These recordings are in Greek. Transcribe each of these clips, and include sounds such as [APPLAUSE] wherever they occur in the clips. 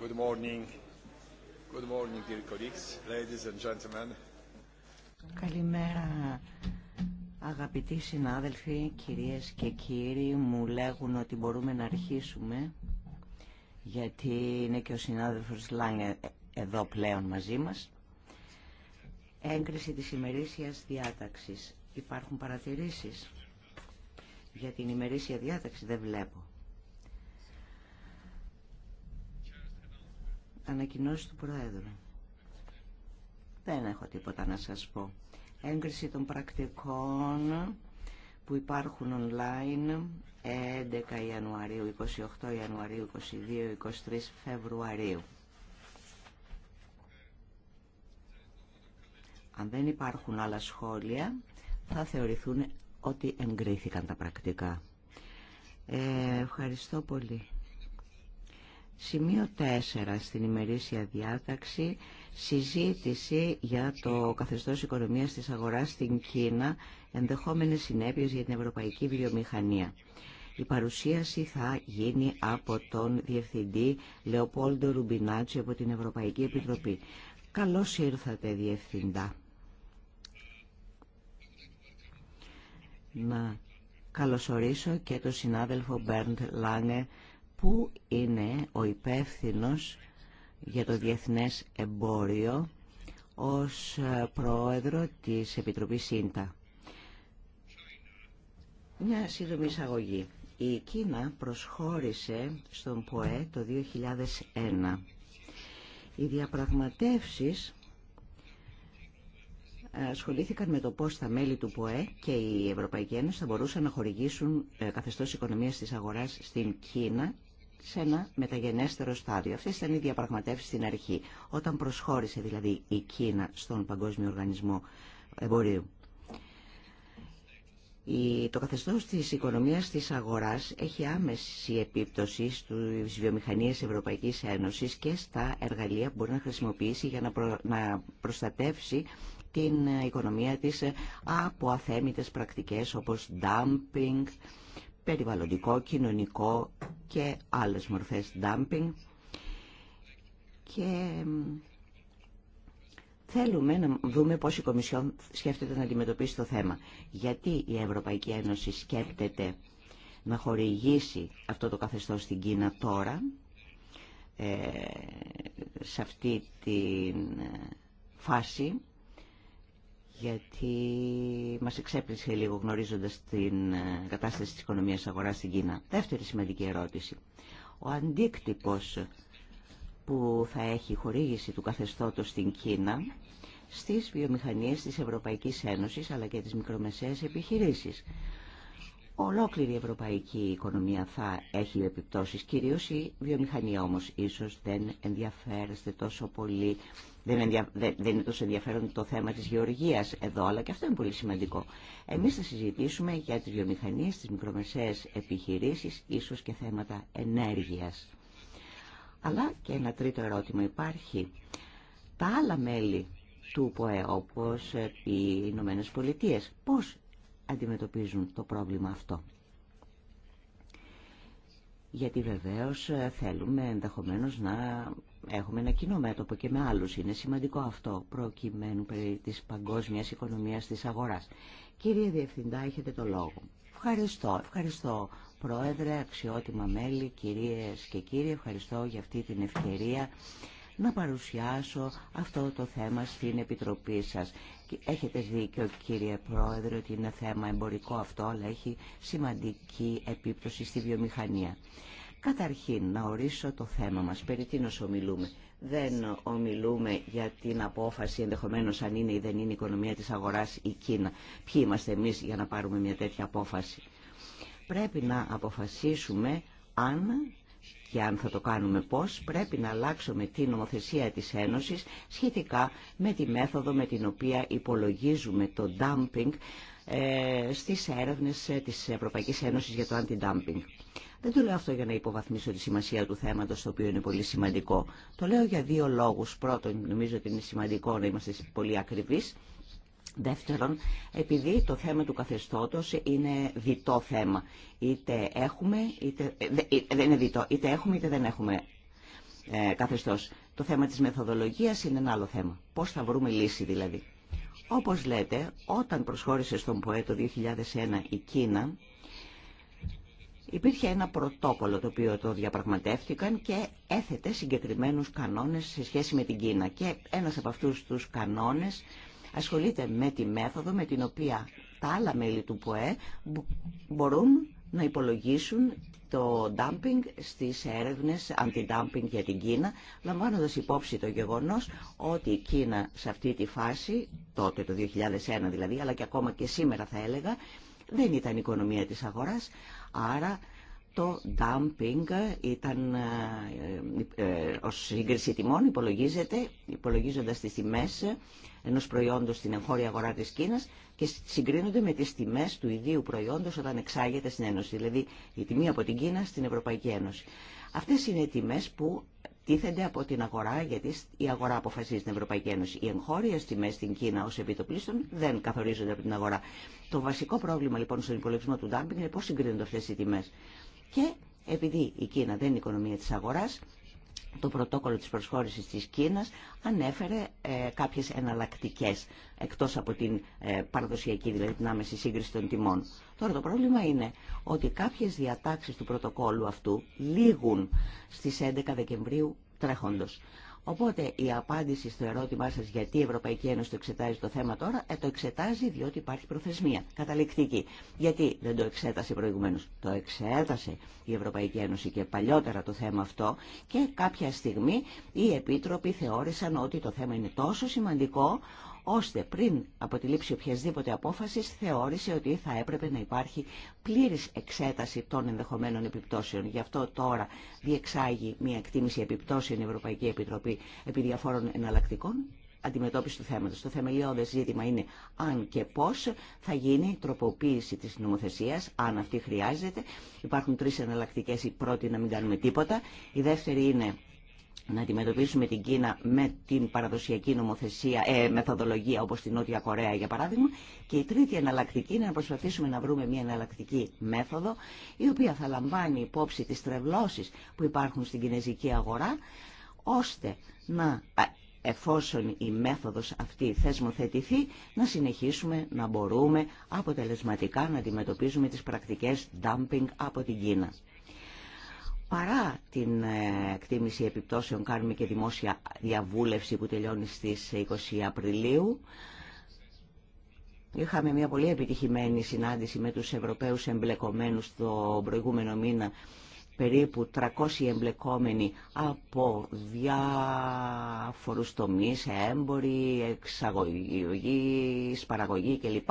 Good morning. Good morning, Καλημέρα, αγαπητοί συνάδελφοι, κυρίες και κύριοι. Μου λέγουν ότι μπορούμε να αρχίσουμε, γιατί είναι και ο συνάδελφος Λάγκ εδώ πλέον μαζί μας. Έγκριση της ημερήσιας διάταξης. Υπάρχουν παρατηρήσεις για την ημερήσια διάταξη, δεν βλέπω. Ανακοινώσει του Προέδρου. Δεν έχω τίποτα να σας πω. Έγκριση των πρακτικών που υπάρχουν online 11 Ιανουαρίου, 28 Ιανουαρίου, 22, 23 Φεβρουαρίου. Αν δεν υπάρχουν άλλα σχόλια, θα θεωρηθούν ότι εγκρίθηκαν τα πρακτικά. Ε, ευχαριστώ πολύ. Σημείο 4 στην ημερήσια διάταξη συζήτηση για το καθεστώς οικονομίας της αγοράς στην Κίνα ενδεχόμενες συνέπειες για την ευρωπαϊκή βιομηχανία. Η παρουσίαση θα γίνει από τον Διευθυντή Λεοπόλντο Ρουμπινάτσι από την Ευρωπαϊκή Επιτροπή. Καλώς ήρθατε Διευθυντά. Να καλωσορίσω και τον συνάδελφο Μπέρντ Λάνε που είναι ο υπεύθυνος για το Διεθνές Εμπόριο ως ε, πρόεδρο της Επιτροπής ΣΥΝΤΑ. Μια σύντομη εισαγωγή. Η Κίνα προσχώρησε στον ΠΟΕ το 2001. Οι διαπραγματεύσεις ε, ασχολήθηκαν με το πώς τα μέλη του ΠΟΕ και η Ευρωπαϊκή Ένωση θα μπορούσαν να χορηγήσουν ε, καθεστώς οικονομίας της αγοράς στην Κίνα σε ένα μεταγενέστερο στάδιο. Αυτές ήταν οι διαπραγματεύσεις στην αρχή, όταν προσχώρησε δηλαδή η Κίνα στον Παγκόσμιο Οργανισμό Εμπορίου. Το καθεστώς της οικονομίας της αγοράς έχει άμεση επίπτωση στις βιομηχανίες Ευρωπαϊκής Ένωσης και στα εργαλεία που μπορεί να χρησιμοποιήσει για να προστατεύσει την οικονομία της από αθέμητες πρακτικές όπως dumping, περιβαλλοντικό, κοινωνικό και άλλες μορφές dumping και θέλουμε να δούμε πώς η Κομισιόν σκέφτεται να αντιμετωπίσει το θέμα. Γιατί η Ευρωπαϊκή Ένωση σκέπτεται να χορηγήσει αυτό το καθεστώς στην Κίνα τώρα, ε, σε αυτή τη ε, φάση γιατί μας εξέπλησε λίγο γνωρίζοντας την ε, κατάσταση της οικονομίας αγοράς στην Κίνα. Δεύτερη σημαντική ερώτηση. Ο αντίκτυπος που θα έχει η χορήγηση του καθεστώτος στην Κίνα στις βιομηχανίες της Ευρωπαϊκής Ένωσης αλλά και τις μικρομεσαίες επιχειρήσεις. Ολόκληρη η ευρωπαϊκή οικονομία θα έχει επιπτώσεις, κυρίως η βιομηχανία όμως ίσως δεν ενδιαφέρεστε τόσο πολύ, δεν, ενδια... είναι τόσο ενδιαφέρον το θέμα της γεωργίας εδώ, αλλά και αυτό είναι πολύ σημαντικό. Εμείς θα συζητήσουμε για τις βιομηχανίες, τις μικρομεσαίες επιχειρήσεις, ίσως και θέματα ενέργειας. Αλλά και ένα τρίτο ερώτημα υπάρχει. Τα άλλα μέλη του ΠΟΕ, όπως οι Ηνωμένε Πολιτείες, πώς αντιμετωπίζουν το πρόβλημα αυτό. Γιατί βεβαίως ε, θέλουμε ενδεχομένως να έχουμε ένα κοινό μέτωπο και με άλλους. Είναι σημαντικό αυτό προκειμένου περί της παγκόσμιας οικονομίας της αγοράς. Κύριε Διευθυντά, έχετε το λόγο. Ευχαριστώ, ευχαριστώ Πρόεδρε, αξιότιμα μέλη, κυρίες και κύριοι, ευχαριστώ για αυτή την ευκαιρία να παρουσιάσω αυτό το θέμα στην Επιτροπή σας. Έχετε δίκιο κύριε Πρόεδρε ότι είναι θέμα εμπορικό αυτό, αλλά έχει σημαντική επίπτωση στη βιομηχανία. Καταρχήν, να ορίσω το θέμα μας. Περί τίνος ομιλούμε. Δεν ομιλούμε για την απόφαση ενδεχομένως αν είναι ή δεν είναι η οικονομία της αγοράς η Κίνα. Ποιοι είμαστε εμείς για να πάρουμε μια τέτοια απόφαση. Πρέπει να αποφασίσουμε αν και αν θα το κάνουμε πώς, πρέπει να αλλάξουμε την νομοθεσία της Ένωσης σχετικά με τη μέθοδο με την οποία υπολογίζουμε το dumping ε, στις έρευνες ε, της Ευρωπαϊκής Ένωσης για το αντι-dumping. Δεν το λέω αυτό για να υποβαθμίσω τη σημασία του θέματος, το οποίο είναι πολύ σημαντικό. Το λέω για δύο λόγους. Πρώτον, νομίζω ότι είναι σημαντικό να είμαστε πολύ ακριβείς Δεύτερον, επειδή το θέμα του καθεστώτος είναι διτό θέμα. Είτε έχουμε, είτε, ε, ε, δεν είναι διτό, έχουμε είτε δεν έχουμε ε, καθεστώς. Το θέμα της μεθοδολογίας είναι ένα άλλο θέμα. Πώς θα βρούμε λύση δηλαδή. Όπως λέτε, όταν προσχώρησε στον ΠΟΕ το 2001 η Κίνα, υπήρχε ένα πρωτόκολλο το οποίο το διαπραγματεύτηκαν και έθετε συγκεκριμένους κανόνες σε σχέση με την Κίνα. Και ένας από αυτούς τους κανόνες ασχολείται με τη μέθοδο με την οποία τα άλλα μέλη του ΠΟΕ μπορούν να υπολογίσουν το dumping στις έρευνες αντι-dumping για την Κίνα, λαμβάνοντας υπόψη το γεγονός ότι η Κίνα σε αυτή τη φάση, τότε το 2001 δηλαδή, αλλά και ακόμα και σήμερα θα έλεγα, δεν ήταν η οικονομία της αγοράς, άρα το dumping ήταν ε, ε, ε, ως σύγκριση τιμών υπολογίζεται, υπολογίζοντας τις τιμές ενός προϊόντος στην εγχώρια αγορά της Κίνας και συγκρίνονται με τις τιμές του ιδίου προϊόντος όταν εξάγεται στην Ένωση, δηλαδή η τιμή από την Κίνα στην Ευρωπαϊκή Ένωση. Αυτές είναι οι τιμές που τίθενται από την αγορά, γιατί η αγορά αποφασίζει στην Ευρωπαϊκή Ένωση. Οι εγχώριε τιμέ στην Κίνα ω επιτοπλίστων δεν καθορίζονται από την αγορά. Το βασικό πρόβλημα λοιπόν στον υπολογισμό του ντάμπινγκ είναι πώ συγκρίνονται αυτέ οι τιμέ. Και επειδή η Κίνα δεν είναι η οικονομία της αγοράς, το πρωτόκολλο της προσχώρησης της Κίνας ανέφερε ε, κάποιες εναλλακτικές, εκτός από την ε, παραδοσιακή, δηλαδή την άμεση σύγκριση των τιμών. Τώρα το πρόβλημα είναι ότι κάποιες διατάξεις του πρωτοκόλλου αυτού λήγουν στις 11 Δεκεμβρίου τρέχοντος. Οπότε η απάντηση στο ερώτημά σας γιατί η Ευρωπαϊκή Ένωση το εξετάζει το θέμα τώρα, ε, το εξετάζει διότι υπάρχει προθεσμία καταληκτική. Γιατί δεν το εξέτασε προηγουμένως. Το εξέτασε η Ευρωπαϊκή Ένωση και παλιότερα το θέμα αυτό και κάποια στιγμή οι επίτροποι θεώρησαν ότι το θέμα είναι τόσο σημαντικό ώστε πριν από τη λήψη οποιασδήποτε απόφασης θεώρησε ότι θα έπρεπε να υπάρχει πλήρης εξέταση των ενδεχομένων επιπτώσεων. Γι' αυτό τώρα διεξάγει μια εκτίμηση επιπτώσεων η Ευρωπαϊκή Επιτροπή επί διαφόρων εναλλακτικών αντιμετώπιση του θέματος. Το θεμελιώδες ζήτημα είναι αν και πώς θα γίνει η τροποποίηση της νομοθεσίας, αν αυτή χρειάζεται. Υπάρχουν τρεις εναλλακτικέ. Η πρώτη να μην κάνουμε τίποτα. Η δεύτερη είναι να αντιμετωπίσουμε την Κίνα με την παραδοσιακή νομοθεσία, ε, μεθοδολογία όπως την Νότια Κορέα για παράδειγμα και η τρίτη εναλλακτική είναι να προσπαθήσουμε να βρούμε μια εναλλακτική μέθοδο η οποία θα λαμβάνει υπόψη τις τρευλώσεις που υπάρχουν στην κινέζικη αγορά ώστε να εφόσον η μέθοδος αυτή θεσμοθετηθεί, να συνεχίσουμε να μπορούμε αποτελεσματικά να αντιμετωπίζουμε τις πρακτικές dumping από την Κίνα. Παρά την ε, εκτίμηση επιπτώσεων κάνουμε και δημόσια διαβούλευση που τελειώνει στις 20 Απριλίου. Είχαμε μια πολύ επιτυχημένη συνάντηση με τους Ευρωπαίους εμπλεκομένους το προηγούμενο μήνα περίπου 300 εμπλεκόμενοι από διάφορους τομείς, έμποροι, εξαγωγή, παραγωγή κλπ.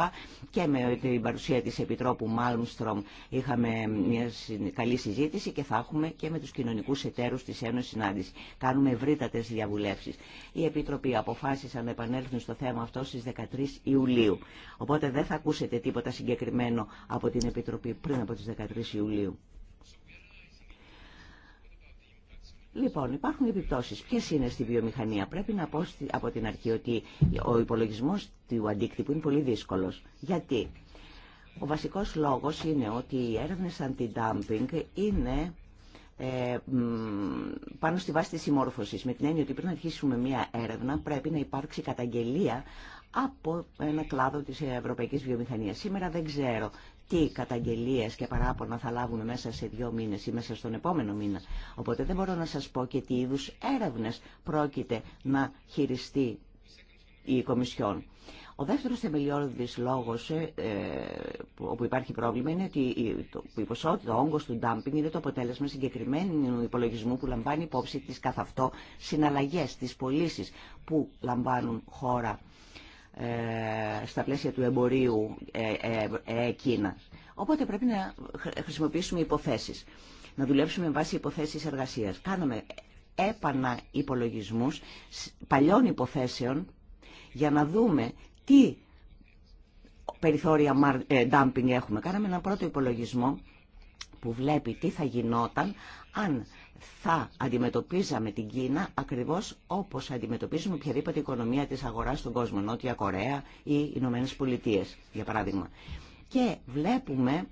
Και με την παρουσία της Επιτρόπου Μάλμστρομ είχαμε μια καλή συζήτηση και θα έχουμε και με τους κοινωνικούς εταίρους της Ένωσης συνάντηση. Κάνουμε ευρύτατες διαβουλεύσεις. Οι Επιτροποί αποφάσισαν να επανέλθουν στο θέμα αυτό στις 13 Ιουλίου. Οπότε δεν θα ακούσετε τίποτα συγκεκριμένο από την Επιτροπή πριν από τις 13 Ιουλίου. Λοιπόν, υπάρχουν επιπτώσεις. Ποιες είναι στη βιομηχανία. Πρέπει να πω από την αρχή ότι ο υπολογισμός του αντίκτυπου είναι πολύ δύσκολος. Γιατί. Ο βασικός λόγος είναι ότι οι έρευνες αντι-dumping είναι ε, πάνω στη βάση της συμμόρφωσης. Με την έννοια ότι πριν αρχίσουμε μία έρευνα πρέπει να υπάρξει καταγγελία από ένα κλάδο της ευρωπαϊκής βιομηχανίας. Σήμερα δεν ξέρω τι καταγγελίες και παράπονα θα λάβουμε μέσα σε δύο μήνες ή μέσα στον επόμενο μήνα. Οπότε δεν μπορώ να σας πω και τι είδους έρευνες πρόκειται να χειριστεί η Κομισιόν. Ο δεύτερος θεμελιώδης λόγος ε, ε όπου υπάρχει πρόβλημα είναι ότι η, ποσότητα, ο όγκος του ντάμπινγκ είναι το αποτέλεσμα συγκεκριμένου υπολογισμού που λαμβάνει υπόψη τις καθ' αυτό συναλλαγές, τις πωλήσει που λαμβάνουν χώρα ε, στα πλαίσια του εμπορίου ε, ε, Κίνας. Οπότε πρέπει να χρησιμοποιήσουμε υποθέσεις, να δουλέψουμε με βάση υποθέσεις εργασίας. Κάναμε έπανα υπολογισμούς παλιών υποθέσεων για να δούμε τι περιθώρια dumping έχουμε. Κάναμε ένα πρώτο υπολογισμό που βλέπει τι θα γινόταν αν θα αντιμετωπίζαμε την Κίνα ακριβώς όπως αντιμετωπίζουμε οποιαδήποτε οικονομία της αγοράς στον κόσμο, Νότια Κορέα ή Ηνωμένε Πολιτείε, για παράδειγμα. Και βλέπουμε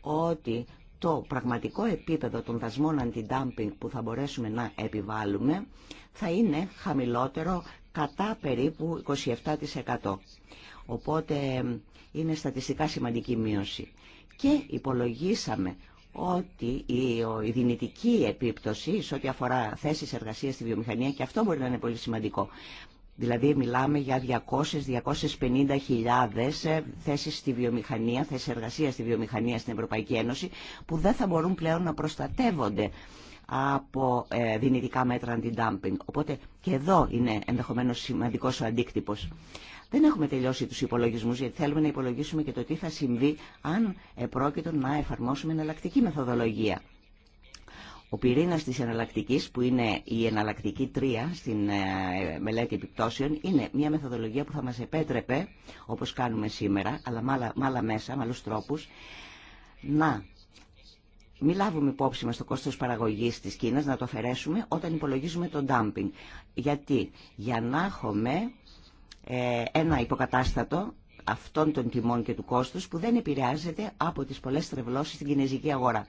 ότι το πραγματικό επίπεδο των δασμών αντι-dumping που θα μπορέσουμε να επιβάλλουμε θα είναι χαμηλότερο κατά περίπου 27%. Οπότε ε, είναι στατιστικά σημαντική μείωση. Και υπολογίσαμε ότι η, η δυνητική επίπτωση σε ό,τι αφορά θέσεις εργασίας στη βιομηχανία και αυτό μπορεί να είναι πολύ σημαντικό. Δηλαδή μιλάμε για 200 250000 χιλιάδες ε, θέσεις στη βιομηχανία, θέσεις εργασίας στη βιομηχανία στην Ευρωπαϊκή Ένωση που δεν θα μπορούν πλέον να προστατεύονται από ε, δυνητικά μέτρα αντι-dumping. Οπότε και εδώ είναι ενδεχομένως σημαντικός ο αντίκτυπος. Δεν έχουμε τελειώσει του υπολογισμού, γιατί θέλουμε να υπολογίσουμε και το τι θα συμβεί αν επρόκειτο να εφαρμόσουμε εναλλακτική μεθοδολογία. Ο πυρήνα τη εναλλακτική, που είναι η εναλλακτική τρία στην ε, μελέτη επιπτώσεων, είναι μια μεθοδολογία που θα μα επέτρεπε, όπω κάνουμε σήμερα, αλλά με άλλα μέσα, με άλλου τρόπου, να μην λάβουμε υπόψη μα το κόστο παραγωγή τη Κίνα, να το αφαιρέσουμε όταν υπολογίζουμε το dumping. Γιατί για να έχουμε ε, ένα υποκατάστατο αυτών των τιμών και του κόστους που δεν επηρεάζεται από τις πολλές τρευλώσεις στην κινέζικη αγορά.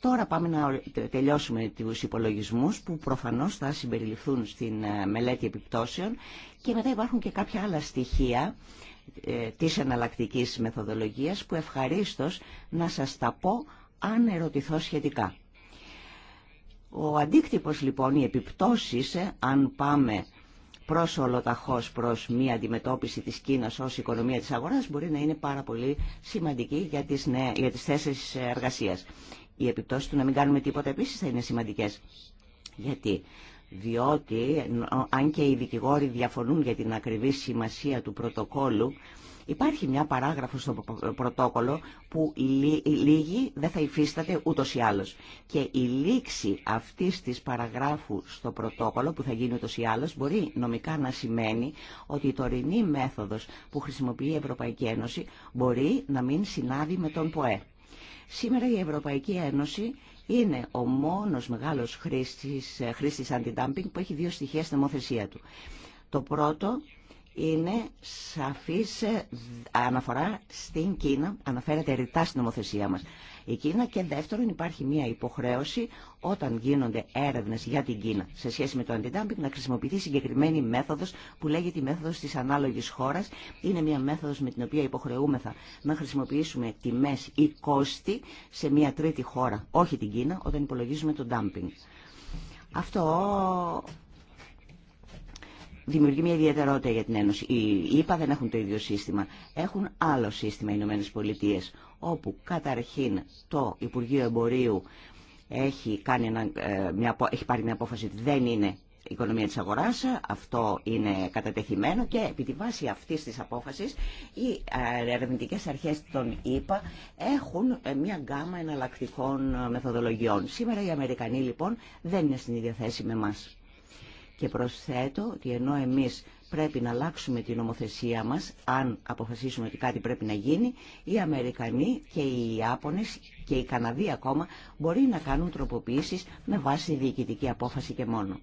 Τώρα πάμε να τελειώσουμε τους υπολογισμούς που προφανώς θα συμπεριληφθούν στην ε, μελέτη επιπτώσεων και μετά υπάρχουν και κάποια άλλα στοιχεία ε, της εναλλακτική μεθοδολογίας που ευχαρίστως να σας τα πω αν ερωτηθώ σχετικά. Ο αντίκτυπος λοιπόν, οι επιπτώσεις, αν πάμε προς ολοταχώς προς μια αντιμετώπιση της Κίνας ως οικονομία της αγοράς μπορεί να είναι πάρα πολύ σημαντική για τις, νέα, για τις θέσεις εργασίας. Οι επιπτώσει του να μην κάνουμε τίποτα επίσης θα είναι σημαντικές. Γιατί διότι αν και οι δικηγόροι διαφωνούν για την ακριβή σημασία του πρωτοκόλου, Υπάρχει μια παράγραφο στο πρωτόκολλο που λίγη δεν θα υφίσταται ούτω ή άλλω. Και η λήξη αυτή τη παραγράφου στο πρωτόκολλο που θα γίνει ούτως ή άλλως μπορεί νομικά να σημαίνει ότι η αλλω μπορει μέθοδος που χρησιμοποιεί η τωρινη μέθοδο που Ένωση μπορεί να μην συνάδει με τον ΠΟΕ. Σήμερα η Ευρωπαϊκή Ένωση είναι ο μόνος μεγάλος χρήστης, ε, χρήστης που έχει δύο στοιχεία στην νομοθεσία του. Το πρώτο είναι σαφής ε, αναφορά στην Κίνα, αναφέρεται ρητά στην νομοθεσία μας. Η Κίνα και δεύτερον υπάρχει μια υποχρέωση όταν γίνονται έρευνες για την Κίνα σε σχέση με το αντι-dumping να χρησιμοποιηθεί συγκεκριμένη μέθοδος που λέγεται η μέθοδος της ανάλογης χώρας. Είναι μια μέθοδος με την οποία υποχρεούμεθα να χρησιμοποιήσουμε τιμές ή κόστη σε μια τρίτη χώρα, όχι την Κίνα, όταν υπολογίζουμε το ντάμπινγκ. Αυτό δημιουργεί μια ιδιαιτερότητα για την Ένωση. Οι ΗΠΑ δεν έχουν το ίδιο σύστημα. Έχουν άλλο σύστημα οι Ηνωμένε Πολιτείε, όπου καταρχήν το Υπουργείο Εμπορίου έχει, κάνει ε, μια, έχει πάρει μια απόφαση ότι δεν είναι οικονομία της αγοράς, αυτό είναι κατατεθειμένο και επί τη βάση αυτής της απόφασης οι ε, ερευνητικέ αρχές των ΕΠΑ έχουν ε, μια γκάμα εναλλακτικών μεθοδολογιών. Σήμερα οι Αμερικανοί λοιπόν δεν είναι στην ίδια θέση με εμάς. Και προσθέτω ότι ενώ εμείς πρέπει να αλλάξουμε την νομοθεσία μας, αν αποφασίσουμε ότι κάτι πρέπει να γίνει, οι Αμερικανοί και οι Ιάπωνες και οι Καναδοί ακόμα μπορεί να κάνουν τροποποιήσεις με βάση διοικητική απόφαση και μόνο.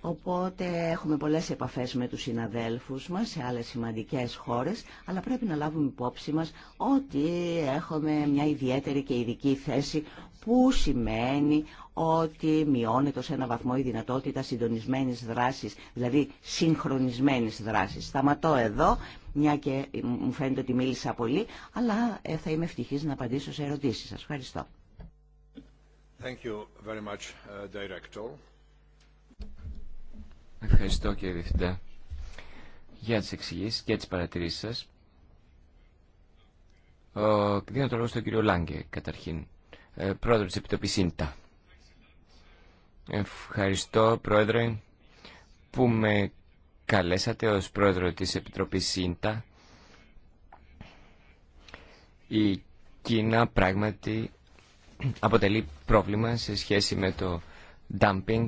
Οπότε έχουμε πολλές επαφές με τους συναδέλφους μας σε άλλες σημαντικές χώρες, αλλά πρέπει να λάβουμε υπόψη μας ότι έχουμε μια ιδιαίτερη και ειδική θέση που σημαίνει ότι μειώνεται σε ένα βαθμό η δυνατότητα συντονισμένης δράσης, δηλαδή συγχρονισμένης δράσης. Σταματώ εδώ, μια και μου φαίνεται ότι μίλησα πολύ, αλλά ε, θα είμαι ευτυχής να απαντήσω σε ερωτήσεις σας. Ευχαριστώ. Thank you very much, uh, Ευχαριστώ κύριε Διευθυντά για τις εξηγήσεις και τις παρατηρήσεις σας. Ο, δίνω το λόγο στον κύριο Λάγκε καταρχήν, ε, πρόεδρο της Επιτροπής Ευχαριστώ, Πρόεδρε, που με καλέσατε ως Πρόεδρο της Επιτροπής ΣΥΝΤΑ. Η Κίνα πράγματι αποτελεί πρόβλημα σε σχέση με το dumping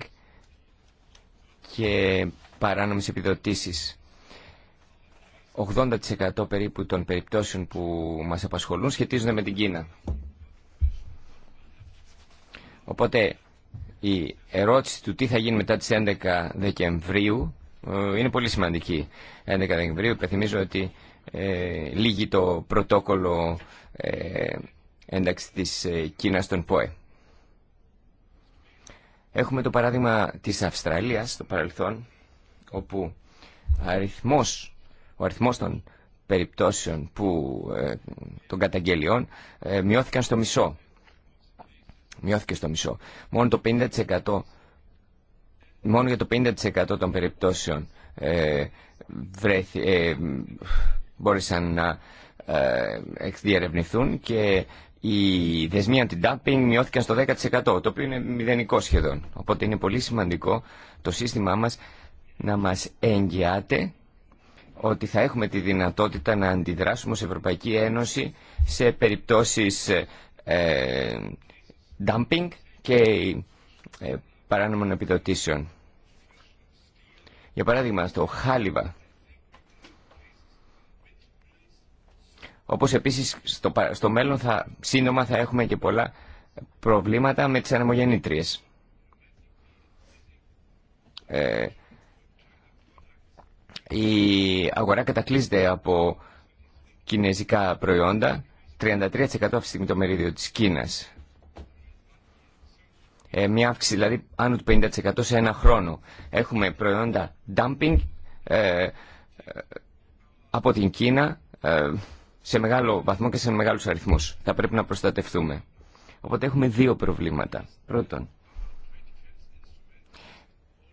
και παράνομες επιδοτήσεις. 80% περίπου των περιπτώσεων που μας απασχολούν σχετίζονται με την Κίνα. Οπότε η ερώτηση του τι θα γίνει μετά τις 11 Δεκεμβρίου ε, είναι πολύ σημαντική. 11 Δεκεμβρίου υπενθυμίζω ότι ε, λύγει το πρωτόκολλο ε, ένταξη της ε, Κίνας στον ΠΟΕ. Έχουμε το παράδειγμα της Αυστραλίας στο παρελθόν όπου αριθμός, ο αριθμός των περιπτώσεων που, ε, των καταγγελιών ε, μειώθηκαν στο μισό μειώθηκε στο μισό. Μόνο, το 50%, μόνο για το 50% των περιπτώσεων ε, βρέθη, ε, μπόρεσαν να ε, διερευνηθούν και οι δεσμοι αντιντάπινγκ αντι-dumping μειώθηκαν στο 10%, το οποίο είναι μηδενικό σχεδόν. Οπότε είναι πολύ σημαντικό το σύστημά μας να μας εγγυάται ότι θα έχουμε τη δυνατότητα να αντιδράσουμε ως Ευρωπαϊκή Ένωση σε περιπτώσεις ε, dumping και ε, παράνομων επιδοτήσεων. Για παράδειγμα, στο Χάλιβα, όπως επίσης στο, μέλλον θα, σύντομα θα έχουμε και πολλά προβλήματα με τις ανεμογεννήτριες. Ε, η αγορά κατακλείζεται από κινέζικα προϊόντα, 33% αυτή τη στιγμή το μερίδιο της Κίνας. Ε, μια αύξηση δηλαδή άνω του 50% σε ένα χρόνο. Έχουμε προϊόντα dumping ε, ε, από την Κίνα σε μεγάλο βαθμό και σε μεγάλους αριθμούς. Θα πρέπει να προστατευτούμε. Οπότε έχουμε δύο προβλήματα. Πρώτον,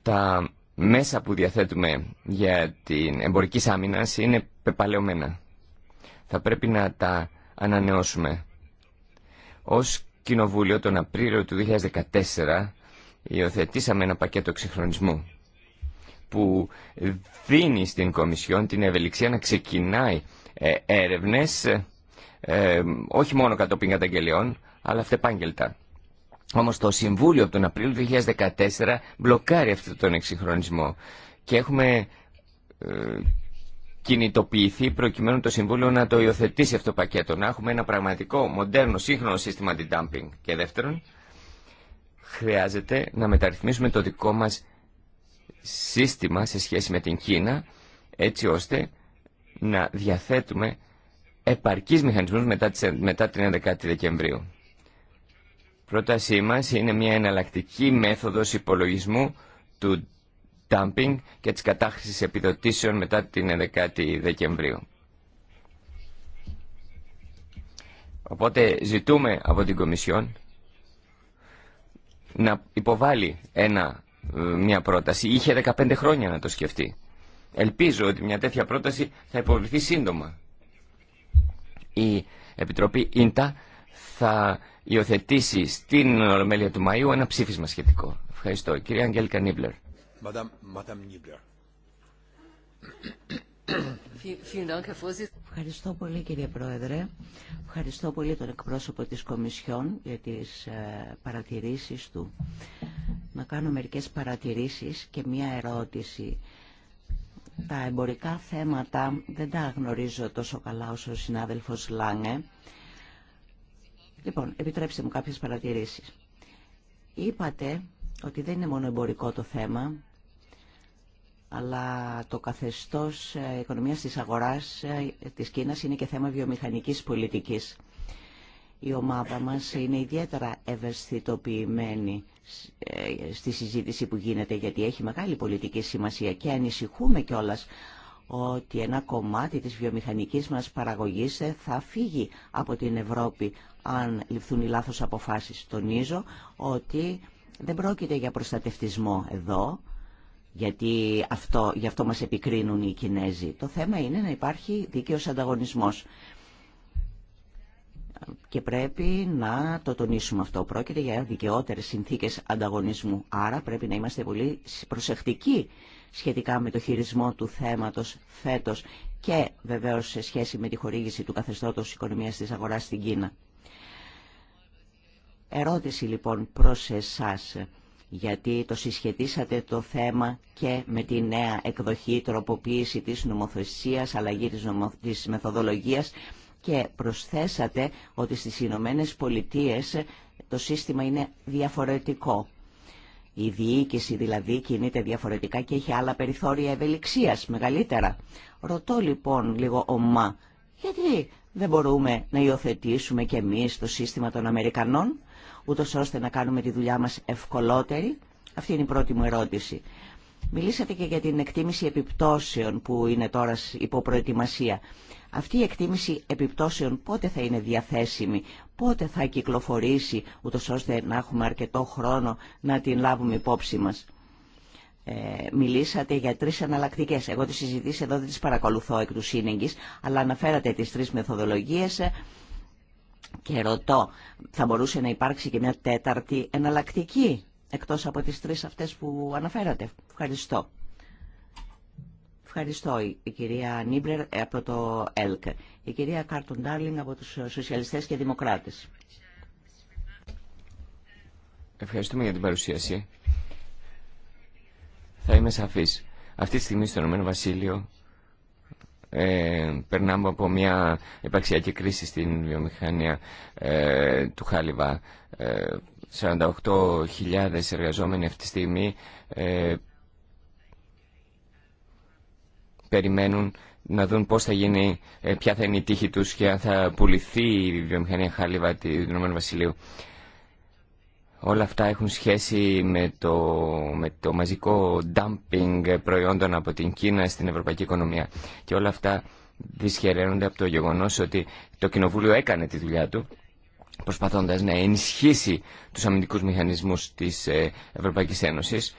τα μέσα που διαθέτουμε για την εμπορική άμυνα είναι πεπαλαιωμένα. Θα πρέπει να τα ανανεώσουμε. Ως Κοινοβούλιο τον Απρίλιο του 2014 υιοθετήσαμε ένα πακέτο εξυγχρονισμού που δίνει στην Κομισιόν την ευελιξία να ξεκινάει ε, έρευνες ε, όχι μόνο κατόπιν καταγγελιών αλλά αυτεπάγγελτα. Όμως το Συμβούλιο από τον Απρίλιο του 2014 μπλοκάρει αυτόν τον εξυγχρονισμό και έχουμε ε, κινητοποιηθεί προκειμένου το Συμβούλιο να το υιοθετήσει αυτό το πακέτο, να έχουμε ένα πραγματικό, μοντέρνο, σύγχρονο σύστημα anti-dumping. Και δεύτερον, χρειάζεται να μεταρρυθμίσουμε το δικό μας σύστημα σε σχέση με την Κίνα, έτσι ώστε να διαθέτουμε επαρκείς μηχανισμούς μετά, την 11η Δεκεμβρίου. Πρότασή μας είναι μια εναλλακτική μέθοδος υπολογισμού του dumping και της κατάχρησης επιδοτήσεων μετά την 11η Δεκεμβρίου. Οπότε ζητούμε από την Κομισιόν να υποβάλει ένα, μια πρόταση. Είχε 15 χρόνια να το σκεφτεί. Ελπίζω ότι μια τέτοια πρόταση θα υποβληθεί σύντομα. Η Επιτροπή Ίντα θα υιοθετήσει στην Ολομέλεια του Μαΐου ένα ψήφισμα σχετικό. Ευχαριστώ. Κυρία Αγγέλικα Νίβλερ. Ευχαριστώ πολύ κύριε Πρόεδρε. Ευχαριστώ πολύ τον εκπρόσωπο της Κομισιόν για τις ε, παρατηρήσεις του. Να κάνω μερικές παρατηρήσεις και μία ερώτηση. Τα εμπορικά θέματα δεν τα γνωρίζω τόσο καλά όσο ο συνάδελφος Λάνε. Λοιπόν, επιτρέψτε μου κάποιες παρατηρήσεις. Είπατε ότι δεν είναι μόνο εμπορικό το θέμα, αλλά το καθεστώς ε, οικονομίας της αγοράς ε, της Κίνας είναι και θέμα βιομηχανικής πολιτικής. Η ομάδα μας είναι ιδιαίτερα ευαισθητοποιημένη ε, στη συζήτηση που γίνεται γιατί έχει μεγάλη πολιτική σημασία και ανησυχούμε κιόλας ότι ένα κομμάτι της βιομηχανικής μας παραγωγής θα φύγει από την Ευρώπη αν ληφθούν οι λάθος αποφάσεις. Τονίζω ότι δεν πρόκειται για προστατευτισμό εδώ, γιατί αυτό, γι' αυτό μας επικρίνουν οι Κινέζοι. Το θέμα είναι να υπάρχει δίκαιος ανταγωνισμός. Και πρέπει να το τονίσουμε αυτό. Πρόκειται για δικαιότερες συνθήκες ανταγωνισμού. Άρα πρέπει να είμαστε πολύ προσεκτικοί σχετικά με το χειρισμό του θέματος φέτος και βεβαίως σε σχέση με τη χορήγηση του καθεστώτος οικονομίας της αγοράς στην Κίνα. Ερώτηση λοιπόν προς εσάς γιατί το συσχετίσατε το θέμα και με τη νέα εκδοχή, τροποποίηση της νομοθεσίας, αλλαγή της, νομο... μεθοδολογίας και προσθέσατε ότι στις Ηνωμένε Πολιτείες το σύστημα είναι διαφορετικό. Η διοίκηση δηλαδή κινείται διαφορετικά και έχει άλλα περιθώρια ευελιξίας μεγαλύτερα. Ρωτώ λοιπόν λίγο ομά, γιατί δεν μπορούμε να υιοθετήσουμε κι εμείς το σύστημα των Αμερικανών ούτως ώστε να κάνουμε τη δουλειά μας ευκολότερη. Αυτή είναι η πρώτη μου ερώτηση. Μιλήσατε και για την εκτίμηση επιπτώσεων που είναι τώρα υπό προετοιμασία. Αυτή η εκτίμηση επιπτώσεων πότε θα είναι διαθέσιμη, πότε θα κυκλοφορήσει, ούτω ώστε να έχουμε αρκετό χρόνο να την λάβουμε υπόψη μας. Ε, μιλήσατε για τρεις αναλλακτικέ. Εγώ τις συζητήσεις εδώ δεν τις παρακολουθώ εκ του σύνεγγης, αλλά αναφέρατε τις τρεις μεθοδολογίες, και ρωτώ, θα μπορούσε να υπάρξει και μια τέταρτη εναλλακτική, εκτός από τις τρεις αυτές που αναφέρατε. Ευχαριστώ. Ευχαριστώ η κυρία Νίμπλερ ε, από το ΕΛΚ. Η κυρία Κάρτον Ντάρλινγκ από τους Σοσιαλιστές και Δημοκράτες. Ευχαριστούμε για την παρουσίαση. Θα είμαι σαφής. Αυτή τη στιγμή στο Ηνωμένο Βασίλειο ε, περνάμε από μια επαξιακή κρίση στην βιομηχανία ε, του Χάλιβα. Ε, 48.000 εργαζόμενοι αυτή τη στιγμή ε, περιμένουν να δουν πώς θα γίνει, ποια θα είναι η τύχη τους και αν θα πουληθεί η βιομηχανία Χάλιβα του Ηνωμένου Βασιλείου. Όλα αυτά έχουν σχέση με το, με το μαζικό dumping προϊόντων από την Κίνα στην ευρωπαϊκή οικονομία. Και όλα αυτά δυσχεραίνονται από το γεγονός ότι το Κοινοβούλιο έκανε τη δουλειά του προσπαθώντας να ενισχύσει τους αμυντικούς μηχανισμούς της ε, Ευρωπαϊκής Ένωσης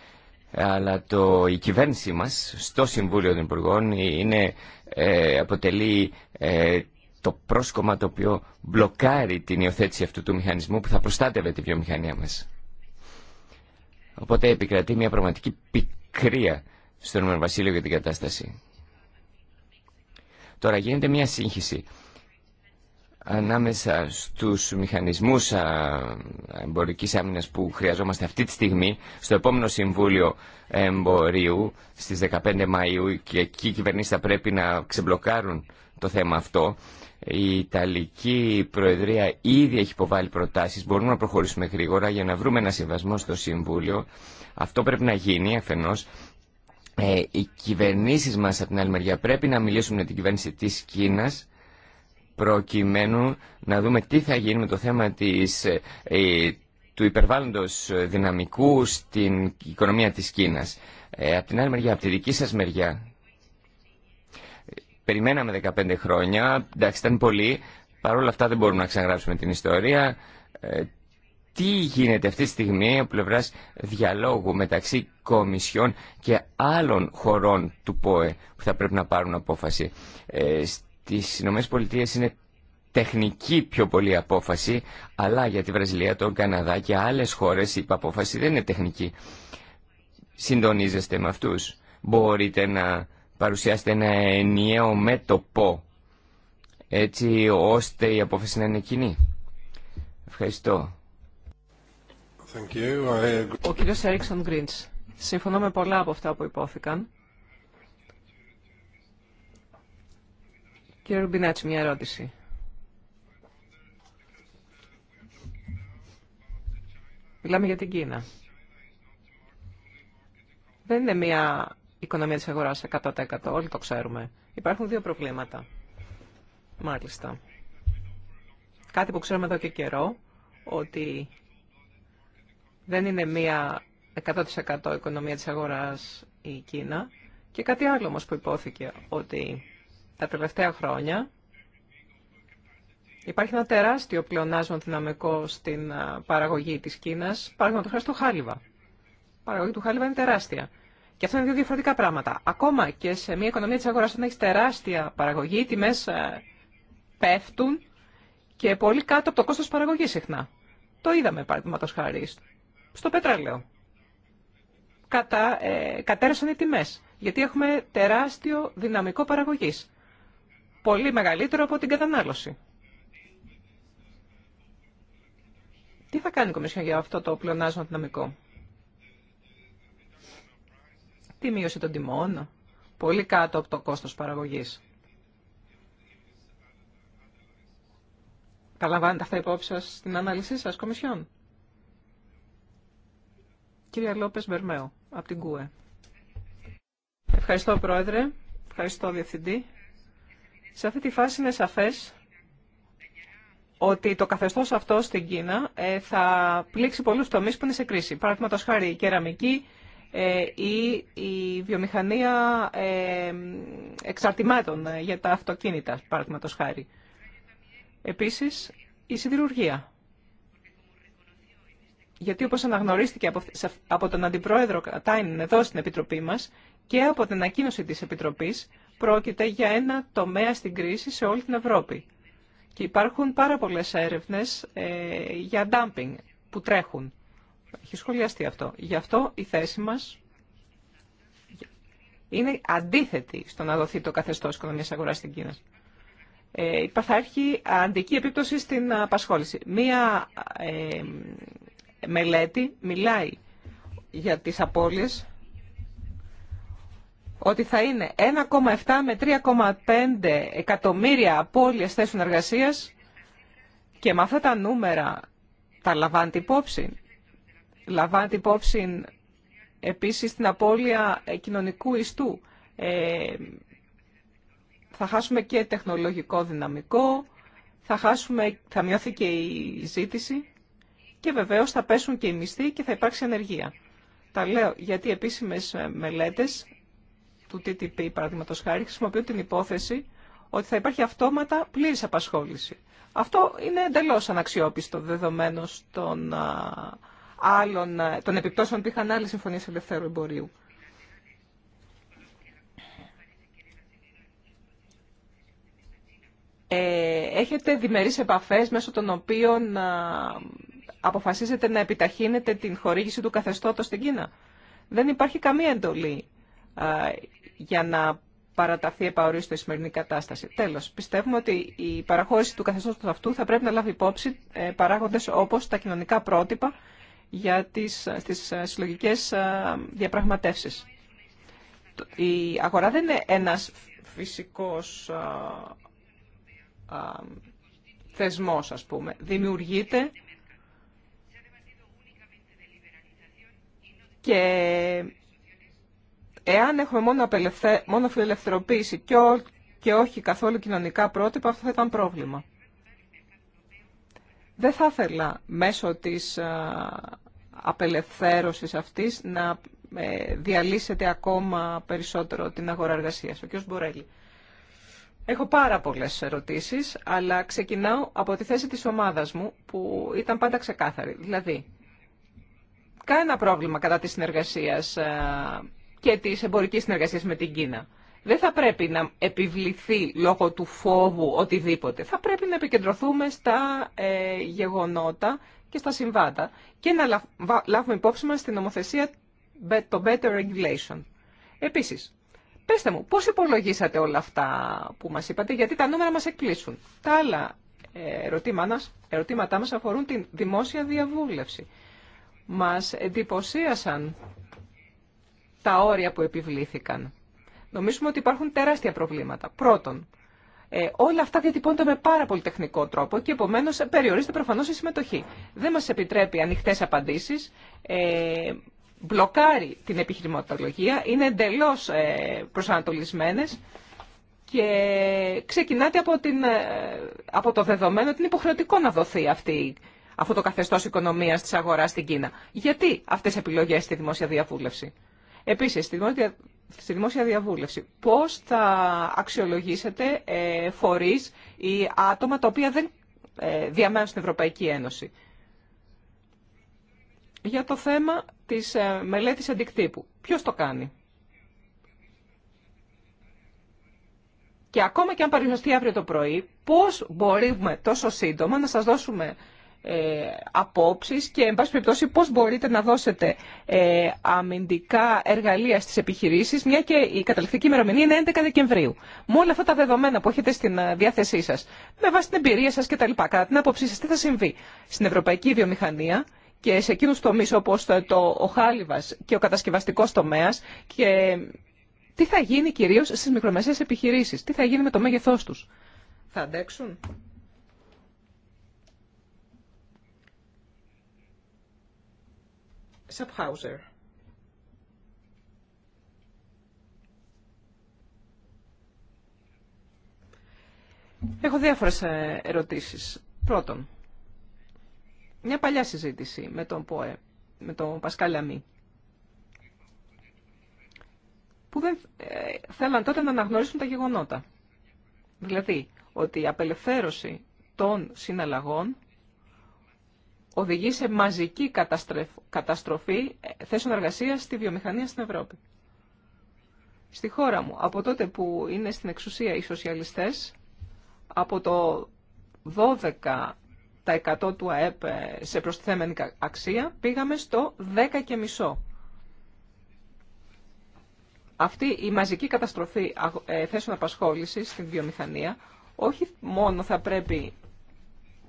αλλά το, η κυβέρνησή μας στο Συμβούλιο των Υπουργών είναι, ε, αποτελεί ε, το πρόσκομα το οποίο μπλοκάρει την υιοθέτηση αυτού του μηχανισμού που θα προστάτευε τη βιομηχανία μας. Οπότε επικρατεί μια πραγματική πικρία στον Βασίλειο για την κατάσταση. Τώρα γίνεται μια σύγχυση ανάμεσα στους μηχανισμούς εμπορικής άμυνας που χρειαζόμαστε αυτή τη στιγμή στο επόμενο Συμβούλιο Εμπορίου στις 15 Μαΐου και εκεί οι κυβερνήσεις θα πρέπει να ξεμπλοκάρουν το θέμα αυτό η Ιταλική Προεδρία ήδη έχει υποβάλει προτάσεις, μπορούμε να προχωρήσουμε γρήγορα για να βρούμε ένα συμβασμό στο Συμβούλιο. Αυτό πρέπει να γίνει αφενός. Ε, οι κυβερνήσεις μας από την άλλη μεριά πρέπει να μιλήσουμε με την κυβέρνηση της Κίνας προκειμένου να δούμε τι θα γίνει με το θέμα της, ε, ε, του υπερβάλλοντος δυναμικού στην οικονομία της Κίνας. Ε, από την άλλη μεριά, από τη δική σας μεριά περιμέναμε 15 χρόνια, εντάξει ήταν πολύ, παρόλα αυτά δεν μπορούμε να ξαναγράψουμε την ιστορία. Ε, τι γίνεται αυτή τη στιγμή από πλευρά διαλόγου μεταξύ κομισιών και άλλων χωρών του ΠΟΕ που θα πρέπει να πάρουν απόφαση. Ε, στις ΗΠΑ είναι τεχνική πιο πολύ απόφαση, αλλά για τη Βραζιλία, τον Καναδά και άλλες χώρες η απόφαση δεν είναι τεχνική. Συντονίζεστε με αυτού. Μπορείτε να παρουσιάσετε ένα ενιαίο μέτωπο έτσι ώστε η απόφαση να είναι κοινή. Ευχαριστώ. Ο κύριος Έριξον Γκριντς. Συμφωνώ με πολλά από αυτά που υπόθηκαν. Κύριε Ρουμπινάτση, μια ερώτηση. Μιλάμε για την Κίνα. Δεν είναι μια οικονομία της αγοράς 100%. Όλοι το ξέρουμε. Υπάρχουν δύο προβλήματα. Μάλιστα. Κάτι που ξέρουμε εδώ και καιρό, ότι δεν είναι μία 100% οικονομία της αγοράς η Κίνα. Και κάτι άλλο όμως που υπόθηκε, ότι τα τελευταία χρόνια υπάρχει ένα τεράστιο πλεονάσμα δυναμικό στην παραγωγή της Κίνας, παράδειγμα το χάρη χάλιβα. Η παραγωγή του χάλιβα είναι τεράστια. Και αυτά είναι δύο διαφορετικά πράγματα. Ακόμα και σε μια οικονομία τη αγορά, όταν έχει τεράστια παραγωγή, οι τιμέ ε, πέφτουν και πολύ κάτω από το κόστο παραγωγή συχνά. Το είδαμε, παραδείγματο χάρη, στο πετρέλαιο. Κατα, ε, οι τιμέ. Γιατί έχουμε τεράστιο δυναμικό παραγωγή. Πολύ μεγαλύτερο από την κατανάλωση. Τι θα κάνει η Κομισιόν για αυτό το πλεονάσμα δυναμικό τη μείωση των τιμών, πολύ κάτω από το κόστος παραγωγής. Τα λαμβάνετε αυτά υπόψη σας στην ανάλυση σας, Κομισιόν. Κύριε Λόπες Μπερμέο, από την ΚΟΕ. Ευχαριστώ, Πρόεδρε. Ευχαριστώ, Διευθυντή. Σε αυτή τη φάση είναι σαφές ότι το καθεστώς αυτό στην Κίνα ε, θα πλήξει πολλούς τομείς που είναι σε κρίση. Παραδείγματος χάρη η κεραμική, ε, ή η βιομηχανία ε, εξαρτημάτων ε, για τα αυτοκίνητα, παραδείγματο χάρη. Επίσης, η σιδηρουργία. Γιατί όπως αναγνωρίστηκε από τον Αντιπρόεδρο Κατάινεν εδώ στην Επιτροπή μας και από την ανακοίνωση της Επιτροπής, πρόκειται για ένα τομέα στην κρίση σε όλη την Ευρώπη. Και υπάρχουν πάρα πολλές έρευνες για ντάμπινγκ που τρέχουν. Έχει σχολιαστεί αυτό. Γι' αυτό η θέση μας είναι αντίθετη στο να δοθεί το καθεστώς οικονομία αγοράς στην Κίνα. Ε, υπάρχει αντική επίπτωση στην απασχόληση. Μία ε, μελέτη μιλάει για τις απώλειες ότι θα είναι 1,7 με 3,5 εκατομμύρια απώλειες θέσεων εργασίας και με αυτά τα νούμερα τα λαμβάνετε υπόψη Λαμβάνεται υπόψη επίσης την απώλεια κοινωνικού ιστού. Ε, θα χάσουμε και τεχνολογικό δυναμικό, θα, χάσουμε, θα μειώθει και η ζήτηση και βεβαίως θα πέσουν και οι μισθοί και θα υπάρξει ανεργία. Τα λέω γιατί επίσημες μελέτες του TTP, παραδείγματος χάρη, χρησιμοποιούν την υπόθεση ότι θα υπάρχει αυτόματα πλήρης απασχόληση. Αυτό είναι εντελώς αναξιόπιστο δεδομένο στον άλλων, ε, των επιπτώσεων που είχαν άλλες συμφωνίες ελευθέρου εμπορίου. Ε, έχετε διμερείς επαφές μέσω των οποίων ε, αποφασίζετε να επιταχύνετε την χορήγηση του καθεστώτος στην Κίνα. Δεν υπάρχει καμία εντολή για να παραταθεί επαορίστο η σημερινή κατάσταση. Τέλος, πιστεύουμε ότι η παραχώρηση του καθεστώτος αυτού θα πρέπει να λάβει υπόψη παράγοντες όπως τα κοινωνικά πρότυπα για τις, τις ε, συλλογικές ε, διαπραγματεύσεις. Η αγορά δεν είναι ένας φυσικός ε, θεσμός, ας πούμε. Δημιουργείται και εάν έχουμε μόνο, απελευθε... και, και όχι καθόλου κοινωνικά πρότυπα, αυτό θα ήταν πρόβλημα. Δεν θα ήθελα μέσω της απελευθέρωσης αυτής να ε, διαλύσετε ακόμα περισσότερο την αγορά εργασίας. Ο κ. Μπορέλη. Έχω πάρα πολλές ερωτήσεις, αλλά ξεκινάω από τη θέση της ομάδας μου, που ήταν πάντα ξεκάθαρη. Δηλαδή, κανένα πρόβλημα κατά της συνεργασίας ε, και της εμπορικής συνεργασίας με την Κίνα δεν θα πρέπει να επιβληθεί λόγω του φόβου οτιδήποτε. Θα πρέπει να επικεντρωθούμε στα ε, γεγονότα και στα συμβάντα και να λάβουμε υπόψη μας την νομοθεσία το Better Regulation. Επίσης, πέστε μου, πώς υπολογίσατε όλα αυτά που μας είπατε, γιατί τα νούμερα μας εκπλήσουν. Τα άλλα ε, ερωτήματά μας αφορούν την δημόσια διαβούλευση. Μας εντυπωσίασαν τα όρια που επιβλήθηκαν. Νομίζουμε ότι υπάρχουν τεράστια προβλήματα. Πρώτον, ε, όλα αυτά διατυπώνται με πάρα πολύ τεχνικό τρόπο και επομένω περιορίζεται προφανώ η συμμετοχή. Δεν μα επιτρέπει ανοιχτέ απαντήσει. Ε, μπλοκάρει την επιχειρηματολογία, είναι εντελώ ε, προσανατολισμένε και ξεκινάται από, την, ε, από το δεδομένο ότι είναι υποχρεωτικό να δοθεί αυτή, αυτό το καθεστώ οικονομία τη αγορά στην Κίνα. Γιατί αυτέ οι επιλογέ στη δημόσια διαβούλευση. Επίση, στη δημόσια στη δημόσια διαβούλευση. Πώς θα αξιολογήσετε ε, φορείς ή άτομα τα οποία δεν ε, διαμένουν στην Ευρωπαϊκή Ένωση. Για το θέμα της ε, μελέτης αντικτύπου. Ποιος το κάνει. Και ακόμα και αν παρουσιαστεί αύριο το πρωί, πώς μπορούμε τόσο σύντομα να σας δώσουμε ε, απόψεις και εν πάση περιπτώσει πώς μπορείτε να δώσετε ε, αμυντικά εργαλεία στις επιχειρήσεις μια και η καταληκτική ημερομηνία είναι 11 Δεκεμβρίου. Με όλα αυτά τα δεδομένα που έχετε στην ε, διάθεσή σας, με βάση την εμπειρία σας λοιπά Κατά την άποψή σας τι θα συμβεί στην ευρωπαϊκή βιομηχανία και σε εκείνους τομείς όπως το, ε, το ο Χάλιβας και ο κατασκευαστικός τομέας και τι θα γίνει κυρίως στις μικρομεσαίες επιχειρήσεις, τι θα γίνει με το μέγεθός τους. Θα αντέξουν. Έχω διάφορες ε, ερωτήσεις. Πρώτον, μια παλιά συζήτηση με τον ΠΟΕ, με τον Πασκάλ που δεν ε, θέλαν τότε να αναγνωρίσουν τα γεγονότα. Δηλαδή, ότι η απελευθέρωση των συναλλαγών οδηγεί σε μαζική καταστροφή ε, θέσεων εργασία στη βιομηχανία στην Ευρώπη. Στη χώρα μου, από τότε που είναι στην εξουσία οι σοσιαλιστές, από το 12% του ΑΕΠ ε, σε προστιθέμενη αξία, πήγαμε στο μισό. Αυτή η μαζική καταστροφή ε, θέσεων απασχόλησης στην βιομηχανία όχι μόνο θα πρέπει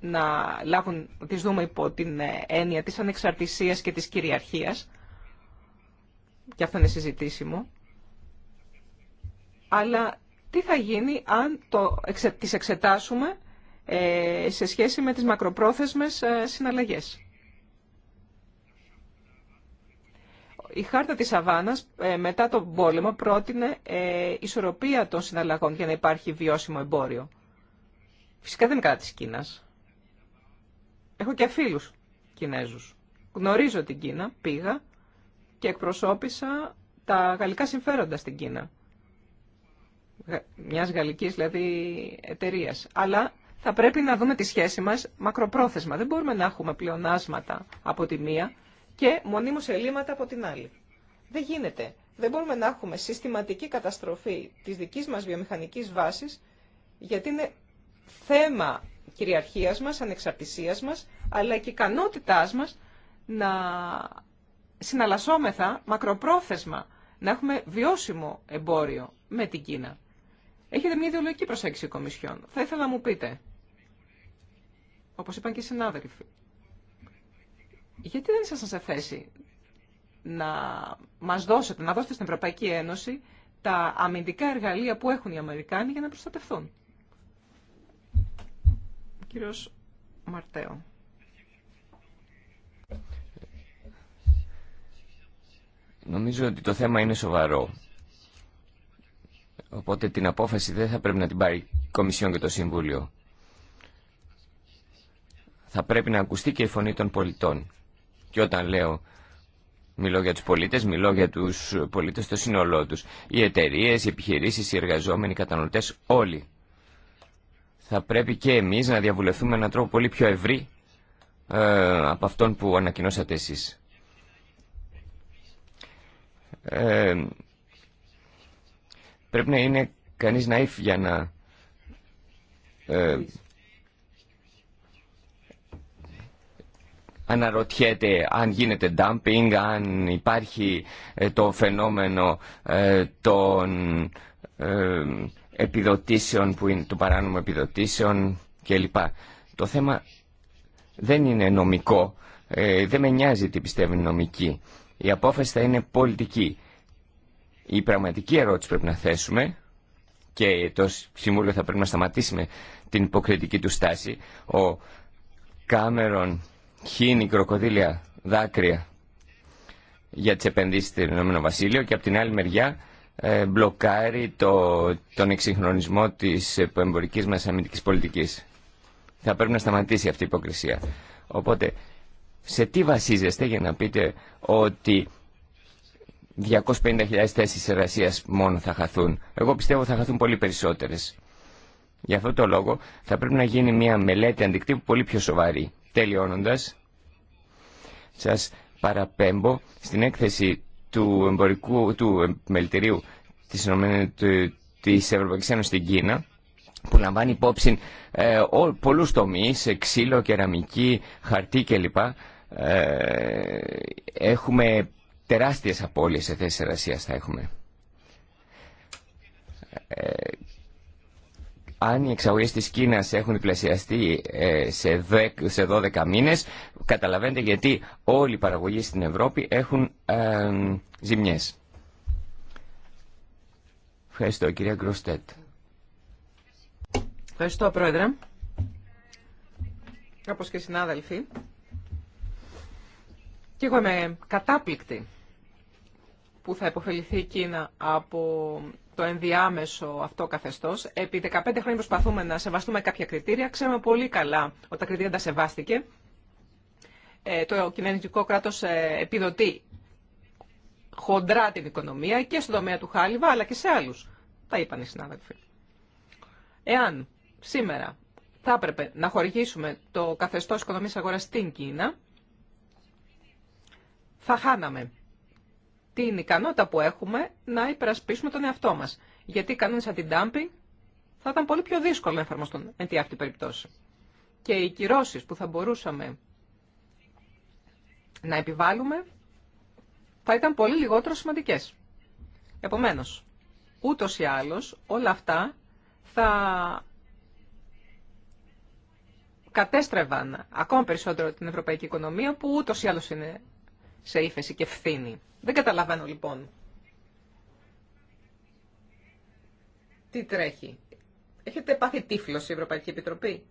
να, λάβουν, τις δούμε υπό την ε, έννοια της ανεξαρτησίας και της κυριαρχίας. Και αυτό είναι συζητήσιμο. Αλλά τι θα γίνει αν το, τις εξετάσουμε ε, σε σχέση με τις μακροπρόθεσμες ε, συναλλαγές. Η χάρτα της Αβάνας μετά τον πόλεμο πρότεινε ισορροπία των συναλλαγών για να υπάρχει βιώσιμο εμπόριο. Φυσικά δεν είναι κατά της Κίνας. Έχω και φίλους Κινέζους. Γνωρίζω την Κίνα, πήγα και εκπροσώπησα τα γαλλικά συμφέροντα στην Κίνα. Μιας γαλλικής δηλαδή εταιρεία. Αλλά θα πρέπει να δούμε τη σχέση μας μακροπρόθεσμα. Δεν μπορούμε να έχουμε πλεονάσματα από τη μία και μονίμω ελλείμματα από την άλλη. Δεν γίνεται. Δεν μπορούμε να έχουμε συστηματική καταστροφή τη δική μα βιομηχανική βάση γιατί είναι θέμα κυριαρχίας μας, ανεξαρτησίας μας, αλλά και ικανότητάς μας να συναλλασσόμεθα μακροπρόθεσμα, να έχουμε βιώσιμο εμπόριο με την Κίνα. Έχετε μια ιδεολογική προσέγγιση κομισιόν. Θα ήθελα να μου πείτε, όπως είπαν και οι συνάδελφοι, γιατί δεν ήσασταν σε θέση να μας δώσετε, να δώσετε στην Ευρωπαϊκή Ένωση τα αμυντικά εργαλεία που έχουν οι Αμερικάνοι για να προστατευθούν. Κύριος Μαρτέο. Νομίζω ότι το θέμα είναι σοβαρό. Οπότε την απόφαση δεν θα πρέπει να την πάρει η Κομισιόν και το Συμβούλιο. Θα πρέπει να ακουστεί και η φωνή των πολιτών. Και όταν λέω Μιλώ για τους πολίτες, μιλώ για τους πολίτες στο σύνολό τους. Οι εταιρείε, οι επιχειρήσεις, οι εργαζόμενοι, οι κατανοητές, όλοι θα πρέπει και εμείς να διαβουλευτούμε με έναν τρόπο πολύ πιο ευρύ ε, από αυτόν που ανακοινώσατε εσείς. Ε, πρέπει να είναι κανείς ναΐφ για να ε, αναρωτιέται αν γίνεται dumping, αν υπάρχει ε, το φαινόμενο ε, των επιδοτήσεων, που είναι, το παράνομου επιδοτήσεων κλπ. Το θέμα δεν είναι νομικό, ε, δεν με νοιάζει τι πιστεύουν οι νομικοί. Η απόφαση θα είναι πολιτική. Η πραγματική ερώτηση πρέπει να θέσουμε και το Συμβούλιο θα πρέπει να σταματήσουμε την υποκριτική του στάση. Ο Κάμερον χύνει κροκοδίλια δάκρυα για τις επενδύσεις Ηνωμένο Βασίλειο και από την άλλη μεριά ε, μπλοκάρει το, τον εξυγχρονισμό της εμπορικής μας αμυντικής πολιτικής. Θα πρέπει να σταματήσει αυτή η υποκρισία. Οπότε, σε τι βασίζεστε για να πείτε ότι 250.000 θέσεις εργασία μόνο θα χαθούν. Εγώ πιστεύω θα χαθούν πολύ περισσότερες. Για αυτό το λόγο θα πρέπει να γίνει μια μελέτη αντικτύπου πολύ πιο σοβαρή. Τελειώνοντας, σας παραπέμπω στην έκθεση του, εμπορικού, του μελητηρίου της, της Ευρωπαϊκής Ένωσης στην Κίνα που λαμβάνει υπόψη ε, ο, πολλούς τομείς, ξύλο, κεραμική, χαρτί κλπ. Ε, έχουμε τεράστιες απώλειες σε θέσεις εργασίας θα έχουμε. Ε, αν οι εξαγωγές της Κίνας έχουν διπλασιαστεί ε, σε 12 μήνες, καταλαβαίνετε γιατί όλοι οι παραγωγοί στην Ευρώπη έχουν ε, ζημιές. Ευχαριστώ, κυρία Γκροστέτ. Ευχαριστώ, Πρόεδρε. Όπως και συνάδελφοι. Και εγώ είμαι κατάπληκτη που θα υποφεληθεί η Κίνα από το ενδιάμεσο αυτό καθεστώ. Επί 15 χρόνια προσπαθούμε να σεβαστούμε κάποια κριτήρια. Ξέρουμε πολύ καλά ότι τα κριτήρια τα σεβάστηκε. Ε, το κοινωνικό κράτο ε, επιδοτεί χοντρά την οικονομία και στον τομέα του χάλιβα, αλλά και σε άλλου. Τα είπαν οι συνάδελφοι. Εάν σήμερα θα έπρεπε να χορηγήσουμε το καθεστώ οικονομική αγορα στην Κίνα, θα χάναμε την ικανότητα που έχουμε να υπερασπίσουμε τον εαυτό μας. Γιατί οι κανόνε θα ήταν πολύ πιο δύσκολο να εφαρμοστούν εν τη αυτή περιπτώση. Και οι κυρώσει που θα μπορούσαμε να επιβάλλουμε θα ήταν πολύ λιγότερο σημαντικές. Επομένως, ούτως ή άλλως όλα αυτά θα κατέστρεβαν ακόμα περισσότερο την ευρωπαϊκή οικονομία που ούτως ή άλλως είναι σε ύφεση και ευθύνη. Δεν καταλαβαίνω λοιπόν τι τρέχει. Έχετε πάθει τύφλο η Ευρωπαϊκή Επιτροπή.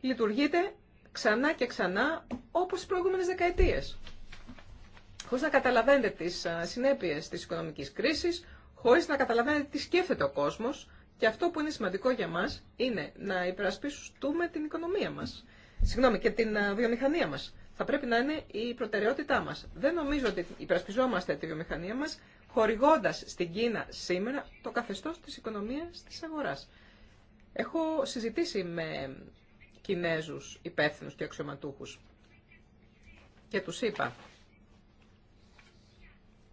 Λειτουργείτε ξανά και ξανά όπως τις προηγούμενες δεκαετίες. Χωρίς να καταλαβαίνετε τις συνέπειες της οικονομικής κρίσης, χωρίς να καταλαβαίνετε τι σκέφτεται ο κόσμος και αυτό που είναι σημαντικό για μας είναι να υπερασπίσουμε την οικονομία μας. Συγγνώμη, και την βιομηχανία μας θα πρέπει να είναι η προτεραιότητά μας. Δεν νομίζω ότι υπερασπιζόμαστε τη βιομηχανία μας χορηγώντας στην Κίνα σήμερα το καθεστώ της οικονομίας της αγοράς. Έχω συζητήσει με Κινέζους υπεύθυνου και αξιωματούχου. και του είπα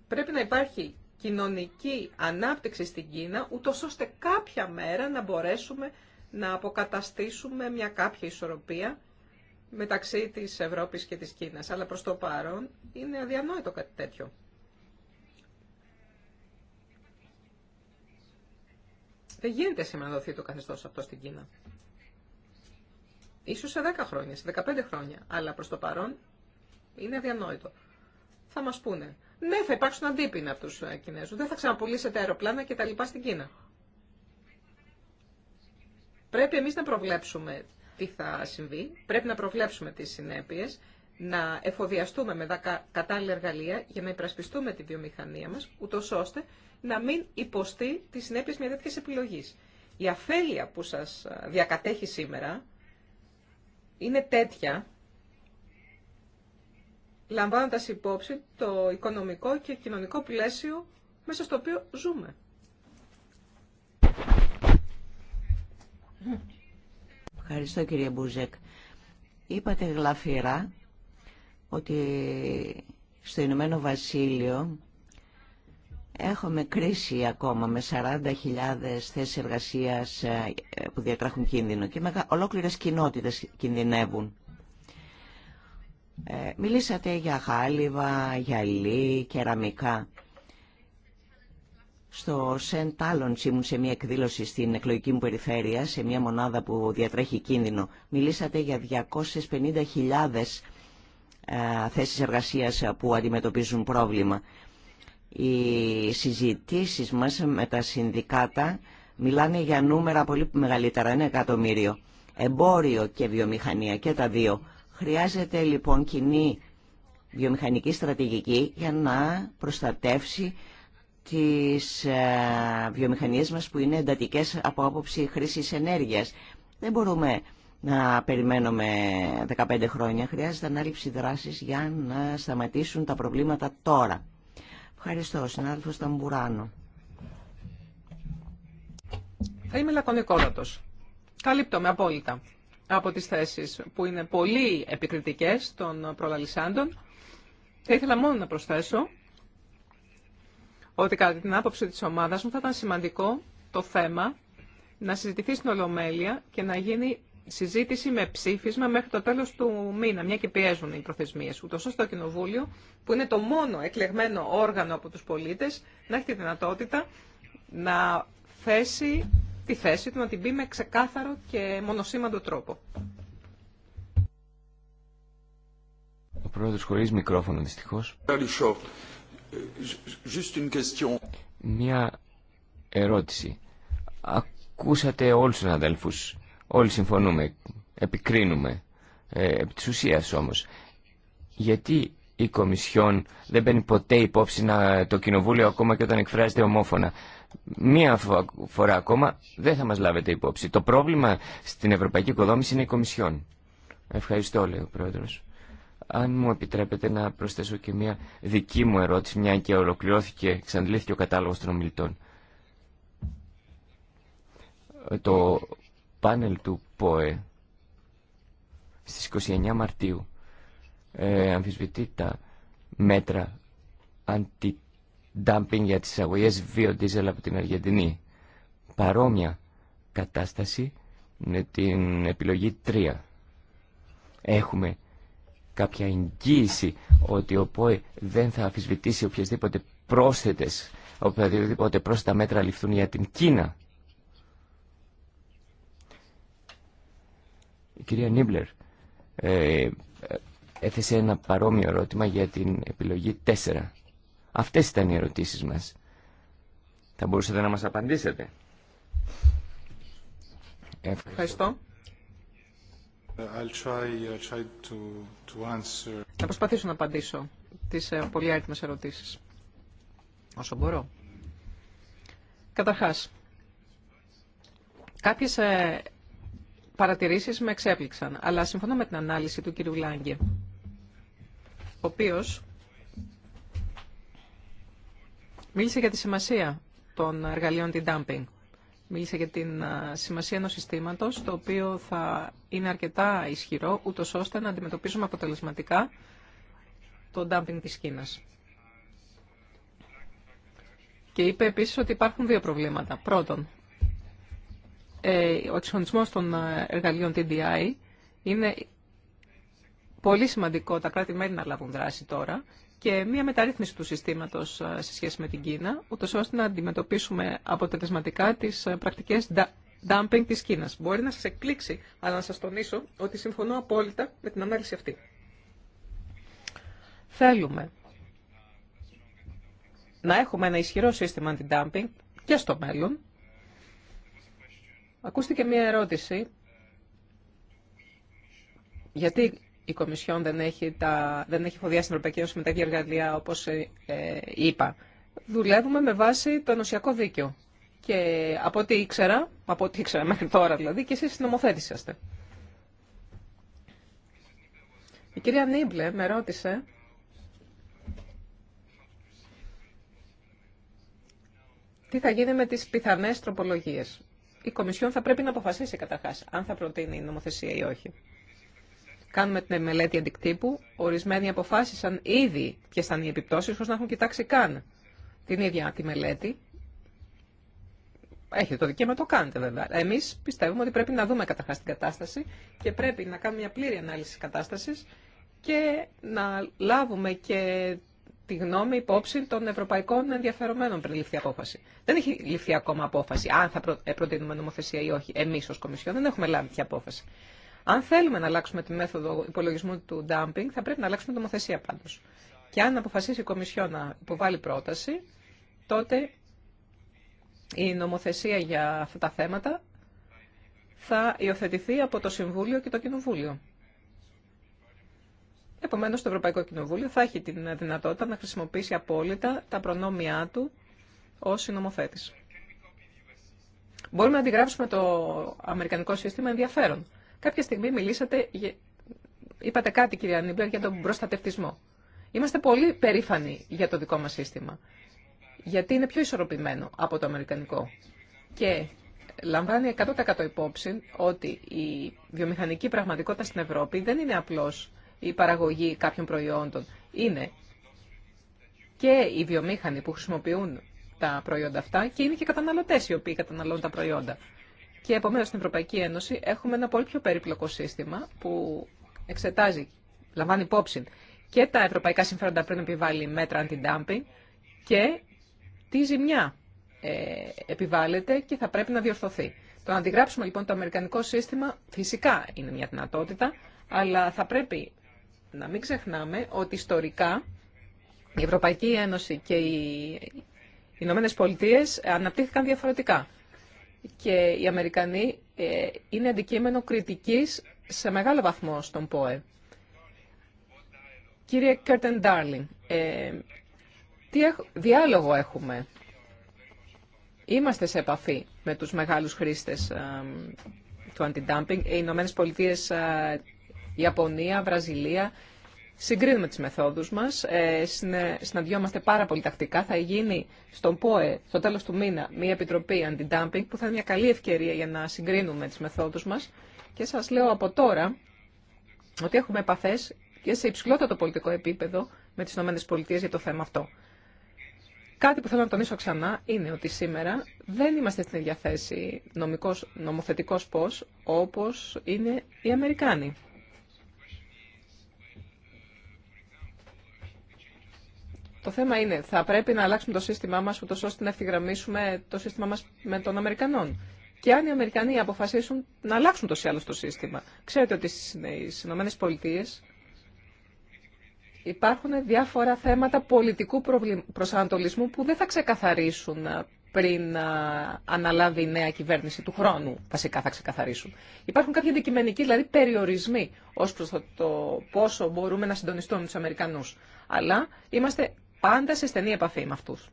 πρέπει να υπάρχει κοινωνική ανάπτυξη στην Κίνα ούτω ώστε κάποια μέρα να μπορέσουμε να αποκαταστήσουμε μια κάποια ισορροπία μεταξύ της Ευρώπης και της Κίνας. Αλλά προς το παρόν είναι αδιανόητο κάτι τέτοιο. Δεν γίνεται σήμερα να δοθεί το καθεστώς αυτό στην Κίνα. Ίσως σε 10 χρόνια, σε 15 χρόνια, αλλά προς το παρόν είναι αδιανόητο. Θα μας πούνε, ναι θα υπάρξουν αντίπεινα από τους ε, Κινέζους, δεν θα ξαναπολύσετε αεροπλάνα και τα λοιπά στην Κίνα. Πρέπει εμείς να προβλέψουμε τι θα συμβεί. Πρέπει να προβλέψουμε τις συνέπειες, να εφοδιαστούμε με τα κατάλληλα εργαλεία για να υπρασπιστούμε τη βιομηχανία μας, ούτω ώστε να μην υποστεί τις συνέπειες μια τέτοια επιλογή. Η αφέλεια που σας διακατέχει σήμερα είναι τέτοια, λαμβάνοντας υπόψη το οικονομικό και κοινωνικό πλαίσιο μέσα στο οποίο ζούμε. Ευχαριστώ κύριε Μπούζεκ. Είπατε γλαφυρά ότι στο Ηνωμένο Βασίλειο έχουμε κρίση ακόμα με 40.000 θέσεις εργασίας ε, που διατρέχουν κίνδυνο και ολόκληρες κοινότητες κινδυνεύουν. Ε, μιλήσατε για χάλιβα, γυαλί, κεραμικά. Στο Σεν Τάλλον ήμουν σε μια εκδήλωση στην εκλογική μου περιφέρεια, σε μια μονάδα που διατρέχει κίνδυνο. Μιλήσατε για 250.000 ε, θέσεις εργασίας που αντιμετωπίζουν πρόβλημα. Οι συζητήσεις μας με τα συνδικάτα μιλάνε για νούμερα πολύ μεγαλύτερα, ένα εκατομμύριο. Εμπόριο και βιομηχανία και τα δύο. Χρειάζεται λοιπόν κοινή βιομηχανική στρατηγική για να προστατεύσει τις ε, βιομηχανίες μας που είναι εντατικέ από άποψη χρήσης ενέργειας. Δεν μπορούμε να περιμένουμε 15 χρόνια. Χρειάζεται ανάληψη δράσης για να σταματήσουν τα προβλήματα τώρα. Ευχαριστώ, συνάδελφο Ταμπουράνο. Θα είμαι λακωνικότατος. με απόλυτα από τις θέσεις που είναι πολύ επικριτικές των προλαλισσάντων. Θα ήθελα μόνο να προσθέσω ότι κατά την άποψη της ομάδας μου θα ήταν σημαντικό το θέμα να συζητηθεί στην Ολομέλεια και να γίνει συζήτηση με ψήφισμα μέχρι το τέλος του μήνα, μια και πιέζουν οι προθεσμίες, ούτως ώστε το Κοινοβούλιο, που είναι το μόνο εκλεγμένο όργανο από τους πολίτες, να έχει τη δυνατότητα να θέσει τη θέση του, να την πει με ξεκάθαρο και μονοσήμαντο τρόπο. Ο πρόεδρος χωρίς μικρόφωνο δυστυχώς. Μια ερώτηση. Ακούσατε όλους τους αδέλφους. Όλοι συμφωνούμε, επικρίνουμε. Ε, επί της ουσίας όμως. Γιατί η Κομισιόν δεν παίρνει ποτέ υπόψη να το Κοινοβούλιο ακόμα και όταν εκφράζεται ομόφωνα. Μία φορά ακόμα δεν θα μας λάβετε υπόψη. Το πρόβλημα στην Ευρωπαϊκή Οικοδόμηση είναι η Κομισιόν. Ευχαριστώ, λέει ο Πρόεδρος. Αν μου επιτρέπετε να προσθέσω και μια δική μου ερώτηση, μια και ολοκληρώθηκε, εξαντλήθηκε ο κατάλογος των ομιλητών. Το πάνελ του ΠΟΕ στις 29 Μαρτίου ε, αμφισβητεί τα μέτρα αντι-dumping για τις αγωγές βιο-δίζελ από την Αργεντινή. Παρόμοια κατάσταση με την επιλογή 3. Έχουμε κάποια εγγύηση ότι ο ΠΟΕ δεν θα αφισβητήσει οποιασδήποτε πρόσθετες, οποιαδήποτε πρόσθετα μέτρα ληφθούν για την Κίνα. Η κυρία Νίμπλερ ε, έθεσε ένα παρόμοιο ερώτημα για την επιλογή 4. Αυτές ήταν οι ερωτήσεις μας. Θα μπορούσατε να μας απαντήσετε. Ευχαριστώ. Uh, Θα προσπαθήσω να απαντήσω τις ε, πολύ άριθμες ερωτήσεις, όσο μπορώ. Καταρχάς, κάποιες ε, παρατηρήσεις με εξέπληξαν, αλλά συμφωνώ με την ανάλυση του κύριου Λάγκη, ο οποίος μίλησε για τη σημασία των εργαλείων την dumping μίλησε για την σημασία ενός συστήματος το οποίο θα είναι αρκετά ισχυρό ούτω ώστε να αντιμετωπίσουμε αποτελεσματικά το ντάμπινγκ της Κίνας. Και είπε επίσης ότι υπάρχουν δύο προβλήματα. Πρώτον, ε, ο εξονισμός των ε, εργαλείων TDI είναι πολύ σημαντικό τα κράτη-μέλη να λάβουν δράση τώρα και μια μεταρρύθμιση του συστήματος ε, σε σχέση με την Κίνα, ούτω ώστε να αντιμετωπίσουμε αποτελεσματικά τι ε, πρακτικές dumping της Κίνας. Μπορεί να σας εκπλήξει, αλλά να σας τονίσω ότι συμφωνώ απόλυτα με την ανάλυση αυτή. Θέλουμε να έχουμε ένα ισχυρό σύστημα αντι-dumping και στο μέλλον. Ακούστηκε μια ερώτηση γιατί η Κομισιόν δεν έχει, τα, δεν έχει την Ευρωπαϊκή Ένωση με τέτοια εργαλεία όπως ε, ε, είπα. Δουλεύουμε με βάση το ενωσιακό δίκαιο. Και από ό,τι ήξερα, από ό,τι ήξερα μέχρι τώρα δηλαδή, και εσείς νομοθέτησαστε. Η κυρία Νίμπλε με ρώτησε τι θα γίνει με τις πιθανές τροπολογίες. Η Κομισιόν θα πρέπει να αποφασίσει καταρχάς αν θα προτείνει η νομοθεσία ή όχι κάνουμε την μελέτη αντικτύπου. Ορισμένοι αποφάσισαν ήδη ποιε θα είναι οι επιπτώσει, χωρί να έχουν κοιτάξει καν την ίδια τη μελέτη. Έχετε το δικαίωμα, το κάνετε βέβαια. Εμεί πιστεύουμε ότι πρέπει να δούμε καταρχά την κατάσταση και πρέπει να κάνουμε μια πλήρη ανάλυση τη κατάσταση και να λάβουμε και τη γνώμη υπόψη των ευρωπαϊκών ενδιαφερομένων πριν ληφθεί απόφαση. Δεν έχει ληφθεί ακόμα απόφαση αν θα ε, προτείνουμε νομοθεσία ή όχι. Εμεί ω Κομισιόν δεν έχουμε λάβει απόφαση. Αν θέλουμε να αλλάξουμε τη μέθοδο υπολογισμού του dumping, θα πρέπει να αλλάξουμε την νομοθεσία πάντω. Και αν αποφασίσει η Κομισιό να υποβάλει πρόταση, τότε η νομοθεσία για αυτά τα θέματα θα υιοθετηθεί από το Συμβούλιο και το Κοινοβούλιο. Επομένως, το Ευρωπαϊκό Κοινοβούλιο θα έχει την δυνατότητα να χρησιμοποιήσει απόλυτα τα προνόμια του ως συνομοθέτης. Μπορούμε να αντιγράψουμε το αμερικανικό σύστημα ενδιαφέρον. Κάποια στιγμή μιλήσατε, είπατε κάτι κυρία Νίμπλερ για τον προστατευτισμό. Είμαστε πολύ περήφανοι για το δικό μας σύστημα, γιατί είναι πιο ισορροπημένο από το αμερικανικό. Και λαμβάνει 100% υπόψη ότι η βιομηχανική πραγματικότητα στην Ευρώπη δεν είναι απλώς η παραγωγή κάποιων προϊόντων. Είναι και οι βιομήχανοι που χρησιμοποιούν τα προϊόντα αυτά και είναι και οι καταναλωτές οι οποίοι καταναλώνουν τα προϊόντα. Και επομένω στην Ευρωπαϊκή Ένωση έχουμε ένα πολύ πιο περίπλοκο σύστημα που εξετάζει, λαμβάνει υπόψη και τα ευρωπαϊκά συμφέροντα πριν επιβάλλει μέτρα anti-dumping και τι ζημιά ε, επιβάλλεται και θα πρέπει να διορθωθεί. Το να αντιγράψουμε λοιπόν το αμερικανικό σύστημα φυσικά είναι μια δυνατότητα, αλλά θα πρέπει να μην ξεχνάμε ότι ιστορικά η Ευρωπαϊκή Ένωση και οι Ηνωμένε Πολιτείε αναπτύχθηκαν διαφορετικά και οι Αμερικανοί ε, είναι αντικείμενο κριτικής σε μεγάλο βαθμό στον ΠΟΕ. Κύριε Κέρτεν Ντάρλινγκ, ε, τι διάλογο έχουμε. Είμαστε σε επαφή με τους μεγάλους χρήστες ε, του αντι-dumping, οι Ηνωμένες Πολιτείες, Ιαπωνία, Βραζιλία, συγκρίνουμε τις μεθόδους μας, ε, συναντιόμαστε πάρα πολύ τακτικά. Θα γίνει στον ΠΟΕ στο τέλος του μήνα μια επιτροπή αντι-dumping που θα είναι μια καλή ευκαιρία για να συγκρίνουμε τις μεθόδους μας. Και σας λέω από τώρα ότι έχουμε επαφές και σε υψηλότερο πολιτικό επίπεδο με τις ΗΠΑ για το θέμα αυτό. Κάτι που θέλω να τονίσω ξανά είναι ότι σήμερα δεν είμαστε στην ίδια θέση νομικός, νομοθετικός πώς όπως είναι οι Αμερικάνοι. Το θέμα είναι, θα πρέπει να αλλάξουμε το σύστημά μας, ούτως ώστε να ευθυγραμμίσουμε το σύστημά μας με των Αμερικανών. Και αν οι Αμερικανοί αποφασίσουν να αλλάξουν το άλλο το σύστημα. Ξέρετε ότι στις Ηνωμένες Πολιτείες υπάρχουν διάφορα θέματα πολιτικού προσανατολισμού που δεν θα ξεκαθαρίσουν πριν αναλάβει η νέα κυβέρνηση του χρόνου, βασικά θα ξεκαθαρίσουν. Υπάρχουν κάποιοι αντικειμενικοί, δηλαδή περιορισμοί, ως προς το, πόσο μπορούμε να συντονιστούμε τους Αμερικανούς. Αλλά είμαστε πάντα σε στενή επαφή με αυτούς.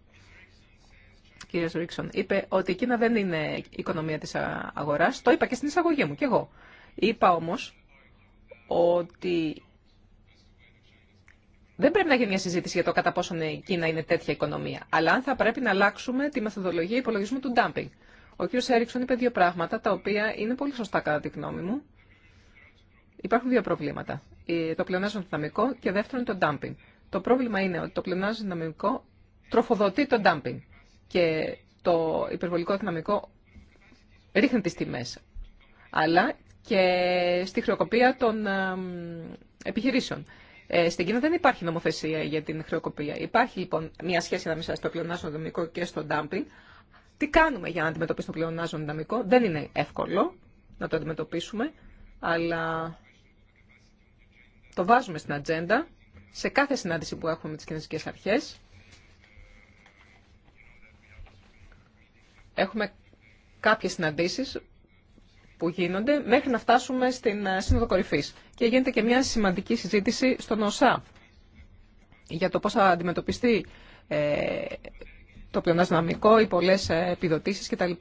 Κύριε Ρίξον, είπε ότι η Κίνα δεν είναι η οικονομία της αγοράς. Το είπα και στην εισαγωγή μου, και εγώ. Είπα όμως ότι δεν πρέπει να γίνει μια συζήτηση για το κατά πόσον η Κίνα είναι τέτοια οικονομία, αλλά αν θα πρέπει να αλλάξουμε τη μεθοδολογία υπολογισμού του ντάμπινγκ. Ο κύριο Έριξον είπε δύο πράγματα, τα οποία είναι πολύ σωστά κατά τη γνώμη μου. Υπάρχουν δύο προβλήματα. Ε, το πλεονάζον δυναμικό και δεύτερον το dumping. Το πρόβλημα είναι ότι το πλεονάζον δυναμικό τροφοδοτεί το dumping και το υπερβολικό δυναμικό ρίχνει τις τιμές, αλλά και στη χρεοκοπία των επιχειρήσεων. Ε, στην Κίνα δεν υπάρχει νομοθεσία για την χρεοκοπία. Υπάρχει λοιπόν μια σχέση ανάμεσα στο πλεονάζον δυναμικό και στο dumping. Τι κάνουμε για να αντιμετωπίσουμε το πλεονάζον δυναμικό. Δεν είναι εύκολο να το αντιμετωπίσουμε, αλλά το βάζουμε στην ατζέντα σε κάθε συνάντηση που έχουμε με τις κινέζικες αρχές. Έχουμε κάποιες συναντήσεις που γίνονται μέχρι να φτάσουμε στην ε, Σύνοδο Κορυφής. Και γίνεται και μια σημαντική συζήτηση στον ΩΣΑ για το πώς θα αντιμετωπιστεί ε, το πλεονασμαμικό, ή πολλές ε, επιδοτήσεις κτλ.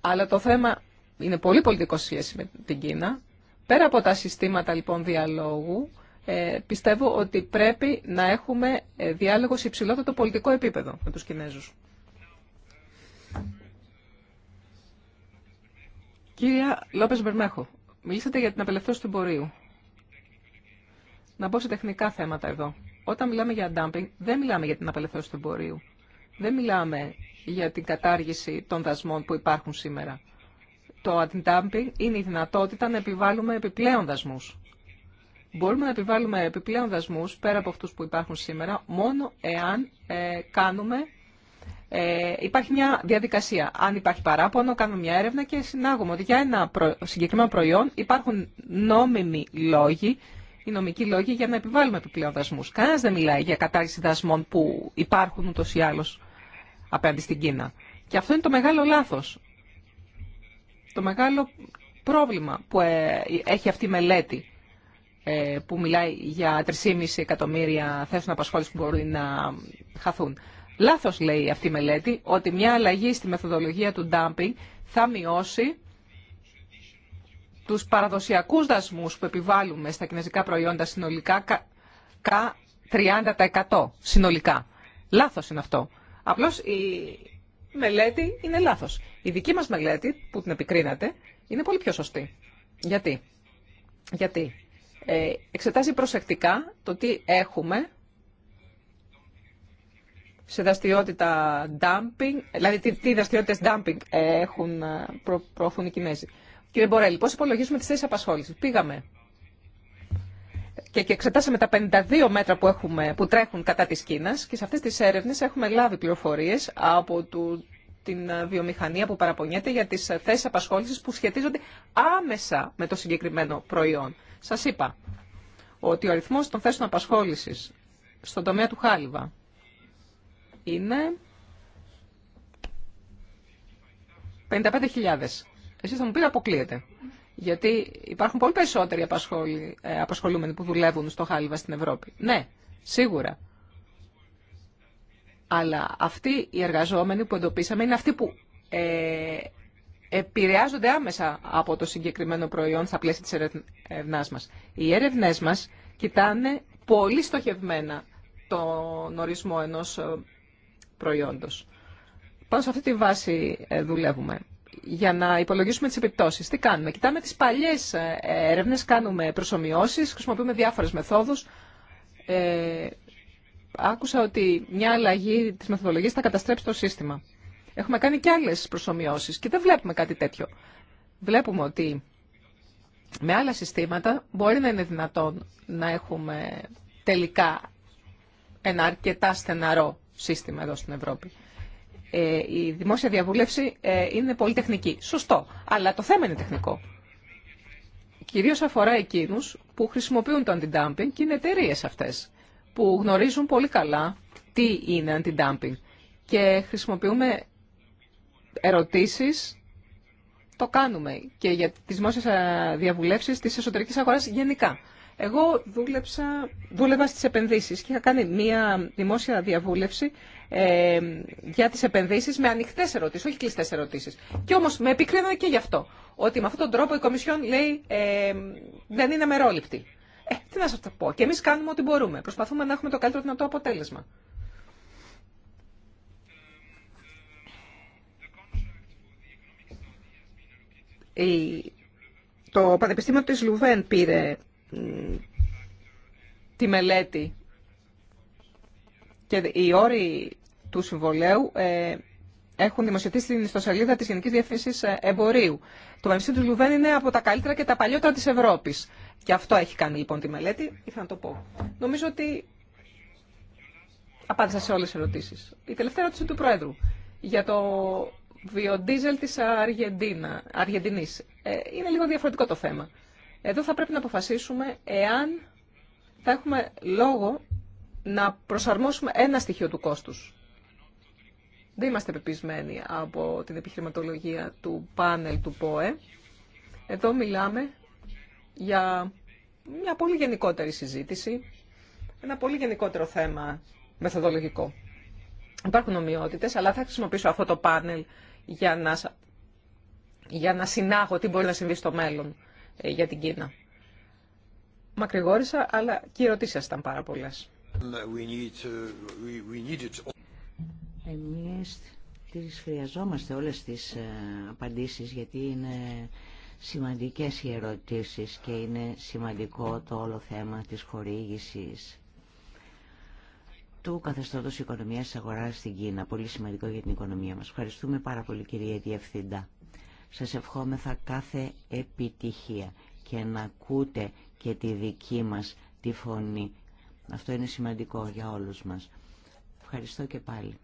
Αλλά το θέμα είναι πολύ πολιτικό σχέση με την Κίνα. Πέρα από τα συστήματα λοιπόν διαλόγου, ε, πιστεύω ότι πρέπει να έχουμε ε, διάλογο σε υψηλότερο πολιτικό επίπεδο με τους Κινέζους. Κυρία Λόπες Μπερμέχο, μιλήσατε για την απελευθέρωση του εμπορίου. Να μπω σε τεχνικά θέματα εδώ. Όταν μιλάμε για dumping, δεν μιλάμε για την απελευθέρωση του εμπορίου. Δεν μιλάμε για την κατάργηση των δασμών που υπάρχουν σήμερα. Το anti είναι η δυνατότητα να επιβάλλουμε επιπλέον δασμούς. Μπορούμε να επιβάλλουμε επιπλέον δασμούς πέρα από αυτούς που υπάρχουν σήμερα μόνο εάν ε, κάνουμε... Ε, υπάρχει μια διαδικασία. Αν υπάρχει παράπονο, κάνουμε μια έρευνα και συνάγουμε ότι για ένα συγκεκριμένο προϊόν υπάρχουν νόμιμοι λόγοι, οι νομικοί λόγοι για να επιβάλλουμε επιπλέον δασμούς. Κανένα δεν μιλάει για κατάργηση δασμών που υπάρχουν ούτως ή άλλως απέναντι στην Κίνα. Και αυτό ούτω ε, η άλλω απεναντι στην κινα και αυτο ειναι το μεγαλο λάθο, το μεγαλο προβλημα που εχει αυτη η μελετη ε, που μιλάει για 3,5 εκατομμύρια θέσεων απασχόλησης που μπορεί να χαθούν. Λάθος λέει αυτή η μελέτη ότι μια αλλαγή στη μεθοδολογία του dumping θα μειώσει τους παραδοσιακούς δασμούς που επιβάλλουμε στα κινέζικα προϊόντα συνολικά κα 30% συνολικά. Λάθος είναι αυτό. Απλώς η μελέτη είναι λάθος. Η δική μας μελέτη που την επικρίνατε είναι πολύ πιο σωστή. Γιατί. Γιατί ε, εξετάζει προσεκτικά το τι έχουμε σε δραστηριότητα dumping, δηλαδή τι, δραστηριότητε dumping έχουν, ε, προ, προωθούν οι Κινέζοι. Κύριε Μπορέλη, πώ υπολογίζουμε τι θέσει απασχόληση. Πήγαμε και, εξετάσαμε τα 52 μέτρα που, έχουμε, που τρέχουν κατά τη Κίνα και σε αυτέ τι έρευνε έχουμε λάβει πληροφορίε από την βιομηχανία που παραπονιέται για τι θέσει απασχόληση που σχετίζονται άμεσα με το συγκεκριμένο προϊόν. Σας είπα ότι ο αριθμός των θέσεων απασχόλησης στον τομέα του Χάλιβα είναι 55.000. Εσείς θα μου πείτε αποκλείεται. Γιατί υπάρχουν πολύ περισσότεροι ε, απασχολούμενοι που δουλεύουν στο Χάλιβα στην Ευρώπη. Ναι, σίγουρα. Αλλά αυτοί οι εργαζόμενοι που εντοπίσαμε είναι αυτοί που ε, επηρεάζονται άμεσα από το συγκεκριμένο προϊόν στα πλαίσια της έρευνάς μας. Οι έρευνές μας κοιτάνε πολύ στοχευμένα τον ορισμό ενός ε, προϊόντος. Πάνω σε αυτή τη βάση ε, δουλεύουμε. Για να υπολογίσουμε τις επιπτώσεις. Τι κάνουμε. Κοιτάμε τις παλιές ε, έρευνες, κάνουμε προσωμιώσεις, χρησιμοποιούμε διάφορες μεθόδους. Ε, άκουσα ότι μια αλλαγή της μεθοδολογίας θα καταστρέψει το σύστημα. Έχουμε κάνει και άλλε προσωμιώσει και δεν βλέπουμε κάτι τέτοιο. Βλέπουμε ότι με άλλα συστήματα μπορεί να είναι δυνατόν να έχουμε τελικά ένα αρκετά στεναρό σύστημα εδώ στην Ευρώπη. Ε, η δημόσια διαβούλευση ε, είναι πολύ τεχνική. Σωστό. Αλλά το θέμα είναι τεχνικό. Κυρίω αφορά εκείνου που χρησιμοποιούν το αντι και είναι εταιρείε αυτέ που γνωρίζουν πολύ καλά τι είναι και χρησιμοποιούμε Ερωτήσει το κάνουμε και για τι δημόσιε διαβουλεύσει τη εσωτερική αγορά, γενικά. Εγώ δούλεψα, δούλευα στις επενδύσεις και είχα κάνει μία δημόσια διαβούλευση ε, για τις επενδύσεις με ανοιχτές ερωτήσεις, όχι κλειστές ερωτήσεις. Και όμως με επικρίνανε και γι' αυτό, ότι με αυτόν τον τρόπο η Κομισιόν λέει ε, δεν είναι μερόληπτη. Ε, τι να σας το πω. Και εμείς κάνουμε ό,τι μπορούμε. Προσπαθούμε να έχουμε το καλύτερο δυνατό αποτέλεσμα. Το Πανεπιστήμιο της Λουβέν πήρε τη μελέτη και οι όροι του συμβολέου ε, έχουν δημοσιευτεί στην ιστοσελίδα της Γενικής Διεύθυνσης ε, Εμπορίου. Το Πανεπιστήμιο του Λουβέν είναι από τα καλύτερα και τα παλιότερα της Ευρώπης. Και αυτό έχει κάνει λοιπόν τη μελέτη, ήθελα να το πω. Νομίζω ότι απάντησα σε όλες τις ερωτήσεις. Η τελευταία ερώτηση του Πρόεδρου για το βιοντίζελ της Αργεντίνα, Αργεντινής. Ε, είναι λίγο διαφορετικό το θέμα. Εδώ θα πρέπει να αποφασίσουμε εάν θα έχουμε λόγο να προσαρμόσουμε ένα στοιχείο του κόστους. Δεν είμαστε πεπισμένοι από την επιχειρηματολογία του πάνελ του ΠΟΕ. Εδώ μιλάμε για μια πολύ γενικότερη συζήτηση, ένα πολύ γενικότερο θέμα μεθοδολογικό. Υπάρχουν ομοιότητες, αλλά θα χρησιμοποιήσω αυτό το πάνελ για να, για να συνάγω τι μπορεί να συμβεί στο μέλλον ε, για την Κίνα. Μακρηγόρησα, αλλά και οι ερωτήσεις ήταν πάρα πολλές. Εμείς τις χρειαζόμαστε όλες τις ε, απαντήσεις γιατί είναι σημαντικές οι ερωτήσεις και είναι σημαντικό το όλο θέμα της χορήγησης του καθεστώτος οικονομίας αγοράς στην Κίνα. Πολύ σημαντικό για την οικονομία μας. Ευχαριστούμε πάρα πολύ κυρία Διευθυντά. Σας ευχόμεθα κάθε επιτυχία και να ακούτε και τη δική μας τη φωνή. Αυτό είναι σημαντικό για όλους μας. Ευχαριστώ και πάλι.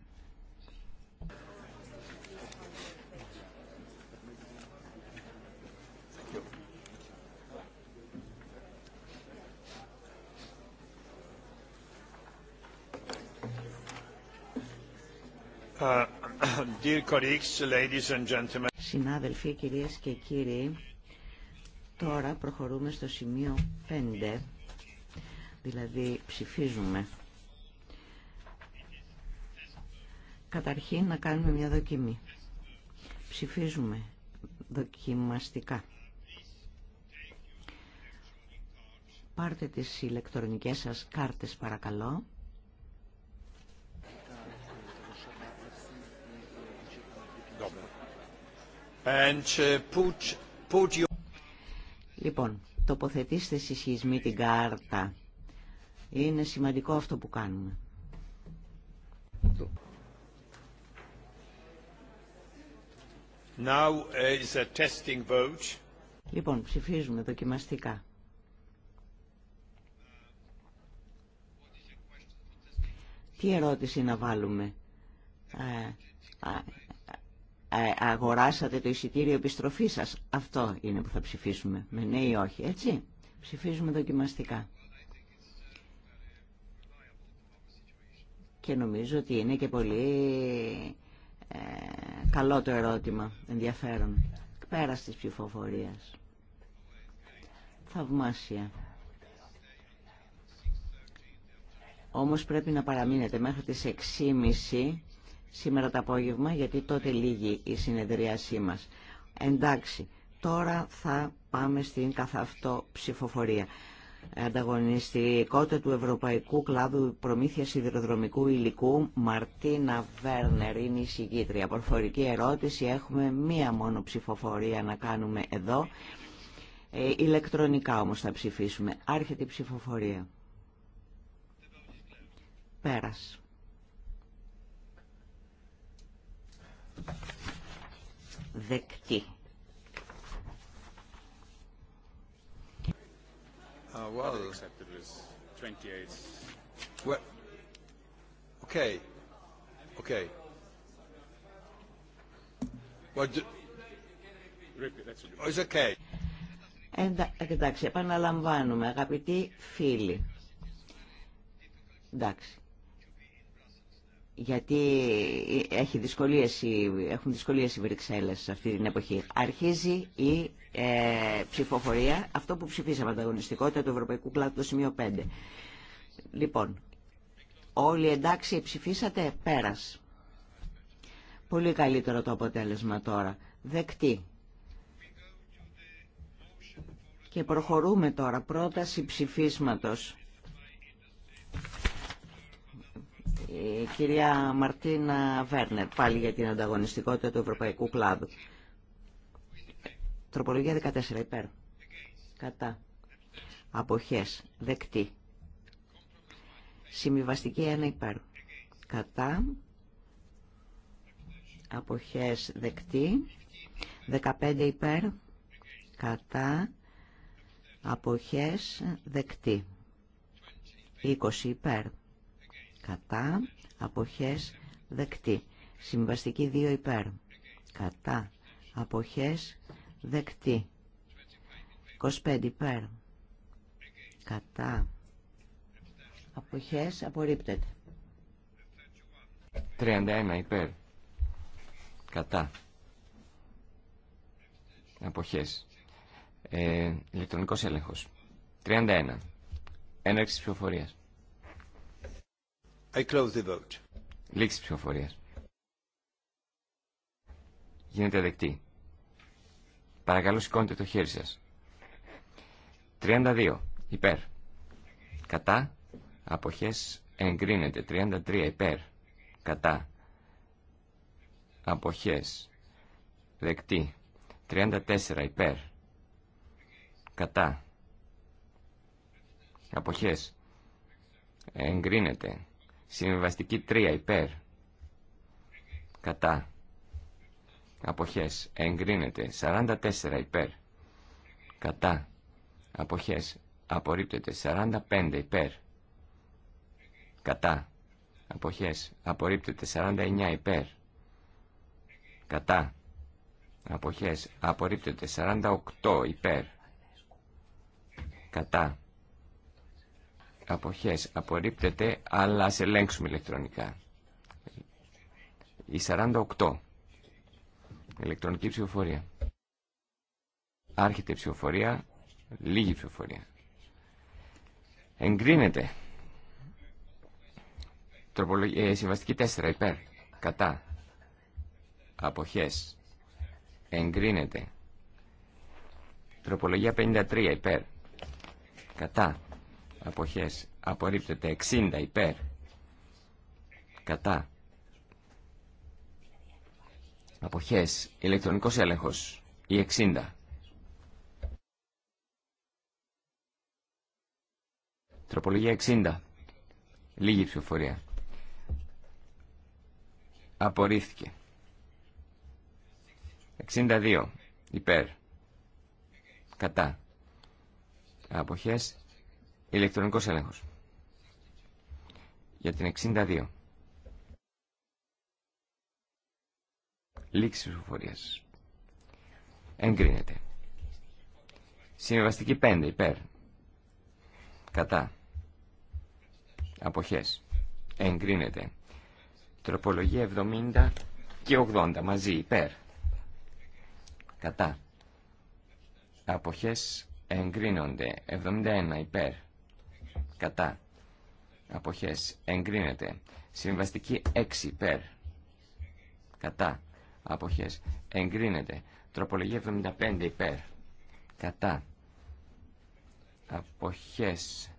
Συνάδελφοι, κυρίες και κύριοι, τώρα προχωρούμε στο σημείο 5, δηλαδή ψηφίζουμε. Καταρχήν να κάνουμε μια δοκιμή. Ψηφίζουμε δοκιμαστικά. Πάρτε τις ηλεκτρονικές σας κάρτες παρακαλώ. Uh, λοιπόν, τοποθετήστε συσχισμή σχισμή την κάρτα. Είναι σημαντικό αυτό που κάνουμε. Now uh, is a Λοιπόν, ψηφίζουμε δοκιμαστικά. Τι ερώτηση να βάλουμε. Ε, ε, αγοράσατε το εισιτήριο επιστροφής σας. Αυτό είναι που θα ψηφίσουμε. Με ναι ή όχι. Έτσι. Ψηφίζουμε δοκιμαστικά. Και νομίζω ότι είναι και πολύ ε, καλό το ερώτημα. Ενδιαφέρον. Πέρα της ψηφοφορίας. Θαυμάσια. Όμως πρέπει να παραμείνετε μέχρι τις 6.30 σήμερα το απόγευμα, γιατί τότε λίγη η συνεδρίασή μας. Εντάξει, τώρα θα πάμε στην καθαυτό ψηφοφορία. Ανταγωνιστικότητα του Ευρωπαϊκού Κλάδου Προμήθεια ιδροδρομικού Υλικού, Μαρτίνα Βέρνερ, είναι η συγκήτρια. Προφορική ερώτηση, έχουμε μία μόνο ψηφοφορία να κάνουμε εδώ. Ε, ηλεκτρονικά όμως θα ψηφίσουμε. Άρχεται η ψηφοφορία. Πέρας. δεκτή. Uh, well, okay, okay. Oh, okay. Εντάξει, επαναλαμβάνουμε, αγαπητοί φίλοι. Εντάξει γιατί έχει δυσκολίες, έχουν δυσκολίες οι Βρυξέλλες σε αυτή την εποχή. Αρχίζει η ε, ψηφοφορία, αυτό που ψηφίσαμε, ανταγωνιστικότητα του Ευρωπαϊκού Κλάδου, το σημείο 5. Λοιπόν, όλοι εντάξει ψηφίσατε, πέρας. Πολύ καλύτερο το αποτέλεσμα τώρα. Δεκτή. Και προχωρούμε τώρα. Πρόταση ψηφίσματος κυρία Μαρτίνα Βέρνερ, πάλι για την ανταγωνιστικότητα του ευρωπαϊκού κλάδου. Τροπολογία 14, υπέρ. Κατά. Αποχές. Δεκτή. Συμβιβαστική 1 υπέρ. Κατά. Αποχές δεκτή. 15 υπέρ. Κατά. Αποχές δεκτή. 20 υπέρ κατά αποχές δεκτή. Συμβαστική 2 υπέρ κατά αποχές δεκτή. 25 υπέρ κατά αποχές απορρίπτεται. 31 υπέρ κατά αποχές ε, ηλεκτρονικός έλεγχος 31 έναρξη ψηφοφορίας Λήξη ψηφοφορίας. Γίνεται δεκτή. Παρακαλώ σηκώνετε το χέρι σας. 32. Υπέρ. Κατά. Αποχές εγκρίνεται. 33. Υπέρ. Κατά. Αποχές. Δεκτή. 34. Υπέρ. Κατά. Αποχές. Εγκρίνεται. Συμβιβαστική 3 υπέρ. Κατά. Αποχές. Εγκρίνεται. 44 υπέρ. Κατά. Αποχές. Απορρίπτεται. 45 υπέρ. Κατά. Αποχές. Απορρίπτεται. 49 υπέρ. Κατά. Αποχές. Απορρίπτεται. 48 υπέρ. Κατά. Αποχές. Απορρίπτεται, αλλά ας ελέγξουμε ηλεκτρονικά. Η 48. Ηλεκτρονική ψηφοφορία. Άρχεται η ψηφοφορία. Λίγη ψηφοφορία. Εγκρίνεται. Ε, συμβαστική 4. Υπέρ. Κατά. Αποχές. Εγκρίνεται. Τροπολογία 53. Υπέρ. Κατά αποχές απορρίπτεται 60 υπέρ κατά αποχές ηλεκτρονικός έλεγχος ή 60 τροπολογία 60 λίγη ψηφοφορία απορρίφθηκε 62 υπέρ κατά αποχές Ηλεκτρονικός έλεγχος. Για την 62. Λήξη ψηφοφορίας. Εγκρίνεται. Συμβαστική 5 υπέρ. Κατά. Αποχές. Εγκρίνεται. Τροπολογία 70 και 80 μαζί υπέρ. Κατά. Αποχές εγκρίνονται. 71 υπέρ κατά αποχές εγκρίνεται συμβαστική 6 υπέρ κατά αποχές εγκρίνεται τροπολογία 75 υπέρ κατά αποχές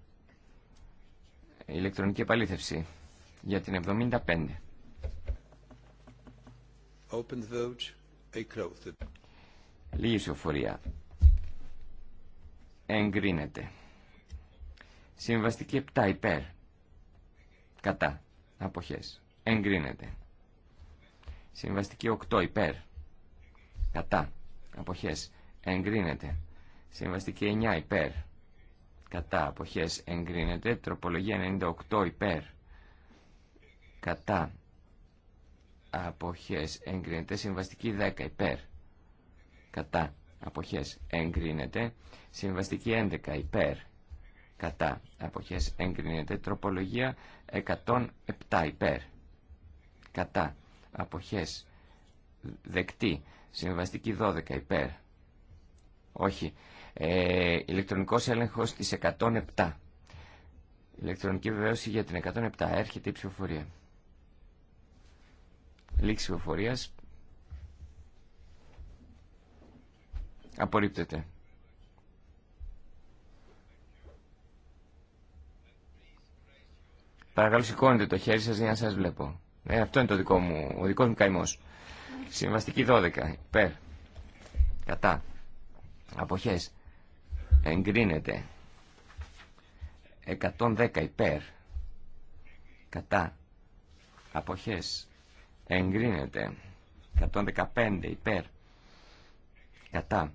ηλεκτρονική επαλήθευση για την 75 Open the vote. Λίγη Εγκρίνεται. Συμβαστική 7 υπέρ. Κατά. Αποχές. Εγκρίνεται. Συμβαστική 8 υπέρ. Κατά. Αποχές. Εγκρίνεται. Συμβαστική 9 υπέρ. Κατά. Αποχές. Εγκρίνεται. Τροπολογία 98 υπέρ. Κατά. Αποχές. Εγκρίνεται. Συμβαστική 10 υπέρ. Κατά. Αποχές. Εγκρίνεται. Συμβαστική 11 υπέρ κατά αποχές εγκρίνεται τροπολογία 107 υπέρ κατά αποχές δεκτή συμβαστική 12 υπέρ όχι ε, ηλεκτρονικός έλεγχος της 107 ηλεκτρονική βεβαίωση για την 107 έρχεται η ψηφοφορία λήξη ψηφοφορίας απορρίπτεται Παρακαλώ σηκώνετε το χέρι σας για να σα βλέπω. Ε, αυτό είναι το δικό μου, ο δικό μου καημό. Συμβαστική 12, υπέρ. Κατά. Αποχές. Εγκρίνεται. 110 υπέρ. Κατά. Αποχές. Εγκρίνεται. 115 υπέρ. Κατά.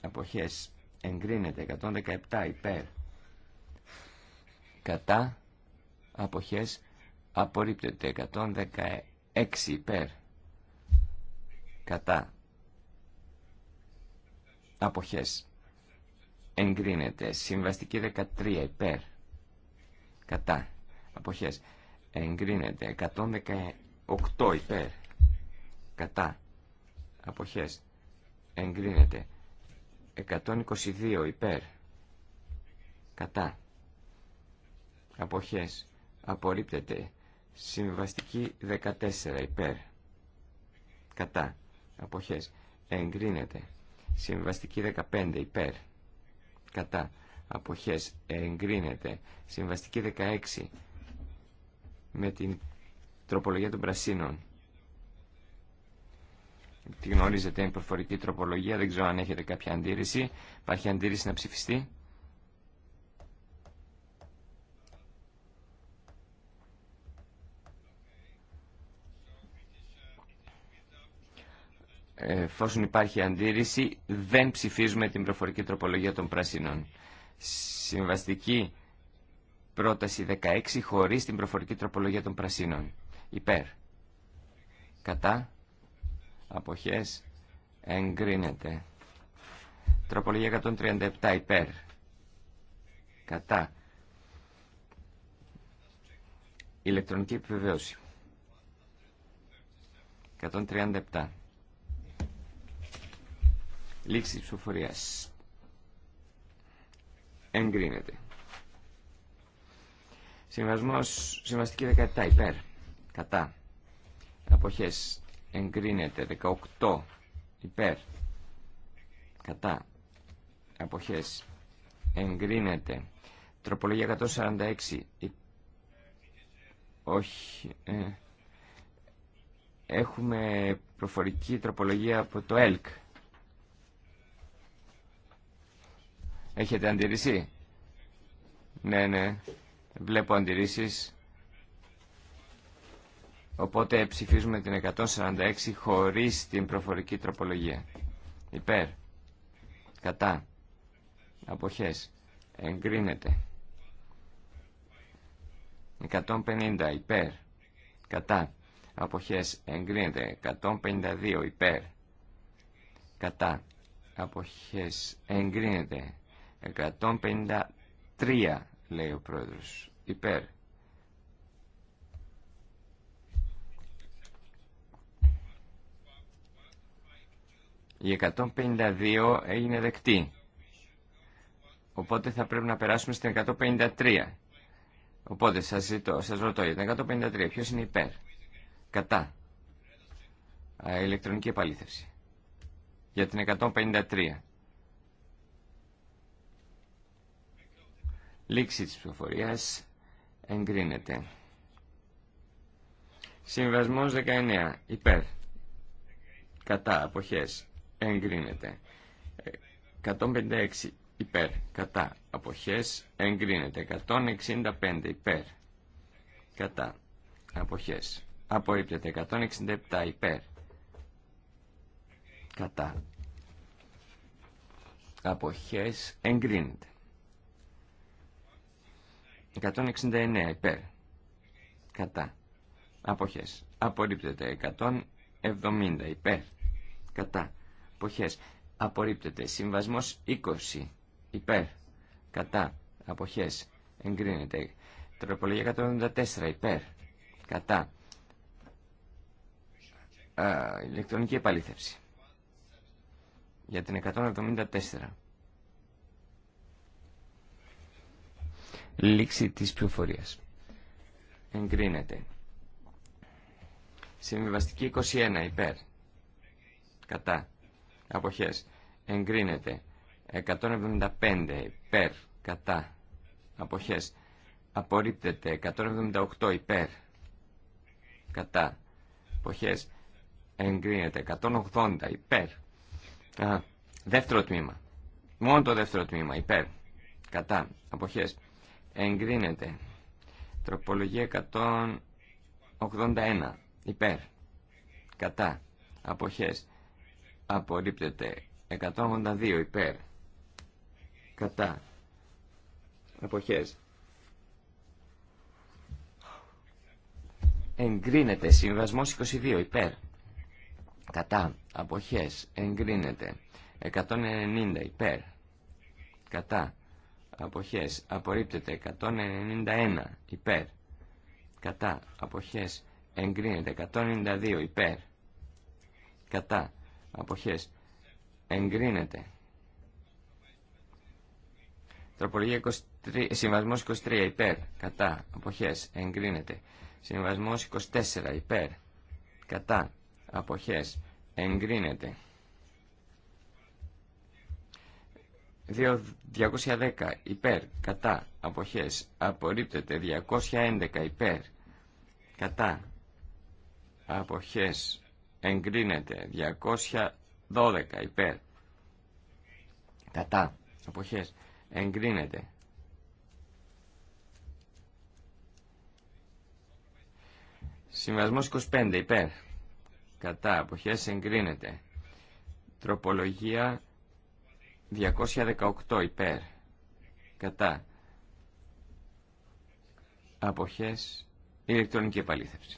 Αποχές. Εγκρίνεται. 117 υπέρ. Κατά αποχές απορρίπτεται 116 υπέρ κατά αποχές εγκρίνεται συμβαστική 13 υπέρ κατά αποχές εγκρίνεται 118 υπέρ κατά αποχές εγκρίνεται 122 υπέρ κατά αποχές απορρίπτεται. Συμβαστική 14 υπέρ. Κατά. Αποχές. Εγκρίνεται. Συμβαστική 15 υπέρ. Κατά. Αποχές. Εγκρίνεται. Συμβαστική 16 με την τροπολογία των πρασίνων. Τη γνωρίζετε, είναι προφορική τροπολογία. Δεν ξέρω αν έχετε κάποια αντίρρηση. Υπάρχει αντίρρηση να ψηφιστεί. Εφόσον υπάρχει αντίρρηση, δεν ψηφίζουμε την προφορική τροπολογία των πρασινών. Συμβαστική πρόταση 16 χωρίς την προφορική τροπολογία των πρασινών. Υπέρ. Κατά. Αποχές. Εγκρίνεται. Τροπολογία 137 υπέρ. Κατά. Ηλεκτρονική επιβεβαίωση. 137. Λήξη ψηφοφορία. Εγκρίνεται. Συμβασμό συμβαστική 17 υπέρ. Κατά. Αποχές. Εγκρίνεται. 18 υπέρ. Κατά. Αποχές. Εγκρίνεται. Τροπολογία 146. Όχι. Ε, έχουμε προφορική τροπολογία από το ΕΛΚ. Έχετε αντιρρήσει. Ναι, ναι. Βλέπω αντιρρήσεις. Οπότε ψηφίζουμε την 146 χωρίς την προφορική τροπολογία. Υπέρ. Κατά. Αποχές. Εγκρίνεται. 150 υπέρ. Κατά. Αποχές. Εγκρίνεται. 152 υπέρ. Κατά. Αποχές. Εγκρίνεται. 153 λέει ο πρόεδρος. Υπέρ. Η 152 έγινε δεκτή. Οπότε θα πρέπει να περάσουμε στην 153. Οπότε σας, ζητώ, σας ρωτώ για την 153. Ποιος είναι υπέρ. Κατά. ηλεκτρονική επαλήθευση. Για την 153. Λήξη της ψηφοφορία εγκρίνεται. Συμβασμός 19. Υπέρ. Κατά. Αποχές. Εγκρίνεται. 156. Υπέρ. Κατά. Αποχές. Εγκρίνεται. 165. Υπέρ. Κατά. Αποχές. Απορρίπτεται. 167. Υπέρ. Κατά. Αποχές. Εγκρίνεται. 169 υπέρ. Κατά. Αποχές. Απορρίπτεται. 170 υπέρ. Κατά. Αποχές. Απορρίπτεται. Συμβασμός 20 υπέρ. Κατά. Αποχές. Εγκρίνεται. Τροπολογία 174 υπέρ. Κατά. ηλεκτρονική επαλήθευση. Για την 174. λήξη της πληροφορίας. Εγκρίνεται. Συμβιβαστική 21 υπέρ. Κατά. Αποχές. Εγκρίνεται. 175 υπέρ. Κατά. Αποχές. Απορρίπτεται. 178 υπέρ. Κατά. Αποχές. Εγκρίνεται. 180 υπέρ. Α, δεύτερο τμήμα. Μόνο το δεύτερο τμήμα. Υπέρ. Κατά. Αποχές εγκρίνεται. Τροπολογία 181 υπέρ κατά αποχές απορρίπτεται 182 υπέρ κατά αποχές εγκρίνεται συμβασμός 22 υπέρ κατά αποχές εγκρίνεται 190 υπέρ κατά αποχές απορρίπτεται 191 υπέρ κατά αποχές εγκρίνεται 192 υπέρ κατά αποχές εγκρίνεται τροπολογία 23, συμβασμός 23 υπέρ κατά αποχές εγκρίνεται συμβασμός 24 υπέρ κατά αποχές εγκρίνεται 210 υπέρ κατά αποχές απορρίπτεται 211 υπέρ κατά αποχές εγκρίνεται 212 υπέρ κατά αποχές εγκρίνεται Συμβασμός 25 υπέρ κατά αποχές εγκρίνεται τροπολογία 218 υπέρ κατά αποχές ηλεκτρονική επαλήθευση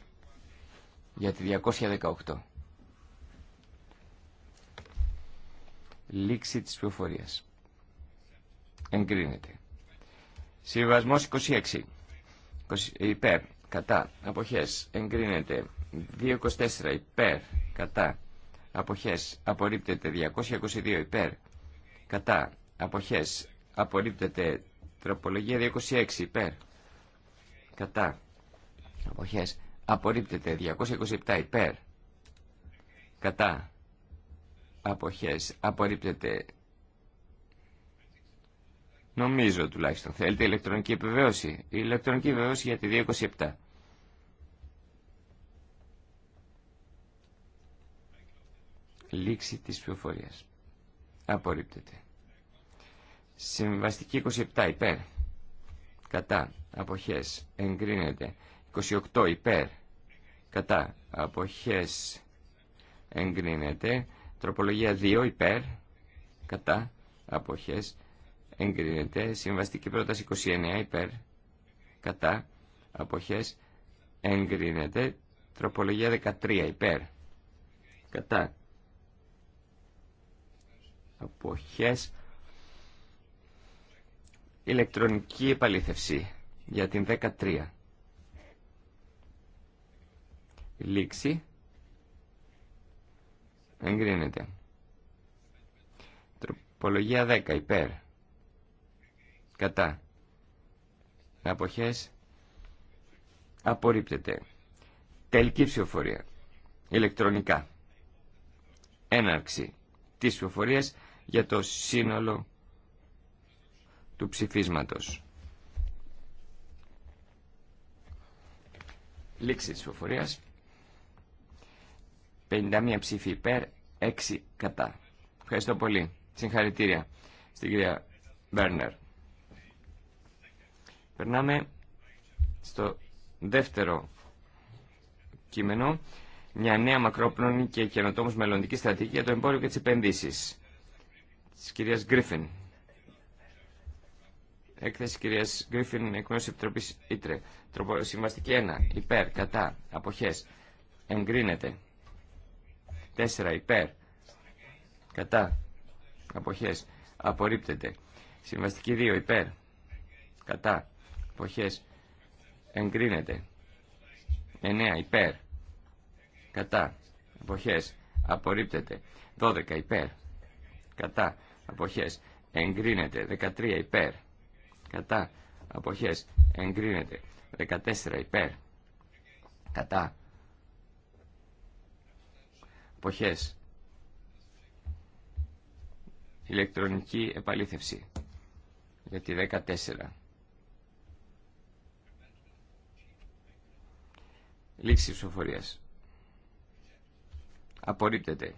για τη 218 λήξη της πληροφορίας εγκρίνεται συμβασμός 26 20, υπέρ κατά αποχές εγκρίνεται 224 υπέρ κατά αποχές απορρίπτεται 222 υπέρ κατά αποχές απορρίπτεται τροπολογία 226 υπέρ κατά αποχές απορρίπτεται 227 υπέρ κατά αποχές απορρίπτεται νομίζω τουλάχιστον θέλετε ηλεκτρονική επιβεβαίωση η ηλεκτρονική επιβεβαίωση για τη 227 λήξη της πληροφορίας. Απορρίπτεται. Συμβαστική 27 υπέρ. Κατά. Αποχές. Εγκρίνεται. 28 υπέρ. Κατά. Αποχές. Εγκρίνεται. Τροπολογία 2 υπέρ. Κατά. Αποχές. Εγκρίνεται. Συμβαστική πρόταση 29 υπέρ. Κατά. Αποχές. Εγκρίνεται. Τροπολογία 13 υπέρ. Κατά αποχές ηλεκτρονική επαλήθευση για την 13 λήξη εγκρίνεται τροπολογία 10 υπέρ κατά αποχές απορρίπτεται τελική ψηφοφορία ηλεκτρονικά έναρξη της ψηφοφορίας για το σύνολο του ψηφίσματος. Λήξη της φοφορίας. 51 ψήφοι υπέρ, 6 κατά. Ευχαριστώ πολύ. Συγχαρητήρια στην κυρία Μπέρνερ. Περνάμε στο δεύτερο κείμενο. Μια νέα μακρόπνονη και καινοτόμως μελλοντική στρατηγική για το εμπόριο και τις επενδύσεις της κυρίας Γκρίφιν. Έκθεση κυρίας Γκρίφιν εκ μέρους της Επιτροπής Ήτρε. Συμβαστική 1. Υπέρ. Κατά. Αποχές. Εγκρίνεται. 4. Υπέρ. Κατά. Αποχές. Απορρίπτεται. Συμβαστική 2. Υπέρ. Κατά. Αποχές. Εγκρίνεται. 9. Υπέρ. Κατά. Αποχές. Απορρίπτεται. 12. Υπέρ. Κατά αποχές εγκρίνεται 13 υπέρ κατά αποχές εγκρίνεται 14 υπέρ κατά αποχές ηλεκτρονική επαλήθευση για τη 14 λήξη ψηφοφορίας απορρίπτεται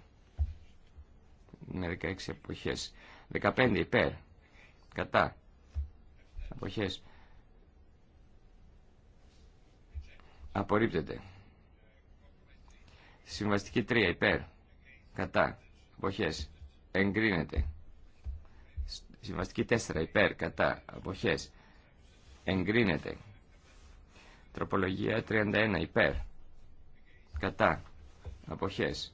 με 16 εποχές. 15 υπέρ. Κατά. εποχές Απορρίπτεται. Συμβαστική 3 υπέρ. Κατά. εποχές Εγκρίνεται. Συμβαστική 4 υπέρ. Κατά. εποχές Εγκρίνεται. Τροπολογία 31 υπέρ. Κατά. Αποχές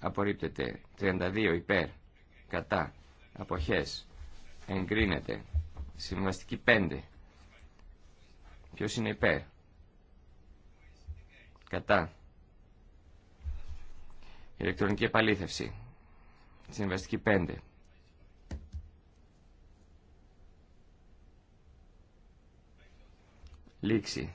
απορρίπτεται 32 υπέρ κατά αποχές εγκρίνεται συμβαστική 5 ποιος είναι υπέρ κατά ηλεκτρονική επαλήθευση συμβαστική 5 λήξη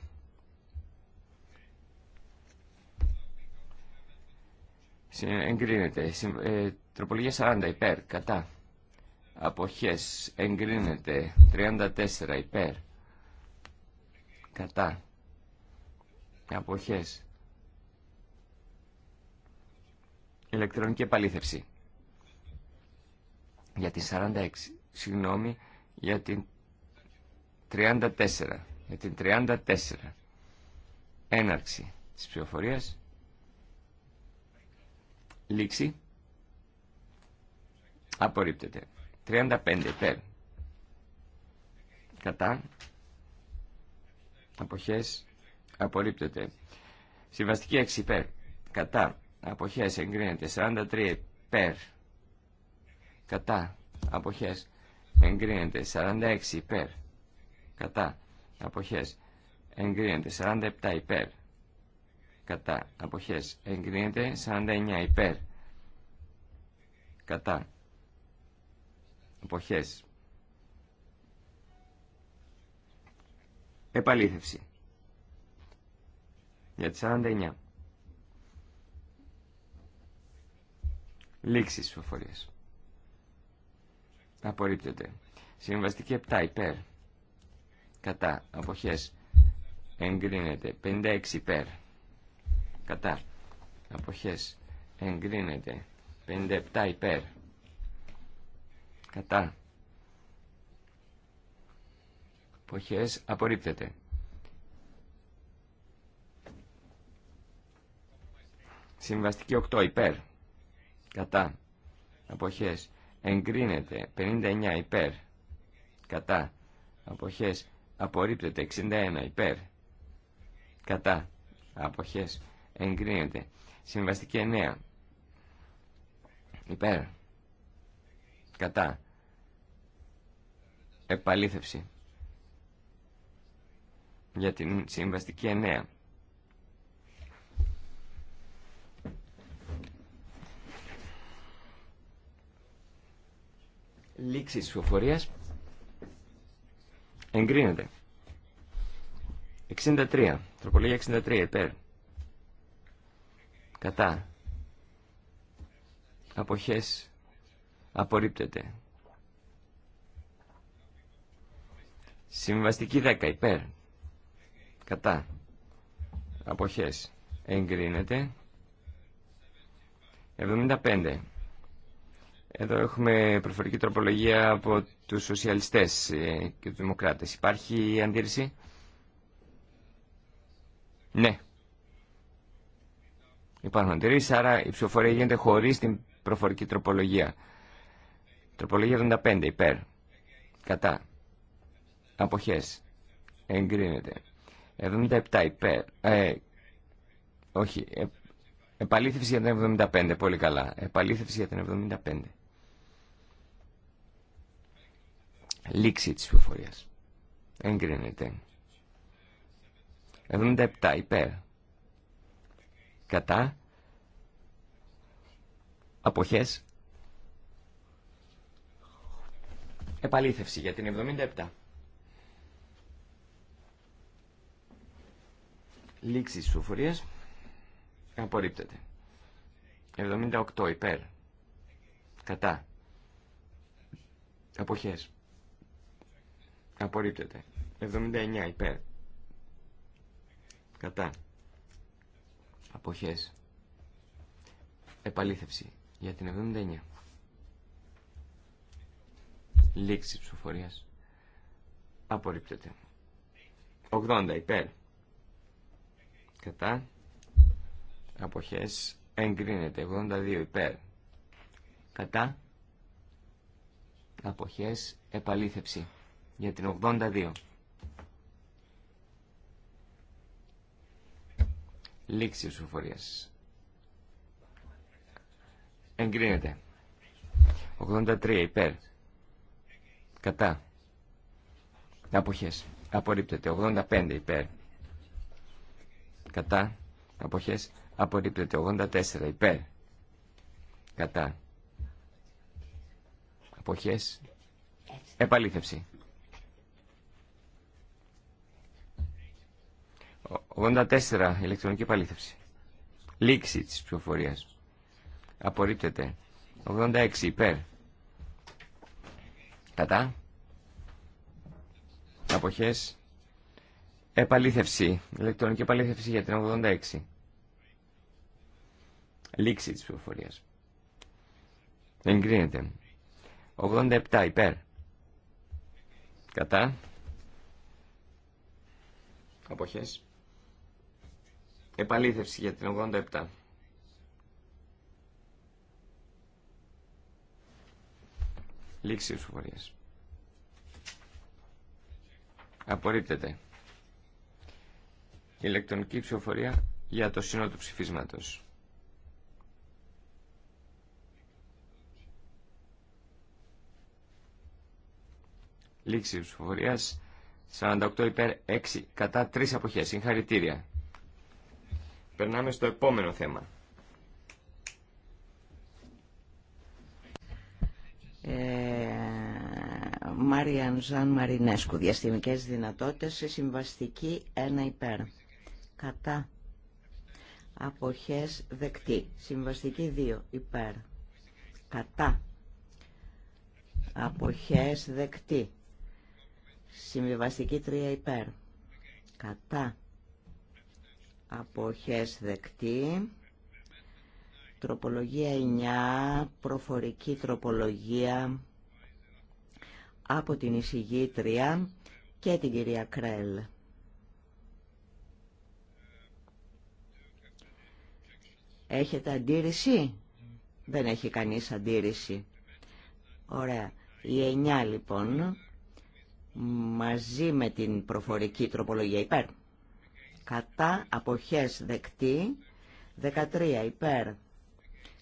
Εγκρίνεται. Ε, τροπολογία 40 υπέρ. Κατά. Αποχές. Εγκρίνεται. 34 υπέρ. Κατά. Αποχές. Ηλεκτρονική επαλήθευση. Για την 46. Συγγνώμη. Για την 34. Για την 34. Έναρξη της ψηφοφορίας. Λήξη. Απορρίπτεται. 35 υπέρ. Κατά. Αποχές. Απορρίπτεται. Συμβαστική 6 υπέρ. Κατά. Αποχές εγκρίνεται. 43 υπέρ. Κατά. Αποχές εγκρίνεται. 46 υπέρ. Κατά. Αποχές εγκρίνεται. 47 υπέρ κατά αποχές εγκρίνεται 49 υπέρ κατά αποχές επαλήθευση για 49 λήξεις ψηφοφορίας απορρίπτεται συμβαστική 7 υπέρ κατά αποχές εγκρίνεται 56 υπέρ κατά αποχές εγκρίνεται 57 υπέρ κατά αποχές απορρίπτεται συμβαστική 8 υπέρ κατά αποχές εγκρίνεται 59 υπέρ κατά αποχές απορρίπτεται 61 υπέρ κατά αποχές εγκρίνεται. Συμβαστική 9. Υπέρ. Κατά. Επαλήθευση. Για την συμβαστική 9. λήξη τη ψηφοφορίας εγκρίνεται. 63. Τροπολογία 63 υπέρ. Κατά. Αποχές. Απορρίπτεται. Συμβαστική 10 υπέρ. Κατά. Αποχές. Εγκρίνεται. 75. Εδώ έχουμε προφορική τροπολογία από τους σοσιαλιστές ε, και τους δημοκράτες. Υπάρχει αντίρρηση? Ναι. Υπάρχουν αντιρρήσει, άρα η ψηφοφορία γίνεται χωρί την προφορική τροπολογία. Τροπολογία 75 υπέρ. Κατά. Αποχέ. Εγκρίνεται. 77 υπέρ. Ε, όχι. Ε, επαλήθευση για την 75. Πολύ καλά. Επαλήθευση για την 75. Λήξη της ψηφοφορίας. Εγκρίνεται. 77 υπέρ κατά αποχές επαλήθευση για την 77 λήξη της ψηφοφορίας απορρίπτεται 78 υπέρ κατά αποχές απορρίπτεται 79 υπέρ κατά Αποχές. Επαλήθευση για την 79. Λήξη ψηφοφορίας. Απορρίπτεται. 80 υπέρ. Κατά. Αποχές. Εγκρίνεται. 82 υπέρ. Κατά. Αποχές. Επαλήθευση για την 82. Λήξη ψηφοφορίας. Εγκρίνεται. 83 υπέρ. Κατά. Αποχές. Απορρίπτεται. 85 υπέρ. Κατά. Αποχές. Απορρίπτεται. 84 υπέρ. Κατά. Αποχές. Επαλήθευση. 84. Ηλεκτρονική επαλήθευση. Λήξη τη ψηφοφορίας. Απορρίπτεται. 86. Υπέρ. Κατά. Αποχέ. Επαλήθευση. Ηλεκτρονική επαλήθευση για την 86. Λήξη τη ψηφοφορίας. Εγκρίνεται. 87. Υπέρ. Κατά. Αποχές. Επαλήθευση για την 87. Λήξη ψηφοφορίας. Απορρίπτεται. Ηλεκτρονική ψηφοφορία για το σύνολο του ψηφίσματος. Λήξη ψηφοφορίας. 48 υπέρ 6 κατά 3 αποχές. Συγχαρητήρια. Περνάμε στο επόμενο θέμα. Ε, Μάριαν Ζαν Μαρινέσκου. Διαστημικές δυνατότητες συμβαστική 1 υπέρ. Κατά. Αποχές δεκτή. Συμβαστική 2 υπέρ. Κατά. Αποχές δεκτή. Συμβαστική 3 υπέρ. Κατά αποχές δεκτή. Τροπολογία 9, προφορική τροπολογία από την εισηγήτρια και την κυρία Κρέλ. Έχετε αντίρρηση? Δεν έχει κανείς αντίρρηση. Ωραία. Η 9 λοιπόν, μαζί με την προφορική τροπολογία υπέρ κατά αποχές δεκτή, 13 υπέρ,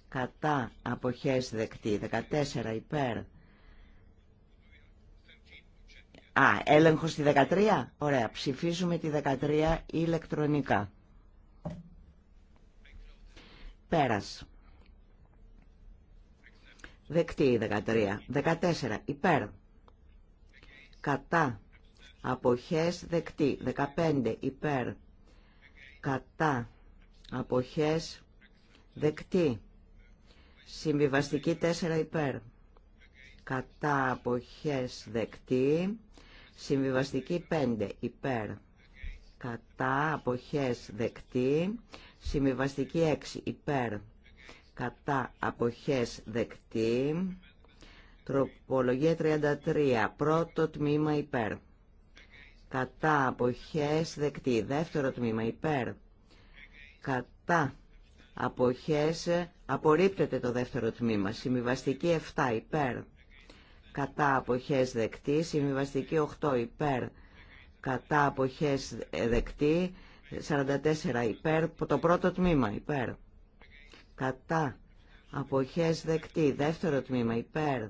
κατά αποχές δεκτή, 14 υπέρ. Α, έλεγχο στη 13, ωραία, ψηφίζουμε τη 13 ηλεκτρονικά. Πέρας. Δεκτή η 13. 14. Υπέρ. Κατά. Αποχές δεκτή. 15. Υπέρ κατά αποχές δεκτή συμβιβαστική 4 υπέρ κατά αποχές δεκτή συμβιβαστική 5 υπέρ κατά αποχές δεκτή συμβιβαστική 6 υπέρ κατά αποχές δεκτή τροπολογία 33 πρώτο τμήμα υπέρ κατά αποχές δεκτή. Δεύτερο τμήμα υπέρ κατά αποχές απορρίπτεται το δεύτερο τμήμα. Συμβιβαστική 7 υπέρ κατά αποχές δεκτή. Συμβιβαστική 8 υπέρ κατά αποχές δεκτή. 44 υπέρ το πρώτο τμήμα υπέρ κατά αποχές δεκτή. Δεύτερο τμήμα υπέρ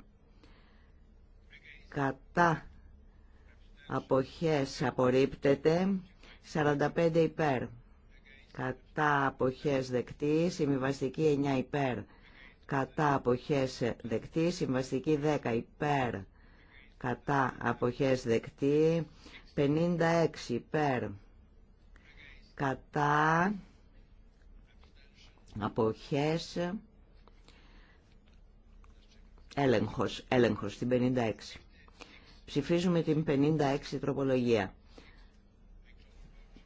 κατά αποχές απορρίπτεται 45 υπέρ κατά αποχές δεκτή συμβιβαστική 9 υπέρ κατά αποχές δεκτή συμβαστική 10 υπέρ κατά αποχές δεκτή 56 υπέρ κατά αποχές έλεγχος, έλεγχος στην 56 Ψηφίζουμε την 56 τροπολογία.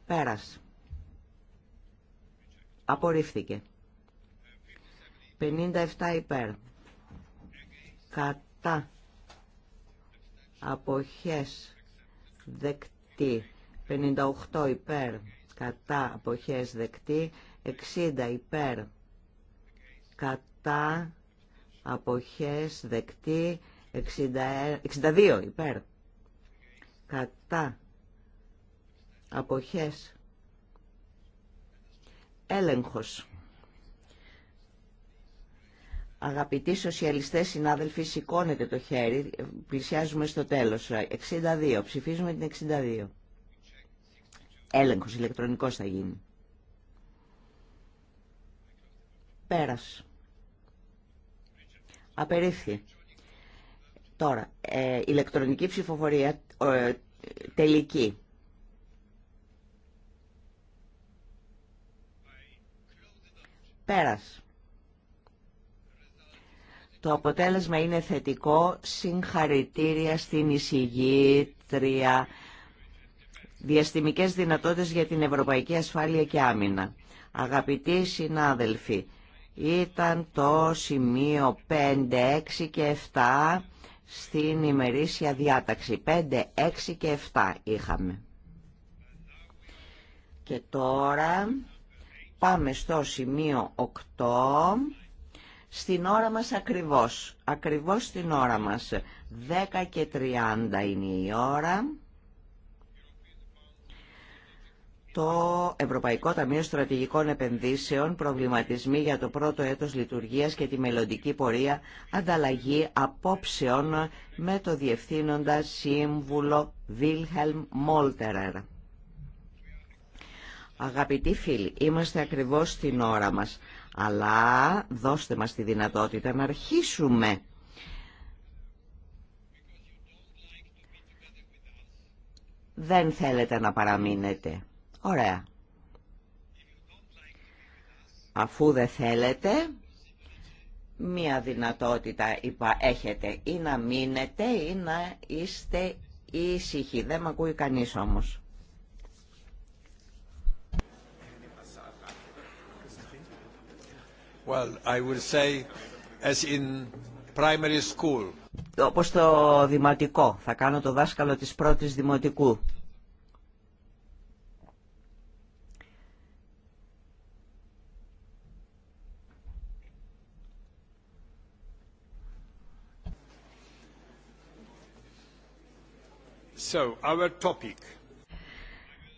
Πέρας. Απορρίφθηκε. 57 υπέρ. Κατά. Αποχές. Δεκτή. 58 υπέρ. Κατά. Αποχές. Δεκτή. 60 υπέρ. Κατά. Αποχές. Δεκτή. 62 ε, υπέρ. Κατά. Αποχές. Έλεγχος. Αγαπητοί σοσιαλιστές συνάδελφοι, σηκώνετε το χέρι, πλησιάζουμε στο τέλος. 62, ψηφίζουμε την 62. Έλεγχος ηλεκτρονικός θα γίνει. Πέρας. Απερίφθη. Τώρα, ε, ηλεκτρονική ψηφοφορία ε, τελική. Πέρας. Το αποτέλεσμα είναι θετικό. Συγχαρητήρια στην εισηγήτρια. Διαστημικές δυνατότητες για την Ευρωπαϊκή Ασφάλεια και Άμυνα. Αγαπητοί συνάδελφοι, ήταν το σημείο 5, 6 και 7 στην ημερήσια διάταξη. 5, 6 και 7 είχαμε. Και τώρα πάμε στο σημείο 8, στην ώρα μας ακριβώς, ακριβώς στην ώρα μας, 10 και 30 είναι η ώρα. το Ευρωπαϊκό Ταμείο Στρατηγικών Επενδύσεων, προβληματισμοί για το πρώτο έτος λειτουργίας και τη μελλοντική πορεία, ανταλλαγή απόψεων με το Διευθύνοντα Σύμβουλο Βίλχελμ Μόλτερερ. Αγαπητοί φίλοι, είμαστε ακριβώς στην ώρα μας, αλλά δώστε μας τη δυνατότητα να αρχίσουμε. Δεν θέλετε να παραμείνετε Ωραία. Αφού δεν θέλετε, μία δυνατότητα είπα, έχετε ή να μείνετε ή να είστε ήσυχοι. Δεν με ακούει κανείς όμως. Well, I Όπως το δημοτικό. Θα κάνω το δάσκαλο της πρώτης δημοτικού.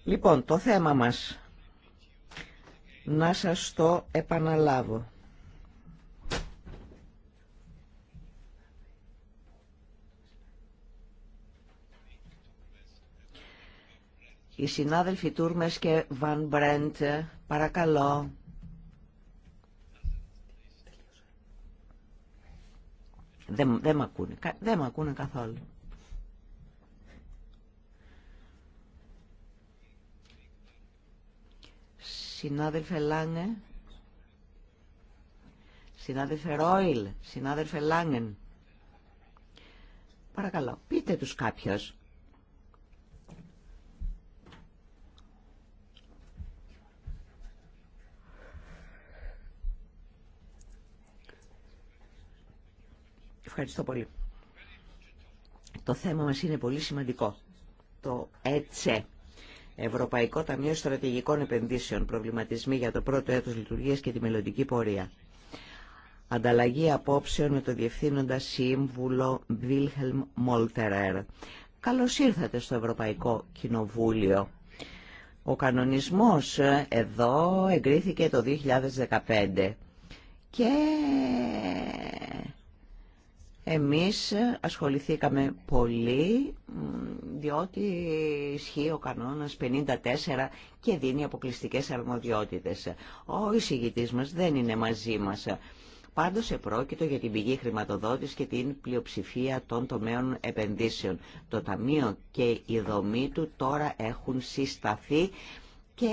Λοιπόν, το θέμα μας. Να σας το επαναλάβω. Οι συνάδελφοι Τούρμες και Βαν Μπρέντ, παρακαλώ. Δεν, δεν Δεν μ' ακούνε καθόλου. Συνάδελφε Λάνε, συνάδελφε Ρόιλ, συνάδελφε Λάνεν. Παρακαλώ, πείτε τους κάποιος. Ευχαριστώ πολύ. Το θέμα μας είναι πολύ σημαντικό. Το έτσι. Ευρωπαϊκό Ταμείο Στρατηγικών Επενδύσεων, προβληματισμοί για το πρώτο έτος λειτουργίας και τη μελλοντική πορεία. Ανταλλαγή απόψεων με το Διευθύνοντα Σύμβουλο Βίλχελμ Μόλτερερ. Καλώς ήρθατε στο Ευρωπαϊκό Κοινοβούλιο. Ο κανονισμός ε, εδώ εγκρίθηκε το 2015 και εμείς ασχοληθήκαμε πολύ διότι ισχύει ο κανόνας 54 και δίνει αποκλειστικές αρμοδιότητες. Ο εισηγητής μας δεν είναι μαζί μας. Πάντως επρόκειτο για την πηγή χρηματοδότης και την πλειοψηφία των τομέων επενδύσεων. Το Ταμείο και η δομή του τώρα έχουν συσταθεί και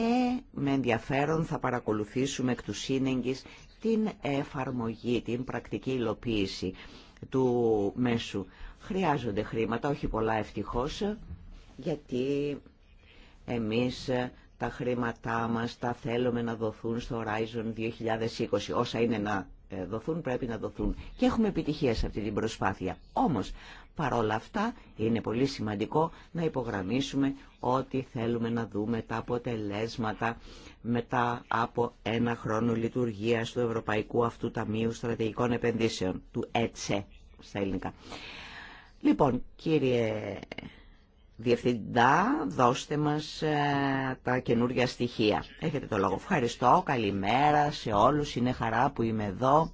με ενδιαφέρον θα παρακολουθήσουμε εκ του σύνεγγης την εφαρμογή, την πρακτική υλοποίηση του μέσου. Χρειάζονται χρήματα, όχι πολλά ευτυχώς, γιατί εμείς τα χρήματά μας τα θέλουμε να δοθούν στο Horizon 2020. Όσα είναι να ε, δοθούν πρέπει να δοθούν. Και έχουμε επιτυχία σε αυτή την προσπάθεια. Όμως, παρόλα αυτά, είναι πολύ σημαντικό να υπογραμμίσουμε ότι θέλουμε να δούμε τα αποτελέσματα μετά από ένα χρόνο λειτουργίας του Ευρωπαϊκού Αυτού Ταμείου Στρατηγικών Επενδύσεων, του ΕΤΣΕ στα ελληνικά. Λοιπόν, κύριε Διευθυντά, δώστε μας ε, τα καινούργια στοιχεία. Έχετε το λόγο. Ευχαριστώ, καλημέρα σε όλους, είναι χαρά που είμαι εδώ.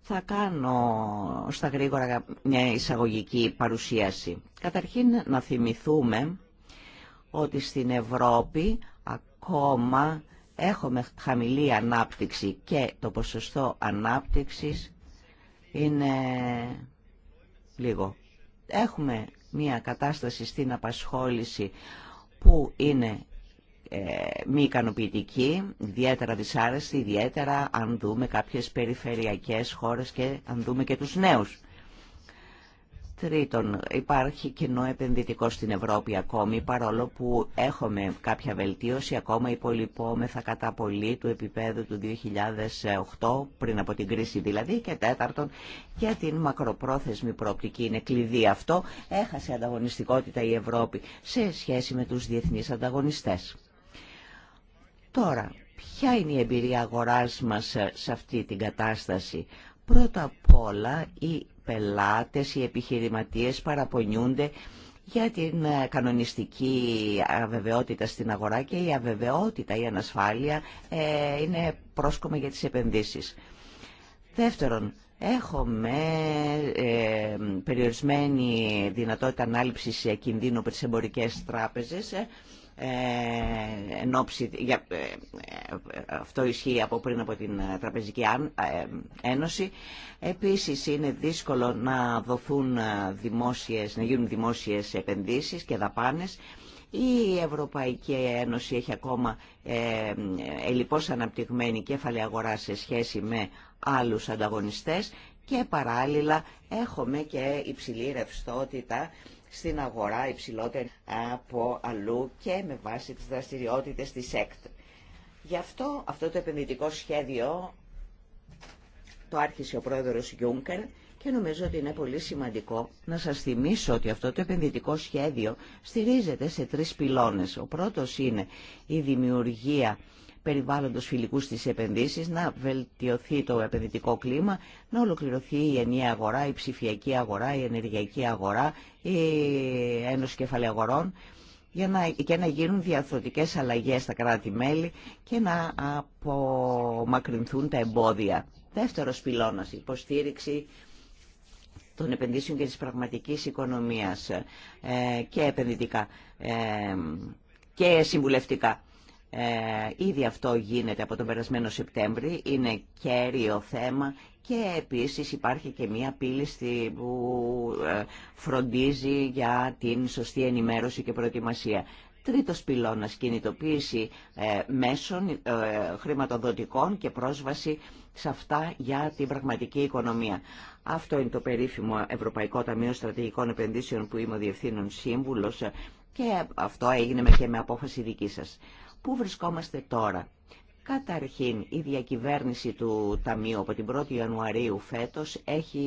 Θα κάνω στα γρήγορα μια εισαγωγική παρουσίαση. Καταρχήν να θυμηθούμε ότι στην Ευρώπη ακόμα έχουμε χαμηλή ανάπτυξη και το ποσοστό ανάπτυξης είναι λίγο. Έχουμε μια κατάσταση στην απασχόληση που είναι ε, μη ικανοποιητική, ιδιαίτερα δυσάρεστη, ιδιαίτερα αν δούμε κάποιες περιφερειακές χώρες και αν δούμε και τους νέους. Τρίτον, υπάρχει κοινό επενδυτικό στην Ευρώπη ακόμη, παρόλο που έχουμε κάποια βελτίωση, ακόμα υπολοιπόμεθα κατά πολύ του επίπεδου του 2008, πριν από την κρίση δηλαδή, και τέταρτον, για την μακροπρόθεσμη προοπτική είναι κλειδί αυτό, έχασε ανταγωνιστικότητα η Ευρώπη σε σχέση με τους διεθνείς ανταγωνιστές. Τώρα, ποια είναι η εμπειρία αγοράς μας σε αυτή την κατάσταση, Πρώτα απ' όλα οι πελάτες, οι επιχειρηματίες παραπονιούνται για την ε, κανονιστική αβεβαιότητα στην αγορά και η αβεβαιότητα, η ανασφάλεια ε, είναι πρόσκομα για τις επενδύσεις. Δεύτερον, έχουμε ε, περιορισμένη δυνατότητα ανάληψης κινδύνου από τις εμπορικές τράπεζες ε, εν για, ε, ε, αυτό ισχύει από πριν από την Τραπεζική Ένωση. Επίσης είναι δύσκολο να δοθούν δημόσιες, να γίνουν δημόσιες επενδύσεις και δαπάνες. Η Ευρωπαϊκή Ένωση έχει ακόμα ε, αναπτυγμένη κέφαλη αγορά σε σχέση με άλλους ανταγωνιστές και παράλληλα έχουμε και υψηλή ρευστότητα στην αγορά υψηλότερη από αλλού και με βάση τις δραστηριότητες της ΕΚΤ. Γι' αυτό αυτό το επενδυτικό σχέδιο το άρχισε ο πρόεδρος Γιούγκερ και νομίζω ότι είναι πολύ σημαντικό να σας θυμίσω ότι αυτό το επενδυτικό σχέδιο στηρίζεται σε τρεις πυλώνες. Ο πρώτος είναι η δημιουργία περιβάλλοντος φιλικού στις επενδύσεις, να βελτιωθεί το επενδυτικό κλίμα, να ολοκληρωθεί η ενιαία αγορά, η ψηφιακή αγορά, η ενεργειακή αγορά, η Ένωση Κεφαλαιαγορών για να, και να γίνουν διαθροτικές αλλαγές στα κράτη-μέλη και να απομακρυνθούν τα εμπόδια. Δεύτερος πυλώνας, υποστήριξη των επενδύσεων και της πραγματικής οικονομίας ε, και επενδυτικά ε, και συμβουλευτικά. Ε, ήδη αυτό γίνεται από τον περασμένο Σεπτέμβρη, είναι κέριο θέμα και επίσης υπάρχει και μία πύλη που ε, φροντίζει για την σωστή ενημέρωση και προετοιμασία. Τρίτος πυλώνας, κινητοποίηση ε, μέσων χρηματοδοτικών και πρόσβαση σε αυτά για την πραγματική οικονομία. Αυτό είναι το περίφημο Ευρωπαϊκό Ταμείο Στρατηγικών Επενδύσεων που είμαι ο Διευθύνων Σύμβουλος και αυτό έγινε και με απόφαση δική σας. Πού βρισκόμαστε τώρα. Καταρχήν, η διακυβέρνηση του Ταμείου από την 1η Ιανουαρίου φέτος έχει,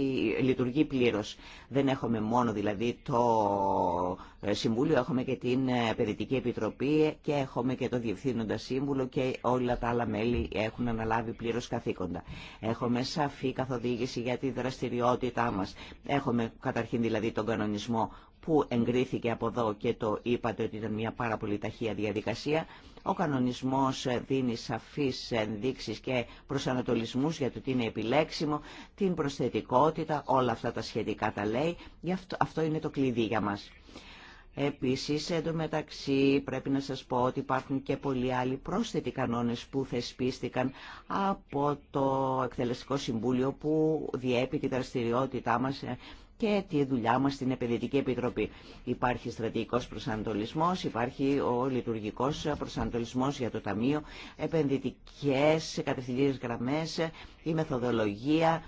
λειτουργεί πλήρως. Δεν έχουμε μόνο δηλαδή το ε, Συμβούλιο, έχουμε και την ε, Παιδιτική Επιτροπή και έχουμε και το Διευθύνοντα Σύμβουλο και όλα τα άλλα μέλη έχουν αναλάβει πλήρως καθήκοντα. Έχουμε σαφή καθοδήγηση για τη δραστηριότητά μας. Έχουμε καταρχήν δηλαδή τον κανονισμό που εγκρίθηκε από εδώ και το είπατε ότι ήταν μια πάρα πολύ ταχεία διαδικασία. Ο κανονισμός δίνει σαφείς ενδείξεις και προσανατολισμούς για το τι είναι επιλέξιμο, την προσθετικότητα, όλα αυτά τα σχετικά τα λέει. Γι αυτό, αυτό είναι το κλειδί για μας. Επίσης, εντωμεταξύ πρέπει να σας πω ότι υπάρχουν και πολλοί άλλοι πρόσθετοι κανόνες που θεσπίστηκαν από το Εκτελεστικό Συμβούλιο που διέπει τη δραστηριότητά μας ε, και τη δουλειά μας στην Επενδυτική Επιτροπή. Υπάρχει στρατηγικός προσανατολισμός, υπάρχει ο λειτουργικός προσανατολισμός για το Ταμείο, επενδυτικές κατευθυντήριες γραμμές, η μεθοδολογία,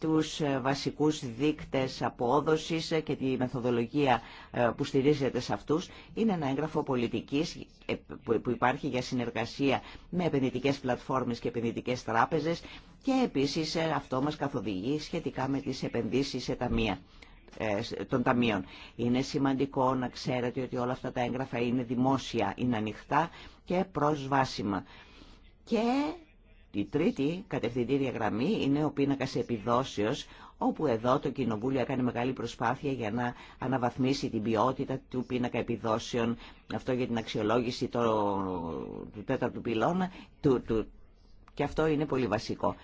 τους βασικούς δείκτες απόδοσης και τη μεθοδολογία ε, που στηρίζεται σε αυτούς. Είναι ένα έγγραφο πολιτικής ε, που υπάρχει για συνεργασία με επενδυτικές πλατφόρμες και επενδυτικές τράπεζες και επίσης ε, αυτό μας καθοδηγεί σχετικά με τις επενδύσεις ταμεία των ταμείων. Είναι σημαντικό να ξέρετε ότι όλα αυτά τα έγγραφα είναι δημόσια, είναι ανοιχτά και προσβάσιμα. Και η τρίτη κατευθυντήρια γραμμή είναι ο πίνακα επιδόσεω, όπου εδώ το Κοινοβούλιο έκανε μεγάλη προσπάθεια για να αναβαθμίσει την ποιότητα του πίνακα επιδόσεων, αυτό για την αξιολόγηση το, του τέταρτου πυλώνα, του, και αυτό είναι πολύ βασικό.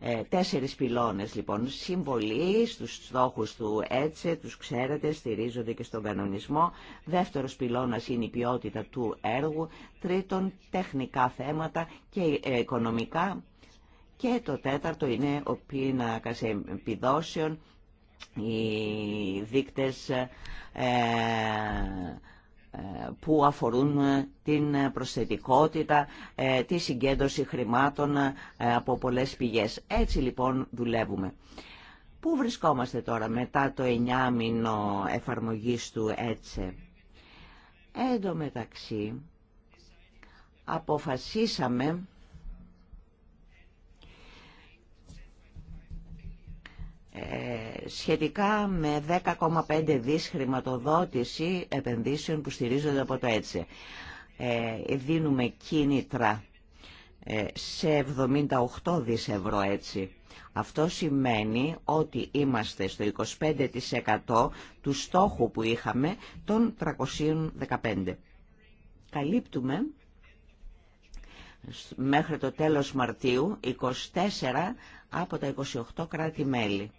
Ε, τέσσερις πυλώνες λοιπόν, συμβολή στους στόχους του έτσε, τους ξέρετε, στηρίζονται και στον κανονισμό. Δεύτερος πυλώνας είναι η ποιότητα του έργου. Τρίτον, τεχνικά θέματα και ε, οικονομικά. Και το τέταρτο είναι ο πίνακας επιδόσεων, οι δείκτες... Ε, που αφορούν ε, την προσθετικότητα, ε, τη συγκέντρωση χρημάτων ε, από πολλές πηγές. Έτσι λοιπόν δουλεύουμε. Πού βρισκόμαστε τώρα μετά το εννιάμινο εφαρμογής του έτσε. Εν τω μεταξύ αποφασίσαμε Ε, σχετικά με 10,5 δις χρηματοδότηση επενδύσεων που στηρίζονται από το έτσι. Ε, δίνουμε κίνητρα ε, σε 78 δις ευρώ έτσι. Αυτό σημαίνει ότι είμαστε στο 25% του στόχου που είχαμε των 315. Καλύπτουμε μέχρι το τέλος Μαρτίου 24 από τα 28 κράτη-μέλη.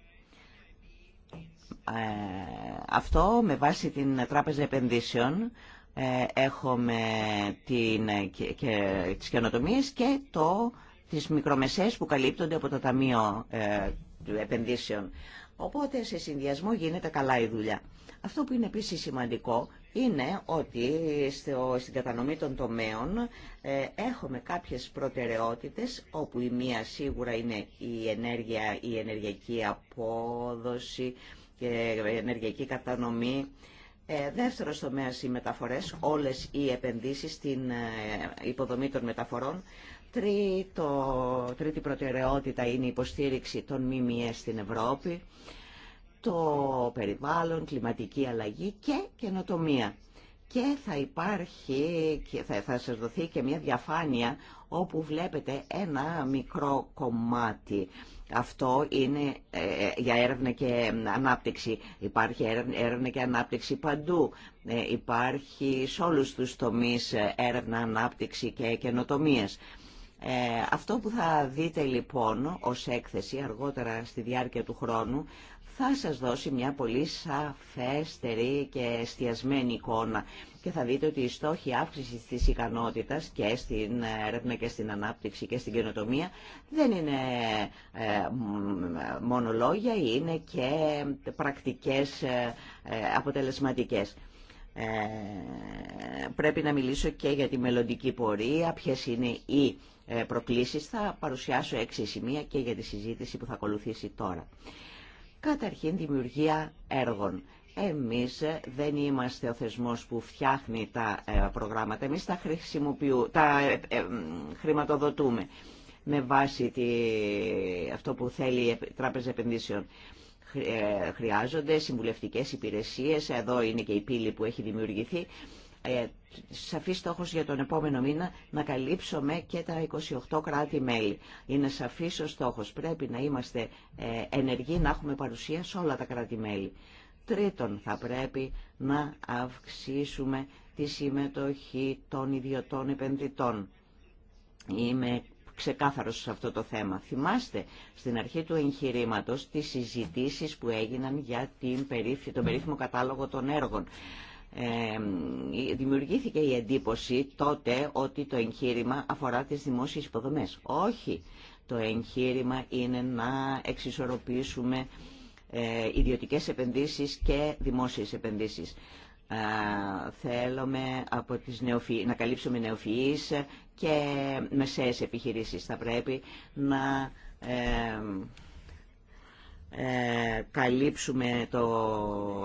Ε, αυτό με βάση την Τράπεζα Επενδύσεων ε, έχουμε την, και, και, τις καινοτομίες και το, τις μικρομεσαίες που καλύπτονται από το Ταμείο ε, Επενδύσεων. Οπότε σε συνδυασμό γίνεται καλά η δουλειά. Αυτό που είναι επίσης σημαντικό είναι ότι στο, στην κατανομή των τομέων ε, έχουμε κάποιες προτεραιότητες όπου η μία σίγουρα είναι η ενέργεια, η ενεργειακή απόδοση, και ενεργειακή κατανομή. Ε, δεύτερο τομέα οι μεταφορές, όλες οι επενδύσεις στην ε, υποδομή των μεταφορών. Τρίτο, τρίτη προτεραιότητα είναι η υποστήριξη των ΜΜΕ στην Ευρώπη, το περιβάλλον, κλιματική αλλαγή και καινοτομία και θα υπάρχει και θα, θα σας δοθεί και μια διαφάνεια όπου βλέπετε ένα μικρό κομμάτι. Αυτό είναι ε, για έρευνα και ανάπτυξη. Υπάρχει έρευνα και ανάπτυξη παντού. Ε, υπάρχει σε όλους τους τομείς ε, έρευνα, ανάπτυξη και καινοτομίες. αυτό που θα δείτε λοιπόν ως έκθεση αργότερα στη διάρκεια του χρόνου θα σας δώσει μια πολύ σαφέστερη και εστιασμένη εικόνα και θα δείτε ότι οι στόχοι αύξησης της ικανότητας και στην έρευνα και στην ανάπτυξη και στην καινοτομία δεν είναι ε, μόνο λόγια, είναι και πρακτικές ε, ε, αποτελεσματικές. Πρέπει να μιλήσω και για τη μελλοντική πορεία, ποιες είναι οι προκλήσεις. Θα παρουσιάσω έξι σημεία και για τη συζήτηση που θα ακολουθήσει τώρα. Καταρχήν δημιουργία έργων. Εμείς δεν είμαστε ο θεσμός που φτιάχνει τα ε, προγράμματα, εμείς τα, τα ε, ε, χρηματοδοτούμε με βάση τη, αυτό που θέλει η Τράπεζα Επενδύσεων. Χρειάζονται συμβουλευτικές υπηρεσίες, εδώ είναι και η πύλη που έχει δημιουργηθεί ε, σαφής στόχο για τον επόμενο μήνα να καλύψουμε και τα 28 κράτη-μέλη. Είναι σαφής ο στόχο. Πρέπει να είμαστε ε, ενεργοί, να έχουμε παρουσία σε όλα τα κράτη-μέλη. Τρίτον, θα πρέπει να αυξήσουμε τη συμμετοχή των ιδιωτών επενδυτών. Είμαι ξεκάθαρος σε αυτό το θέμα. Θυμάστε στην αρχή του εγχειρήματο τις συζητήσει που έγιναν για την τον περίφημο κατάλογο των έργων. Ε, δημιουργήθηκε η εντύπωση τότε ότι το εγχείρημα αφορά τις δημόσιες υποδομές. Όχι. Το εγχείρημα είναι να εξισορροπήσουμε ε, ιδιωτικές επενδύσεις και δημόσιες επενδύσεις. Θέλουμε από τις να καλύψουμε νεοφυείς και μεσαίες επιχειρήσεις. Θα πρέπει να ε, καλύψουμε το,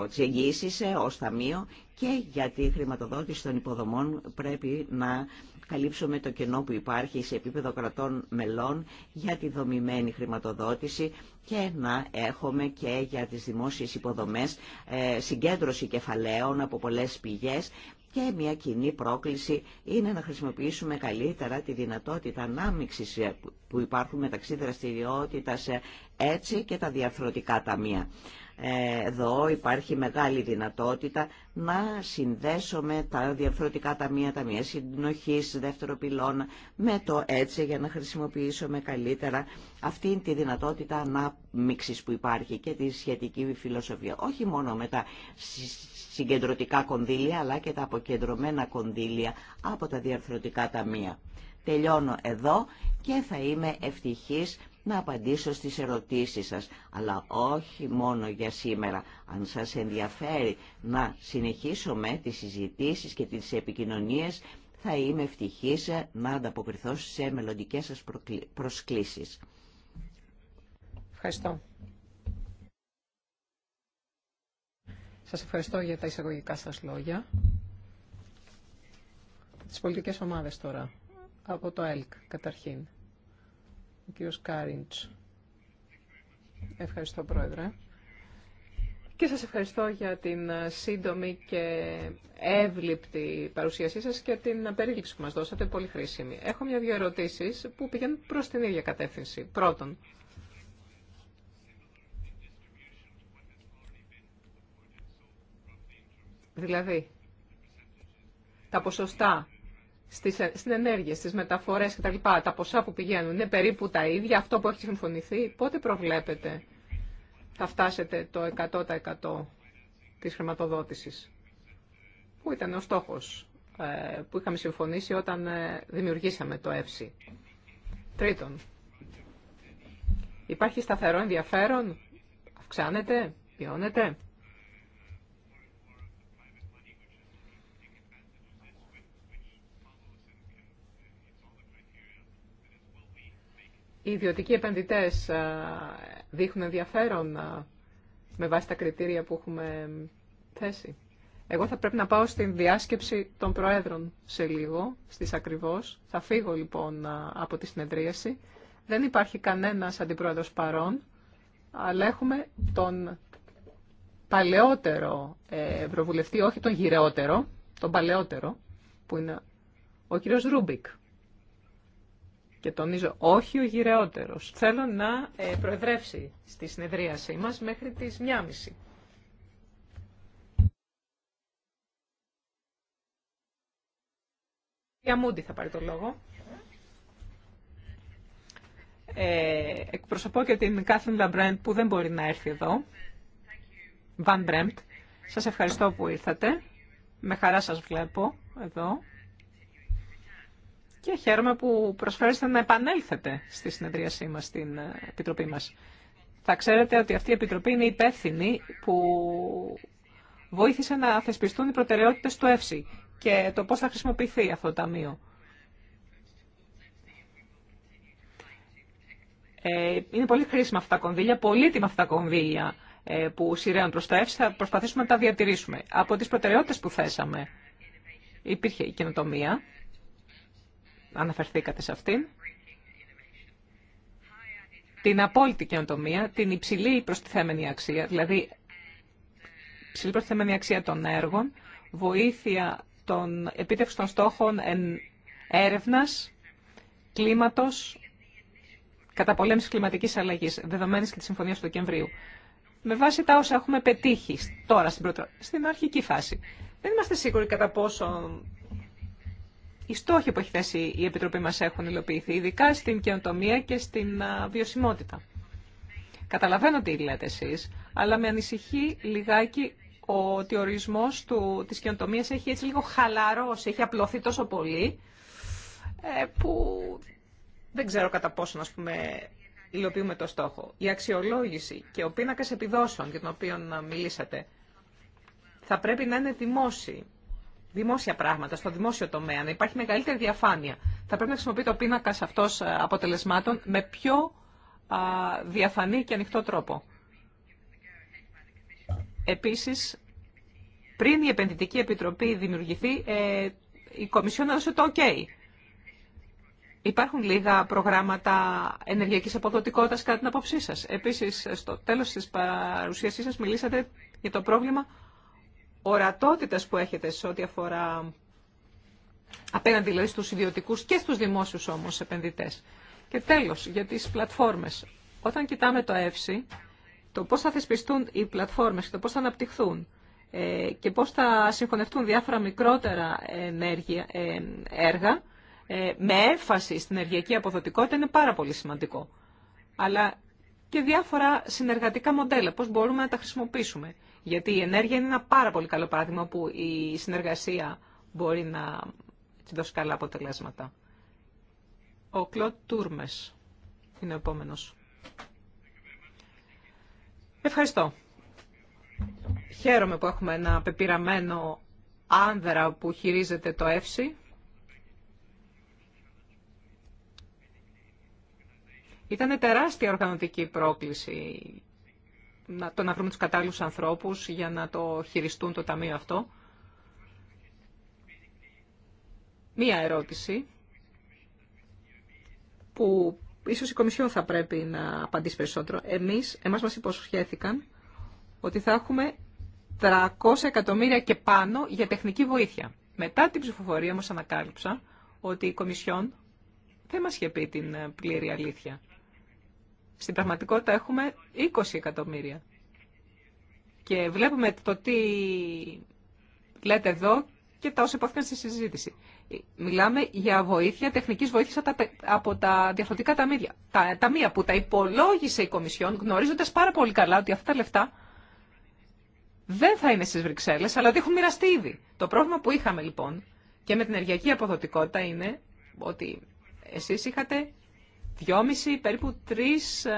τις εγγύησεις ως ταμείο και για τη χρηματοδότηση των υποδομών πρέπει να καλύψουμε το κενό που υπάρχει σε επίπεδο κρατών μελών για τη δομημένη χρηματοδότηση και να έχουμε και για τις δημόσιες υποδομές ε, συγκέντρωση κεφαλαίων από πολλές πηγές και μια κοινή πρόκληση είναι να χρησιμοποιήσουμε καλύτερα τη δυνατότητα ανάμειξης ε, που υπάρχουν μεταξύ δραστηριότητας ε, έτσι και τα διαρθρωτικά ταμεία. Εδώ υπάρχει μεγάλη δυνατότητα να συνδέσουμε τα διαφορετικά ταμεία, ταμεία συνοχής, δεύτερο πυλώνα, με το έτσι για να χρησιμοποιήσουμε καλύτερα αυτή τη δυνατότητα ανάμειξη που υπάρχει και τη σχετική φιλοσοφία. Όχι μόνο με τα συγκεντρωτικά κονδύλια, αλλά και τα αποκεντρωμένα κονδύλια από τα διαφορετικά ταμεία. Τελειώνω εδώ και θα είμαι ευτυχής να απαντήσω στις ερωτήσεις σας, αλλά όχι μόνο για σήμερα. Αν σας ενδιαφέρει να συνεχίσουμε τις συζητήσεις και τις επικοινωνίες, θα είμαι ευτυχής να ανταποκριθώ σε μελλοντικέ σας προσκλήσεις. Ευχαριστώ. Σας ευχαριστώ για τα εισαγωγικά σας λόγια. Τις πολιτικές ομάδες τώρα, από το ΕΛΚ καταρχήν. Ο κύριος Κάριντς. Ευχαριστώ, Πρόεδρε. Και σας ευχαριστώ για την σύντομη και εύληπτη παρουσίασή σας και την περίληψη που μας δώσατε, πολύ χρήσιμη. Έχω μια-δυο ερωτήσεις που πηγαίνουν προς την ίδια κατεύθυνση. Πρώτον, δηλαδή, τα ποσοστά στις, ε, στην ενέργεια, στις μεταφορές κτλ. Τα, τα ποσά που πηγαίνουν είναι περίπου τα ίδια, αυτό που έχει συμφωνηθεί. Πότε προβλέπετε θα φτάσετε το 100% της χρηματοδότησης. Πού ήταν ο στόχος ε, που είχαμε συμφωνήσει όταν ε, δημιουργήσαμε το ΕΦΣΥ. Τρίτον, υπάρχει σταθερό ενδιαφέρον, αυξάνεται, μειώνεται. οι ιδιωτικοί επενδυτές ε, δείχνουν ενδιαφέρον ε, με βάση τα κριτήρια που έχουμε θέσει. Εγώ θα πρέπει να πάω στην διάσκεψη των Προέδρων σε λίγο, στις ακριβώς. Θα φύγω λοιπόν ε, από τη συνεδρίαση. Δεν υπάρχει κανένας αντιπρόεδρος παρόν, αλλά έχουμε τον παλαιότερο ευρωβουλευτή, όχι τον γυρεότερο, τον παλαιότερο, που είναι ο κύριος Ρούμπικ και τονίζω όχι ο γυρεότερος. Θέλω να ε, προεδρεύσει στη συνεδρίασή μας μέχρι τις 1.30. Η Αμούντι θα πάρει το λόγο. Ε, εκπροσωπώ και την Κάθριν Λαμπρέντ που δεν μπορεί να έρθει εδώ. Βαν Μπρέντ, Σας ευχαριστώ που ήρθατε. Με χαρά σας βλέπω εδώ και χαίρομαι που προσφέρεστε να επανέλθετε στη συνεδρίασή μας, στην ε, Επιτροπή μας. Θα ξέρετε ότι αυτή η Επιτροπή είναι υπεύθυνη που βοήθησε να θεσπιστούν οι προτεραιότητες του ΕΦΣΥ και το πώς θα χρησιμοποιηθεί αυτό το ταμείο. Ε, είναι πολύ χρήσιμα αυτά τα κονδύλια, πολύτιμα αυτά τα κονδύλια ε, που σειραίων προς το ΕΦΣΥ θα προσπαθήσουμε να τα διατηρήσουμε. Από τις προτεραιότητες που θέσαμε υπήρχε η καινοτομία, αναφερθήκατε σε αυτήν, την απόλυτη καινοτομία, την υψηλή προστιθέμενη αξία, δηλαδή υψηλή προστιθέμενη αξία των έργων, βοήθεια των επίτευξη των στόχων εν έρευνας, κλίματος, καταπολέμησης κλιματικής αλλαγής, δεδομένης και της Συμφωνίας του Δεκεμβρίου. Με βάση τα όσα έχουμε πετύχει τώρα στην, στην αρχική φάση. Δεν είμαστε σίγουροι κατά πόσο οι στόχοι που έχει θέσει η Επιτροπή μας έχουν υλοποιηθεί, ειδικά στην καινοτομία και στην βιωσιμότητα. Καταλαβαίνω τι λέτε εσείς, αλλά με ανησυχεί λιγάκι ότι ο ορισμός του, της καινοτομίας έχει έτσι λίγο χαλαρώσει, έχει απλωθεί τόσο πολύ, ε, που δεν ξέρω κατά πόσο, να πούμε, υλοποιούμε το στόχο. Η αξιολόγηση και ο πίνακας επιδόσεων για τον οποίο μιλήσατε θα πρέπει να είναι δημόσιοι δημόσια πράγματα, στο δημόσιο τομέα, να υπάρχει μεγαλύτερη διαφάνεια. Θα πρέπει να χρησιμοποιεί το πίνακα αυτό ε, αποτελεσμάτων με πιο α, διαφανή και ανοιχτό τρόπο. Επίσης, πριν η Επενδυτική Επιτροπή δημιουργηθεί, ε, η Κομισιόν έδωσε το OK. Υπάρχουν λίγα προγράμματα ενεργειακής αποδοτικότητα κατά την απόψή σα. Επίση, στο τέλο τη παρουσίασή σα μιλήσατε για το πρόβλημα ορατότητας που έχετε σε ό,τι αφορά απέναντι δηλαδή στους και στους δημόσιους όμως επενδυτές. Και τέλος, για τις πλατφόρμες. Όταν κοιτάμε το ΕΦΣΥ, το πώς θα θεσπιστούν οι πλατφόρμες και το πώς θα αναπτυχθούν ε, και πώς θα συγχωνευτούν διάφορα μικρότερα ενέργεια, ε, έργα ε, με έμφαση στην ενεργειακή αποδοτικότητα είναι πάρα πολύ σημαντικό. Αλλά και διάφορα συνεργατικά μοντέλα, πώς μπορούμε να τα χρησιμοποιήσουμε. Γιατί η ενέργεια είναι ένα πάρα πολύ καλό παράδειγμα που η συνεργασία μπορεί να δώσει καλά αποτελέσματα. Ο Κλοντ Τούρμες είναι ο επόμενος. Ευχαριστώ. Χαίρομαι που έχουμε ένα πεπειραμένο άνδρα που χειρίζεται το ΕΦΣΥ. Ήταν τεράστια οργανωτική πρόκληση να, το να βρούμε τους κατάλληλους ανθρώπους για να το χειριστούν το ταμείο αυτό. Μία ερώτηση που ίσως η Κομισιόν θα πρέπει να απαντήσει περισσότερο. Εμείς, εμάς μας υποσχέθηκαν ότι θα έχουμε 300 εκατομμύρια και πάνω για τεχνική βοήθεια. Μετά την ψηφοφορία μας ανακάλυψα ότι η Κομισιόν δεν μας είχε πει την πλήρη αλήθεια. Στην πραγματικότητα έχουμε 20 εκατομμύρια. Και βλέπουμε το τι λέτε εδώ και τα όσα υπόθηκαν στη συζήτηση. Μιλάμε για βοήθεια, τεχνικής βοήθειας από τα διαφορετικά ταμεία. Τα ταμεία που τα υπολόγισε η Κομισιόν, γνωρίζοντας πάρα πολύ καλά ότι αυτά τα λεφτά δεν θα είναι στις Βρυξέλλες, αλλά ότι έχουν μοιραστεί ήδη. Το πρόβλημα που είχαμε λοιπόν και με την ενεργειακή αποδοτικότητα είναι ότι εσείς είχατε δυόμιση, περίπου τρεις ε,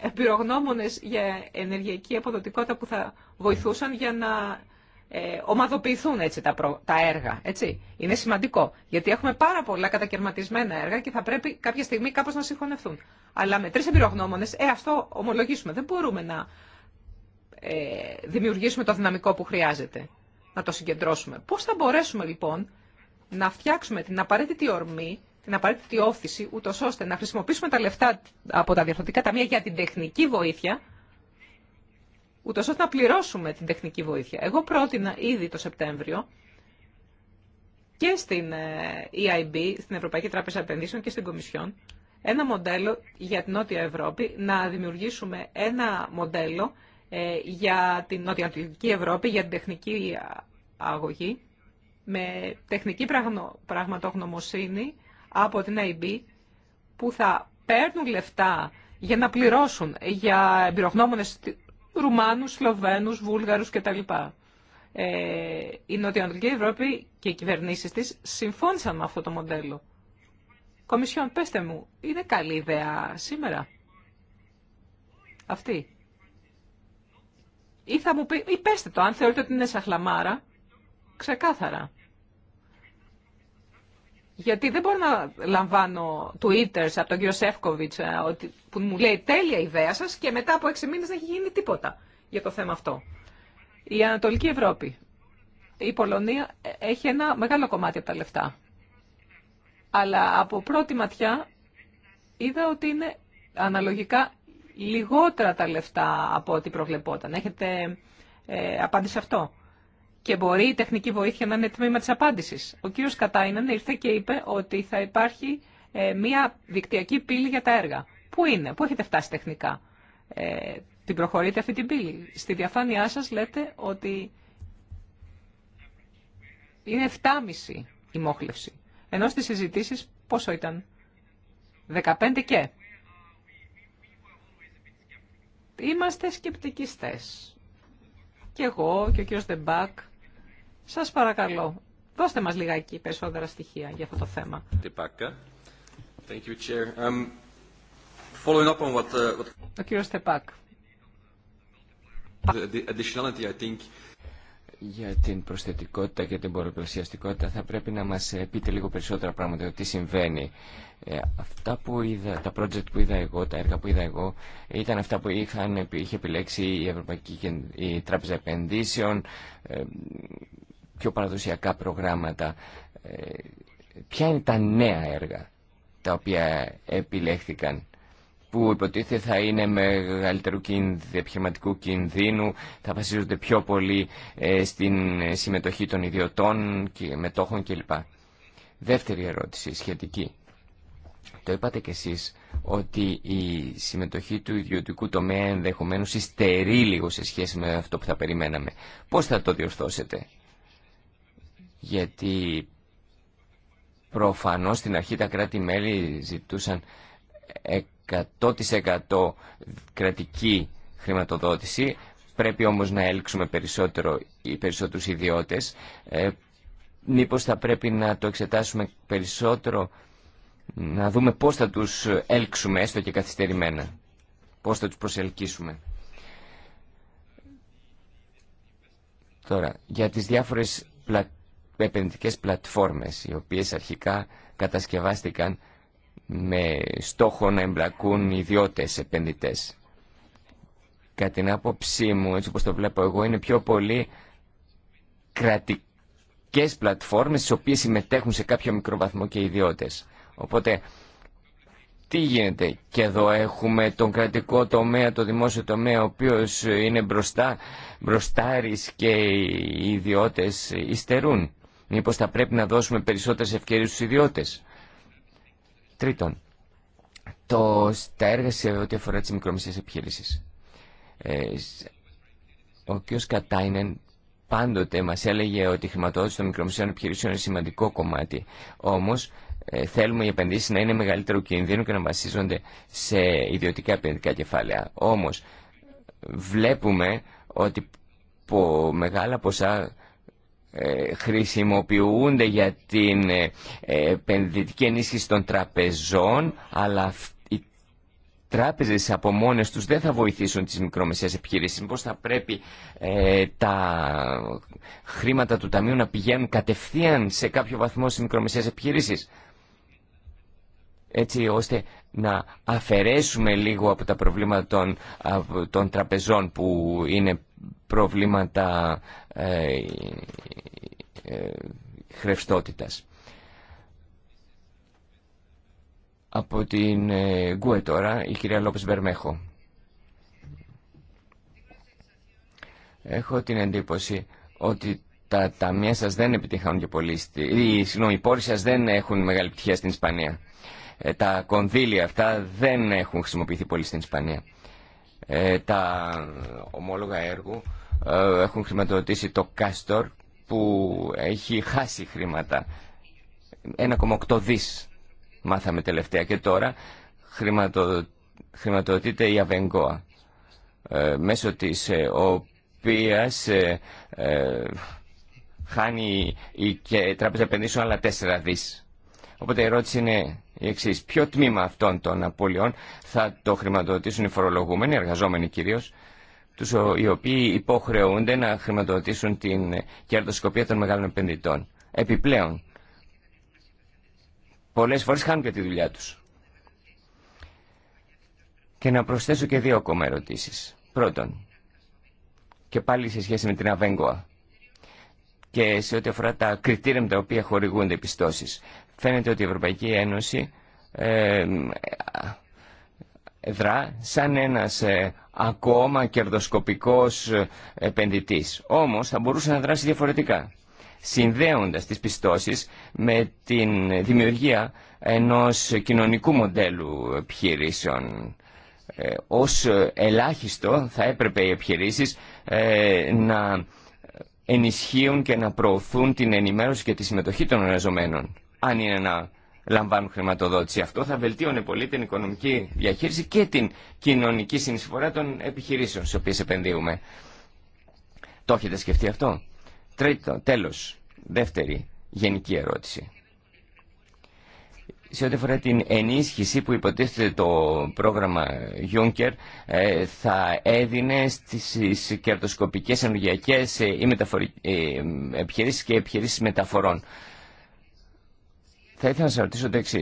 εμπειρογνώμονες για ενεργειακή αποδοτικότητα που θα βοηθούσαν για να ε, ομαδοποιηθούν έτσι τα, τα έργα. Έτσι. Είναι σημαντικό, γιατί έχουμε πάρα πολλά κατακαιρματισμένα έργα και θα πρέπει κάποια στιγμή κάπως να συγχωνευτούν. Αλλά με τρεις εμπειρογνώμονες, ε, αυτό ομολογήσουμε, δεν μπορούμε να ε, δημιουργήσουμε το δυναμικό που χρειάζεται, να το συγκεντρώσουμε. Πώς θα μπορέσουμε λοιπόν να φτιάξουμε την απαραίτητη ορμή την απαραίτητη όθηση, ούτω ώστε να χρησιμοποιήσουμε τα λεφτά από τα διαφορετικά ταμεία για την τεχνική βοήθεια, ούτω ώστε να πληρώσουμε την τεχνική βοήθεια. Εγώ πρότεινα ήδη το Σεπτέμβριο και στην ε, EIB, στην Ευρωπαϊκή Τράπεζα Επενδύσεων και στην Κομισιόν, ένα μοντέλο για την Νότια Ευρώπη, να δημιουργήσουμε ένα μοντέλο ε, για την νότια Νοτιοανατολική Ευρώπη, για την τεχνική αγωγή, με τεχνική πραγματογνωμοσύνη από την ΑΕΠ που θα παίρνουν λεφτά για να πληρώσουν για εμπειρογνώμονες Ρουμάνους, Σλοβαίνους, Βούλγαρους κτλ. Ε, η Νοτιοανατολική Ευρώπη και οι κυβερνήσεις της συμφώνησαν με αυτό το μοντέλο. Κομισιόν, πέστε μου, είναι καλή ιδέα σήμερα αυτή. Ή θα μου πει, ή πέστε το, αν θεωρείτε ότι είναι σαχλαμάρα, ξεκάθαρα. Γιατί δεν μπορώ να λαμβάνω Twitter από τον κύριο Σεύκοβιτ ε, που μου λέει τέλεια ιδέα σα και μετά από έξι μήνε δεν έχει γίνει τίποτα για το θέμα αυτό. Η Ανατολική Ευρώπη. Η Πολωνία ε, έχει ένα μεγάλο κομμάτι από τα λεφτά. Αλλά από πρώτη ματιά είδα ότι είναι αναλογικά λιγότερα τα λεφτά από ό,τι προβλεπόταν. Έχετε ε, απάντηση αυτό και μπορεί η τεχνική βοήθεια να είναι τμήμα τη απάντηση. Ο κύριος Κατάιναν ήρθε και είπε ότι θα υπάρχει ε, μία δικτυακή πύλη για τα έργα. Πού είναι, πού έχετε φτάσει τεχνικά. Ε, την προχωρείτε αυτή την πύλη. Στη διαφάνειά σα λέτε ότι είναι 7,5 η μόχλευση. Ενώ στις συζητήσει πόσο ήταν. 15 και. Είμαστε σκεπτικιστές και εγώ και ο κύριος Δεμπάκ. Σας παρακαλώ, δώστε μας λιγάκι περισσότερα στοιχεία για αυτό το θέμα. Ο κύριος για την προσθετικότητα και την πολλαπλασιαστικότητα θα πρέπει να μας πείτε λίγο περισσότερα πράγματα τι συμβαίνει. Ε, αυτά που είδα, τα project που είδα εγώ, τα έργα που είδα εγώ ήταν αυτά που είχαν, είχε επιλέξει η Ευρωπαϊκή η Τράπεζα Επενδύσεων, ε, πιο παραδοσιακά προγράμματα. Ε, ποια είναι τα νέα έργα τα οποία επιλέχθηκαν που υποτίθεται θα είναι μεγαλύτερου επιχειρηματικού κινδύνου, θα βασίζονται πιο πολύ ε, στην συμμετοχή των ιδιωτών και μετόχων κλπ. Δεύτερη ερώτηση σχετική. Το είπατε κι εσείς ότι η συμμετοχή του ιδιωτικού τομέα ενδεχομένως υστερεί λίγο σε σχέση με αυτό που θα περιμέναμε. Πώς θα το διορθώσετε. Γιατί προφανώς στην αρχή τα κράτη-μέλη ζητούσαν 100% κρατική χρηματοδότηση. Πρέπει όμως να έλξουμε περισσότερο, οι περισσότερους ιδιώτες. Ε, μήπως θα πρέπει να το εξετάσουμε περισσότερο, να δούμε πώς θα τους έλξουμε, έστω και καθυστερημένα. Πώς θα τους προσελκύσουμε. Τώρα, για τις διάφορες πλα... επενδυτικές πλατφόρμες, οι οποίες αρχικά κατασκευάστηκαν με στόχο να εμπλακούν ιδιώτες επενδυτές. Κατά την άποψή μου, έτσι όπως το βλέπω εγώ, είναι πιο πολύ κρατικές πλατφόρμες στις οποίες συμμετέχουν σε κάποιο μικρό βαθμό και ιδιώτες. Οπότε, τι γίνεται και εδώ έχουμε τον κρατικό τομέα, το δημόσιο τομέα, ο οποίος είναι μπροστά, μπροστάρις και οι ιδιώτες υστερούν. Μήπως θα πρέπει να δώσουμε περισσότερες ευκαιρίες στους ιδιώτες. Τρίτον, το, τα έργα σε ό,τι αφορά τις μικρομεσαίες επιχειρήσεις. Ε, ο κ. Κατάινεν πάντοτε μας έλεγε ότι η χρηματοδότηση των μικρομεσαίων επιχειρήσεων είναι σημαντικό κομμάτι. Όμως ε, θέλουμε οι επενδύσεις να είναι μεγαλύτερο κίνδυνο και να βασίζονται σε ιδιωτικά επενδυτικά κεφάλαια. Όμως βλέπουμε ότι μεγάλα ποσά ε, χρησιμοποιούνται για την ε, ε, επενδυτική ενίσχυση των τραπεζών, αλλά οι τράπεζες από μόνες τους δεν θα βοηθήσουν τις μικρομεσαίες επιχειρήσεις. Πώς θα πρέπει τα χρήματα του Ταμείου να πηγαίνουν κατευθείαν σε κάποιο βαθμό στις μικρομεσαίες επιχειρήσεις. Έτσι ώστε να αφαιρέσουμε λίγο από τα προβλήματα των, των τραπεζών που είναι προβλήματα ε, ε, χρευστότητας. Από την ε, Γκουε τώρα, η κυρία Λόπες Βερμέχο. Έχω την εντύπωση ότι τα ταμεία σας δεν επιτυχάνουν και πολύ, οι, συγγνώμη, οι πόροι σας δεν έχουν μεγάλη επιτυχία στην Ισπανία. Ε, τα κονδύλια αυτά δεν έχουν χρησιμοποιηθεί πολύ στην Ισπανία. Ε, τα ομόλογα έργου ε, έχουν χρηματοδοτήσει το Κάστορ που έχει χάσει χρήματα 1,8 δις μάθαμε τελευταία και τώρα χρηματοδοτείται η Αβενγκόα ε, μέσω της οποίας χάνει η Τράπεζα Επενδύσεων άλλα 4 δις. Οπότε η ερώτηση είναι εξή. Ποιο τμήμα αυτών των απολειών θα το χρηματοδοτήσουν οι φορολογούμενοι, οι εργαζόμενοι κυρίω, οι οποίοι υποχρεούνται να χρηματοδοτήσουν την κερδοσκοπία των μεγάλων επενδυτών. Επιπλέον, Πολλέ φορές χάνουν και τη δουλειά τους. Και να προσθέσω και δύο ακόμα ερωτήσει. Πρώτον, και πάλι σε σχέση με την Αβέγκοα και σε ό,τι αφορά τα κριτήρια με τα οποία χορηγούνται οι πιστώσεις φαίνεται ότι η Ευρωπαϊκή Ένωση ε, δρά σαν ένας ε, ακόμα κερδοσκοπικός ε, επενδυτής. Όμως θα μπορούσε να δράσει διαφορετικά, συνδέοντας τις πιστώσεις με τη δημιουργία ενός κοινωνικού μοντέλου επιχειρήσεων. Ε, ως ελάχιστο θα έπρεπε οι επιχειρήσεις ε, να ενισχύουν και να προωθούν την ενημέρωση και τη συμμετοχή των εργαζομένων αν είναι να λαμβάνουν χρηματοδότηση. Αυτό θα βελτίωνε πολύ την οικονομική διαχείριση και την κοινωνική συνεισφορά των επιχειρήσεων στις οποίες επενδύουμε. Το έχετε σκεφτεί αυτό. Τρίτο, τέλος, δεύτερη γενική ερώτηση. Σε ό,τι αφορά την ενίσχυση που υποτίθεται το πρόγραμμα Juncker ε, θα έδινε στις κερδοσκοπικές ενεργειακές ε, ή ε, επιχειρήσεις και επιχειρήσεις μεταφορών. Θα ήθελα να σα ρωτήσω το εξή.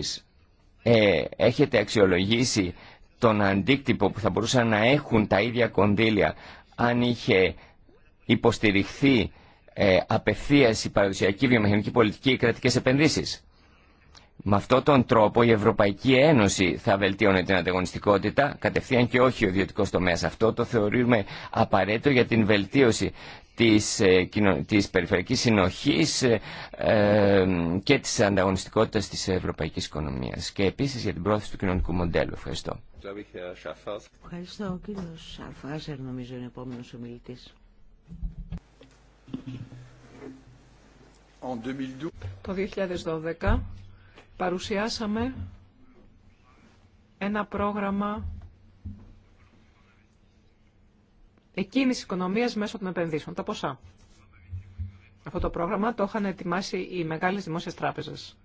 Ε, έχετε αξιολογήσει τον αντίκτυπο που θα μπορούσαν να έχουν τα ίδια κονδύλια αν είχε υποστηριχθεί ε, απευθείας η παραδοσιακή βιομηχανική πολιτική ή κρατικές επενδύσεις. Με αυτόν τον τρόπο η Ευρωπαϊκή Ένωση θα βελτίωνε την ανταγωνιστικότητα κατευθείαν και όχι ο ιδιωτικό τομέα. Αυτό το θεωρούμε απαραίτητο για την βελτίωση της, ε, της περιφερειακής συνοχής ε, ε, και της ανταγωνιστικότητας της ευρωπαϊκής οικονομίας και επίσης για την πρόθεση του κοινωνικού μοντέλου. Ευχαριστώ. Ευχαριστώ. Ο κύριος νομίζω είναι Το 2012 παρουσιάσαμε ένα πρόγραμμα εκκίνηση οικονομίας μέσω των επενδύσεων, τα ποσά. Αυτό το πρόγραμμα το είχαν ετοιμάσει οι μεγάλες δημόσιες τράπεζες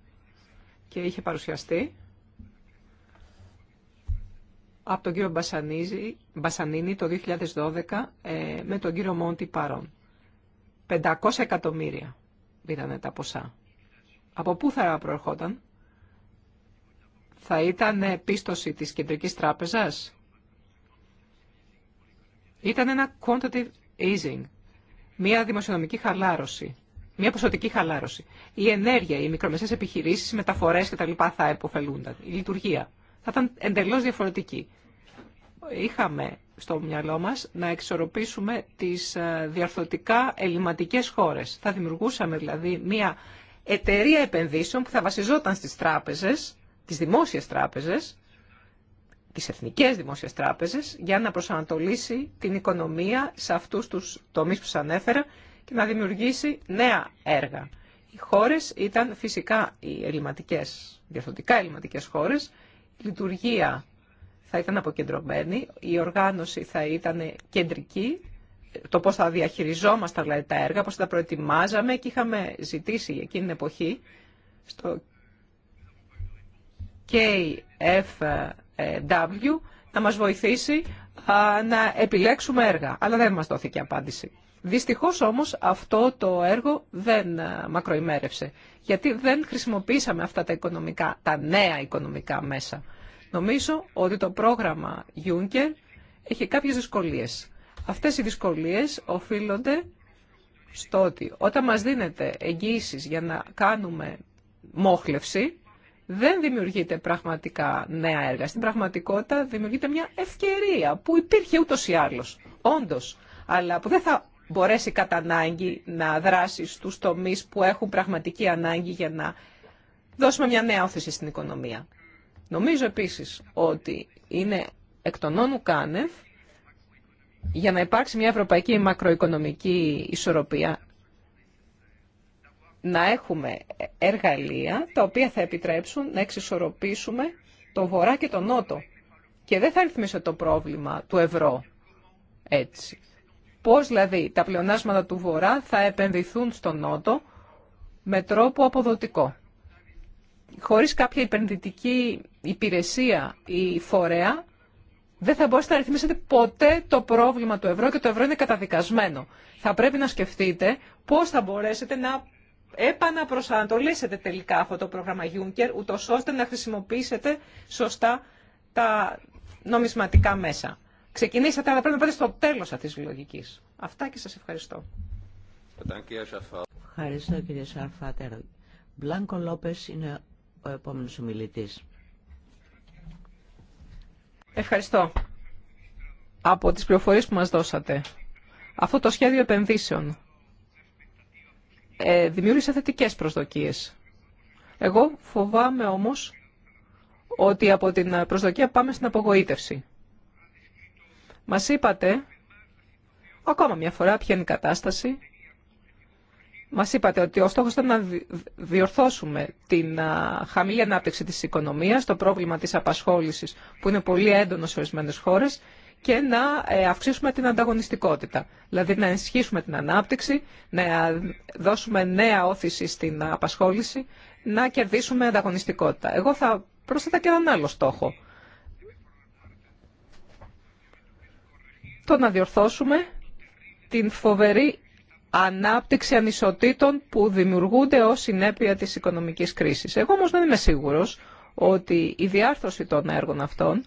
και είχε παρουσιαστεί από τον κύριο Μπασανίνη το 2012 ε, με τον κύριο Μόντι Παρόν. 500 εκατομμύρια ήταν τα ποσά. Από πού θα προερχόταν? Θα ήταν πίστοση της Κεντρικής Τράπεζας ήταν ένα quantitative easing, μια δημοσιονομική χαλάρωση, μια ποσοτική χαλάρωση. Η ενέργεια, οι μικρομεσαίες επιχειρήσεις, οι μεταφορές λοιπά θα υποφελούνταν. η λειτουργία. Θα ήταν εντελώς διαφορετική. Είχαμε στο μυαλό μας να εξορροπήσουμε τις ε, διαρθωτικά ελληματικές χώρες. Θα δημιουργούσαμε δηλαδή μια εταιρεία επενδύσεων που θα βασιζόταν στις τράπεζες, τις δημόσιες τράπεζες, τις εθνικές δημόσιες τράπεζες για να προσανατολίσει την οικονομία σε αυτούς τους τομείς που σας ανέφερα και να δημιουργήσει νέα έργα. Οι χώρες ήταν φυσικά οι ελληματικές, διαφορετικά ελληματικές χώρες. Η λειτουργία θα ήταν αποκεντρωμένη, η οργάνωση θα ήταν κεντρική, το πώς θα διαχειριζόμασταν δηλαδή, τα έργα, πώς θα τα προετοιμάζαμε και είχαμε ζητήσει εκείνη την εποχή στο KF W να μας βοηθήσει να επιλέξουμε έργα. Αλλά δεν μας δόθηκε απάντηση. Δυστυχώς όμως αυτό το έργο δεν μακροημέρευσε. Γιατί δεν χρησιμοποίησαμε αυτά τα οικονομικά, τα νέα οικονομικά μέσα. Νομίζω ότι το πρόγραμμα Juncker έχει κάποιες δυσκολίες. Αυτές οι δυσκολίες οφείλονται στο ότι όταν μας δίνεται εγγύησεις για να κάνουμε μόχλευση, δεν δημιουργείται πραγματικά νέα έργα. Στην πραγματικότητα δημιουργείται μια ευκαιρία που υπήρχε ούτως ή άλλως, όντως, αλλά που δεν θα μπορέσει κατά ανάγκη να δράσει στου τομεί που έχουν πραγματική ανάγκη για να δώσουμε μια νέα όθηση στην οικονομία. Νομίζω επίσης ότι είναι εκ των όνου κάνευ για να υπάρξει μια ευρωπαϊκή μακροοικονομική ισορροπία να έχουμε εργαλεία τα οποία θα επιτρέψουν να εξισορροπήσουμε τον βορρά και τον νότο. Και δεν θα ρυθμίσω το πρόβλημα του ευρώ έτσι. Πώς δηλαδή τα πλεονάσματα του βορρά θα επενδυθούν στον νότο με τρόπο αποδοτικό. Χωρίς κάποια επενδυτική υπηρεσία ή φορέα δεν θα μπορέσετε να ρυθμίσετε ποτέ το πρόβλημα του ευρώ και το ευρώ είναι καταδικασμένο. Θα πρέπει να σκεφτείτε πώς θα μπορέσετε να επαναπροσανατολίσετε τελικά αυτό το πρόγραμμα Juncker, ούτω ώστε να χρησιμοποιήσετε σωστά τα νομισματικά μέσα. Ξεκινήσατε, αλλά πρέπει να πάτε στο τέλος αυτής της λογικής. Αυτά και σα ευχαριστώ. Ευχαριστώ κύριε Σαρφάτερ. Μπλάνκο Λόπε είναι ο επόμενο ομιλητής. Ευχαριστώ. Από τις πληροφορίες που μας δώσατε. Αυτό το σχέδιο επενδύσεων ε, δημιούργησε θετικές προσδοκίες. Εγώ φοβάμαι όμως ότι από την προσδοκία πάμε στην απογοήτευση. Μας είπατε, ακόμα μια φορά, ποια είναι η κατάσταση. Μας είπατε ότι ο στόχος ήταν να διορθώσουμε την χαμηλή ανάπτυξη της οικονομίας, το πρόβλημα της απασχόλησης που είναι πολύ έντονο σε ορισμένες χώρες και να ε, αυξήσουμε την ανταγωνιστικότητα. Δηλαδή να ενισχύσουμε την ανάπτυξη, να δώσουμε νέα όθηση στην απασχόληση, να κερδίσουμε ανταγωνιστικότητα. Εγώ θα πρόσθετα και έναν άλλο στόχο. Το να διορθώσουμε την φοβερή ανάπτυξη ανισοτήτων που δημιουργούνται ως συνέπεια της οικονομικής κρίσης. Εγώ όμως δεν είμαι σίγουρος ότι η διάρθρωση των έργων αυτών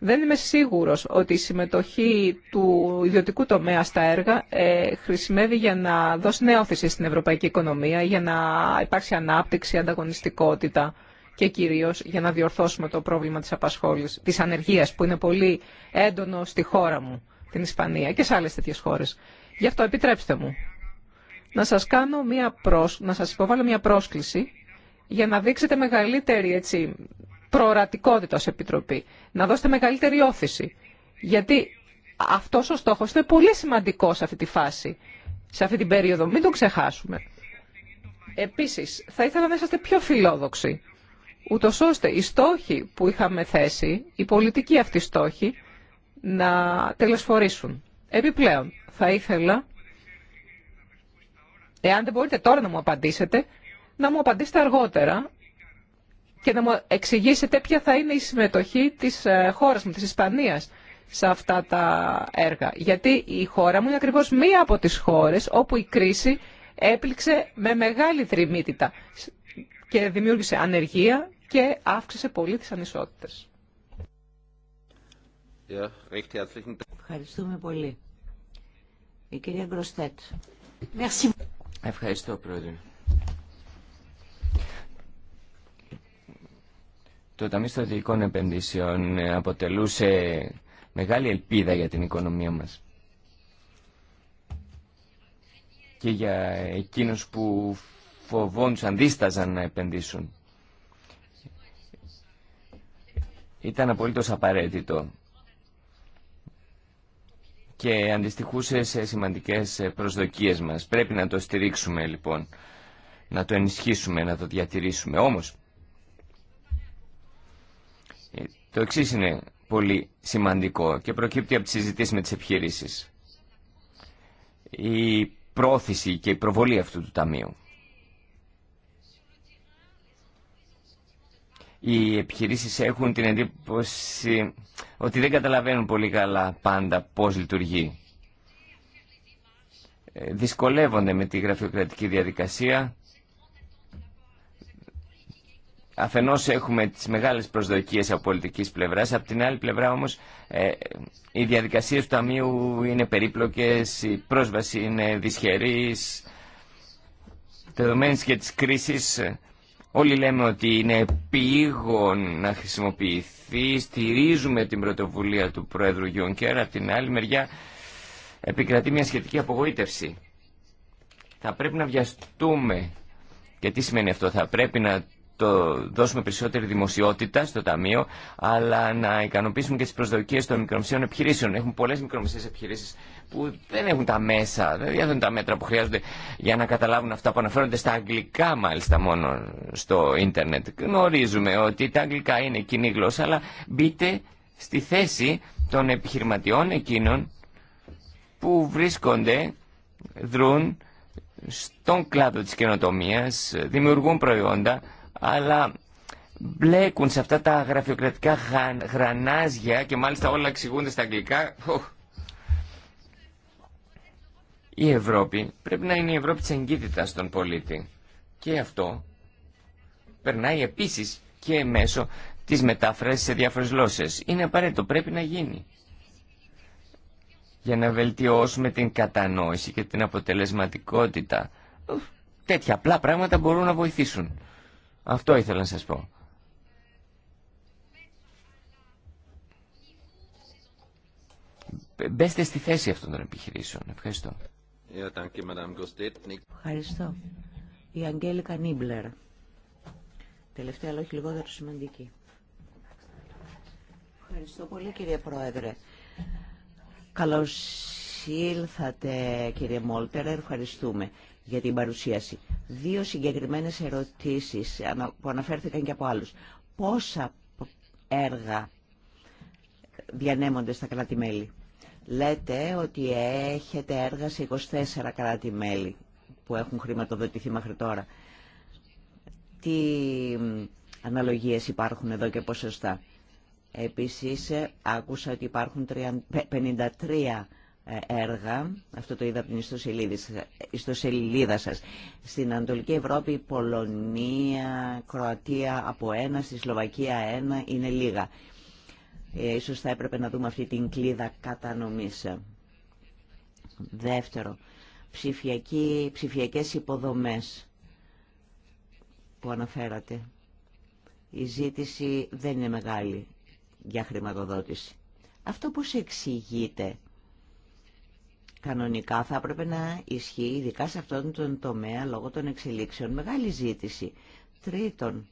δεν είμαι σίγουρος ότι η συμμετοχή του ιδιωτικού τομέα στα έργα ε, χρησιμεύει για να δώσει νέα όθηση στην ευρωπαϊκή οικονομία, για να υπάρξει ανάπτυξη, ανταγωνιστικότητα και κυρίως για να διορθώσουμε το πρόβλημα της απασχόλησης, της ανεργίας που είναι πολύ έντονο στη χώρα μου, την Ισπανία και σε άλλες τέτοιες χώρες. Γι' αυτό επιτρέψτε μου να σας, κάνω μια να σας υποβάλω μια πρόσκληση για να δείξετε μεγαλύτερη έτσι, προορατικότητα ως Επιτροπή, να δώσετε μεγαλύτερη όθηση. Γιατί αυτός ο στόχος είναι πολύ σημαντικός σε αυτή τη φάση, σε αυτή την περίοδο. Μην τον ξεχάσουμε. Επίσης, θα ήθελα να είσαστε πιο φιλόδοξοι, ούτω ώστε οι στόχοι που είχαμε θέσει, οι πολιτικοί αυτοί στόχοι, να τελεσφορήσουν. Επιπλέον, θα ήθελα, εάν δεν μπορείτε τώρα να μου απαντήσετε, να μου απαντήσετε αργότερα και να μου εξηγήσετε ποια θα είναι η συμμετοχή της ε, χώρας μου, της Ισπανίας, σε αυτά τα έργα. Γιατί η χώρα μου είναι ακριβώς μία από τις χώρες όπου η κρίση έπληξε με μεγάλη θρημίτητα και δημιούργησε ανεργία και αύξησε πολύ τις ανισότητες. Ευχαριστούμε πολύ. Η κυρία Γκροστέτ. Ευχαριστώ, Πρόεδρε. Το Ταμείο Στρατηγικών Επενδύσεων ε, αποτελούσε μεγάλη ελπίδα για την οικονομία μας. Και για εκείνους που φοβόντουσαν, δίσταζαν να επενδύσουν. Ήταν απολύτως απαραίτητο και αντιστοιχούσε σε σημαντικές προσδοκίες μας. Πρέπει να το στηρίξουμε λοιπόν, να το ενισχύσουμε, να το διατηρήσουμε. Όμως, Το εξή είναι πολύ σημαντικό και προκύπτει από τις συζητήσεις με τις επιχειρήσεις. Η πρόθεση και η προβολή αυτού του ταμείου. Οι επιχειρήσεις έχουν την εντύπωση ότι δεν καταλαβαίνουν πολύ καλά πάντα πώς λειτουργεί. Ε, δυσκολεύονται με τη γραφειοκρατική διαδικασία Αφενό έχουμε τι μεγάλες προσδοκίες από πολιτικής πλευράς, από την άλλη πλευρά όμως ε, οι διαδικασίε του Ταμείου είναι περίπλοκες, η πρόσβαση είναι δυσχερής. Δεδομένη και της κρίση, όλοι λέμε ότι είναι πήγον να χρησιμοποιηθεί, στηρίζουμε την πρωτοβουλία του Πρόεδρου Γιονκέρ από την άλλη μεριά επικρατεί μια σχετική απογοήτευση. Θα πρέπει να βιαστούμε. Και τι σημαίνει αυτό, θα πρέπει να το δώσουμε περισσότερη δημοσιότητα στο Ταμείο, αλλά να ικανοποιήσουμε και τι προσδοκίε των μικρομεσαίων επιχειρήσεων. Έχουν πολλέ μικρομεσαίε επιχειρήσει που δεν έχουν τα μέσα, δεν έχουν τα μέτρα που χρειάζονται για να καταλάβουν αυτά που αναφέρονται στα αγγλικά, μάλιστα μόνο στο ίντερνετ. Γνωρίζουμε ότι τα αγγλικά είναι κοινή γλώσσα, αλλά μπείτε στη θέση των επιχειρηματιών εκείνων που βρίσκονται, δρούν στον κλάδο της καινοτομίας, δημιουργούν προϊόντα αλλά μπλέκουν σε αυτά τα γραφειοκρατικά γρανάζια και μάλιστα όλα εξηγούνται στα αγγλικά. Η Ευρώπη πρέπει να είναι η Ευρώπη της εγκύτητας των πολίτη. Και αυτό περνάει επίσης και μέσω της μετάφρασης σε διάφορες γλώσσες. Είναι απαραίτητο, πρέπει να γίνει. Για να βελτιώσουμε την κατανόηση και την αποτελεσματικότητα. Τέτοια απλά πράγματα μπορούν να βοηθήσουν. Αυτό ήθελα να σας πω. Μπέστε στη θέση αυτών των επιχειρήσεων. Ευχαριστώ. Ευχαριστώ. Η Αγγέλικα Νίμπλερ. Τελευταία αλλά λιγότερο σημαντική. Ευχαριστώ πολύ κύριε Πρόεδρε. Καλώς ήλθατε κύριε Μόλτερ, ευχαριστούμε για την παρουσίαση. Δύο συγκεκριμένες ερωτήσεις που αναφέρθηκαν και από άλλους. Πόσα έργα διανέμονται στα κράτη-μέλη. Λέτε ότι έχετε έργα σε 24 κράτη-μέλη που έχουν χρηματοδοτηθεί μέχρι τώρα. Τι αναλογίες υπάρχουν εδώ και ποσοστά. Επίσης, ε, άκουσα ότι υπάρχουν 53 ε, έργα, αυτό το είδα από την ιστοσελίδα σας, στην Ανατολική Ευρώπη, Πολωνία, Κροατία από ένα, στη Σλοβακία ένα, είναι λίγα. Ε, ίσως θα έπρεπε να δούμε αυτή την κλίδα κατανομής. Δεύτερο, ψηφιακή, ψηφιακές υποδομές που αναφέρατε. Η ζήτηση δεν είναι μεγάλη για χρηματοδότηση. Αυτό πώς εξηγείται Κανονικά θα έπρεπε να ισχύει, ειδικά σε αυτόν τον τομέα, λόγω των εξελίξεων, μεγάλη ζήτηση. Τρίτον,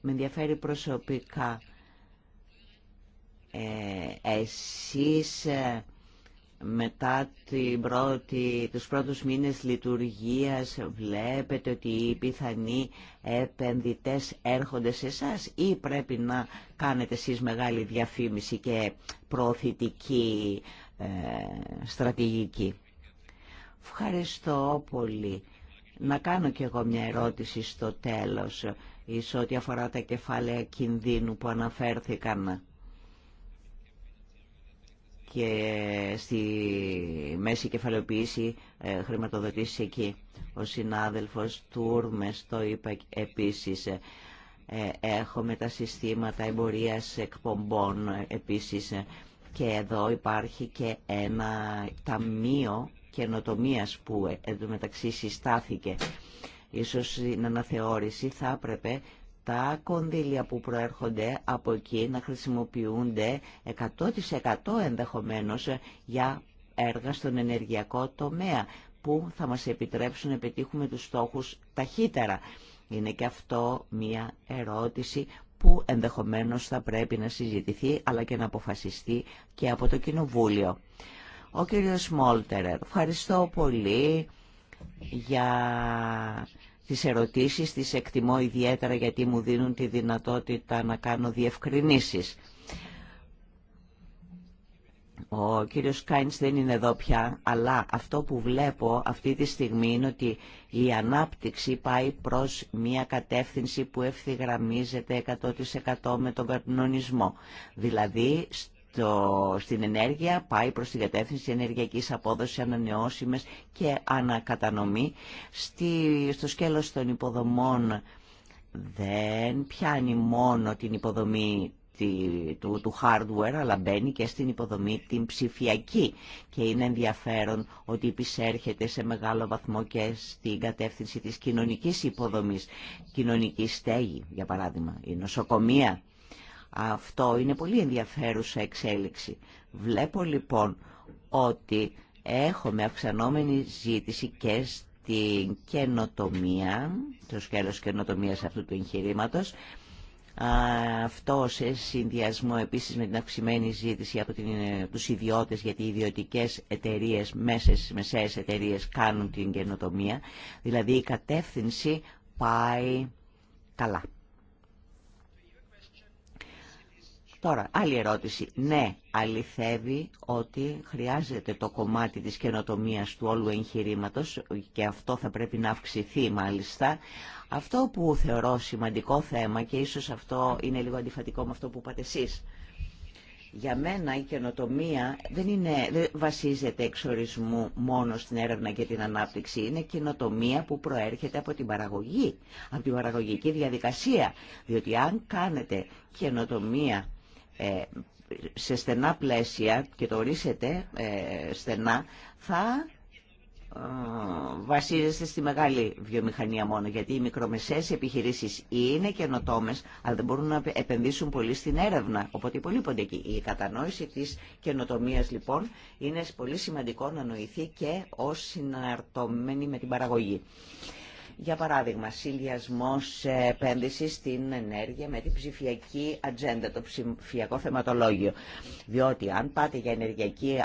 με ενδιαφέρει προσωπικά, ε, εσείς ε, μετά την πρώτη, τους πρώτους μήνες λειτουργίας βλέπετε ότι οι πιθανοί επενδυτές έρχονται σε εσά ή πρέπει να κάνετε εσείς μεγάλη διαφήμιση και προωθητική ε, στρατηγική. Ευχαριστώ πολύ. Να κάνω κι εγώ μια ερώτηση στο τέλος, εις ό,τι αφορά τα κεφάλαια κινδύνου που αναφέρθηκαν και στη μέση κεφαλαιοποίηση ε, εκεί. Ο συνάδελφος Τούρμες το είπε επίσης. Ε, ε έχουμε τα συστήματα εμπορίας εκπομπών επίσης και εδώ υπάρχει και ένα ταμείο καινοτομίας που εντωμεταξύ συστάθηκε. Ίσως στην αναθεώρηση θα έπρεπε τα κονδύλια που προέρχονται από εκεί να χρησιμοποιούνται 100% ενδεχομένως για έργα στον ενεργειακό τομέα που θα μας επιτρέψουν να πετύχουμε τους στόχους ταχύτερα. Είναι και αυτό μία ερώτηση που ενδεχομένως θα πρέπει να συζητηθεί αλλά και να αποφασιστεί και από το Κοινοβούλιο. Ο κύριος Μόλτερερ, ευχαριστώ πολύ για τις ερωτήσεις, τις εκτιμώ ιδιαίτερα γιατί μου δίνουν τη δυνατότητα να κάνω διευκρινήσεις. Ο κύριος Κάινς δεν είναι εδώ πια, αλλά αυτό που βλέπω αυτή τη στιγμή είναι ότι η ανάπτυξη πάει προς μια κατεύθυνση που ευθυγραμμίζεται 100% με τον κανονισμό. Δηλαδή στο, στην ενέργεια πάει προς την κατεύθυνση ενεργειακής απόδοσης ανανεώσιμες και ανακατανομή. Στη, στο σκέλος των υποδομών δεν πιάνει μόνο την υποδομή του, του hardware αλλά μπαίνει και στην υποδομή την ψηφιακή και είναι ενδιαφέρον ότι επισέρχεται σε μεγάλο βαθμό και στην κατεύθυνση της κοινωνικής υποδομής, κοινωνική στέγη για παράδειγμα, η νοσοκομεία. Αυτό είναι πολύ ενδιαφέρουσα εξέλιξη. Βλέπω λοιπόν ότι έχουμε αυξανόμενη ζήτηση και στην καινοτομία, το σκέλος καινοτομίας αυτού του εγχειρήματο, αυτό σε συνδυασμό επίσης με την αυξημένη ζήτηση από την, ε, τους ιδιώτες γιατί οι ιδιωτικές εταιρείες, μέσες, μεσαίες εταιρείες κάνουν την καινοτομία. Δηλαδή η κατεύθυνση πάει καλά. Τώρα, άλλη ερώτηση. Ναι, αληθεύει ότι χρειάζεται το κομμάτι της καινοτομίας του όλου εγχειρήματο και αυτό θα πρέπει να αυξηθεί μάλιστα. Αυτό που θεωρώ σημαντικό θέμα και ίσως αυτό είναι λίγο αντιφατικό με αυτό που είπατε εσείς. Για μένα η καινοτομία δεν, είναι, δεν βασίζεται εξορισμού μόνο στην έρευνα και την ανάπτυξη. Είναι καινοτομία που προέρχεται από την παραγωγή, από την παραγωγική διαδικασία. Διότι αν κάνετε καινοτομία ε, σε στενά πλαίσια και το ορίσετε ε, στενά θα ε, βασίζεστε στη μεγάλη βιομηχανία μόνο γιατί οι μικρομεσαίες επιχειρήσεις είναι καινοτόμε, αλλά δεν μπορούν να επενδύσουν πολύ στην έρευνα οπότε πολύ εκεί. Η κατανόηση της καινοτομία λοιπόν είναι πολύ σημαντικό να νοηθεί και ως συναρτωμένη με την παραγωγή. Για παράδειγμα, συνδυασμός επένδυση στην ενέργεια με την ψηφιακή ατζέντα, το ψηφιακό θεματολόγιο. Διότι αν πάτε για ενεργειακή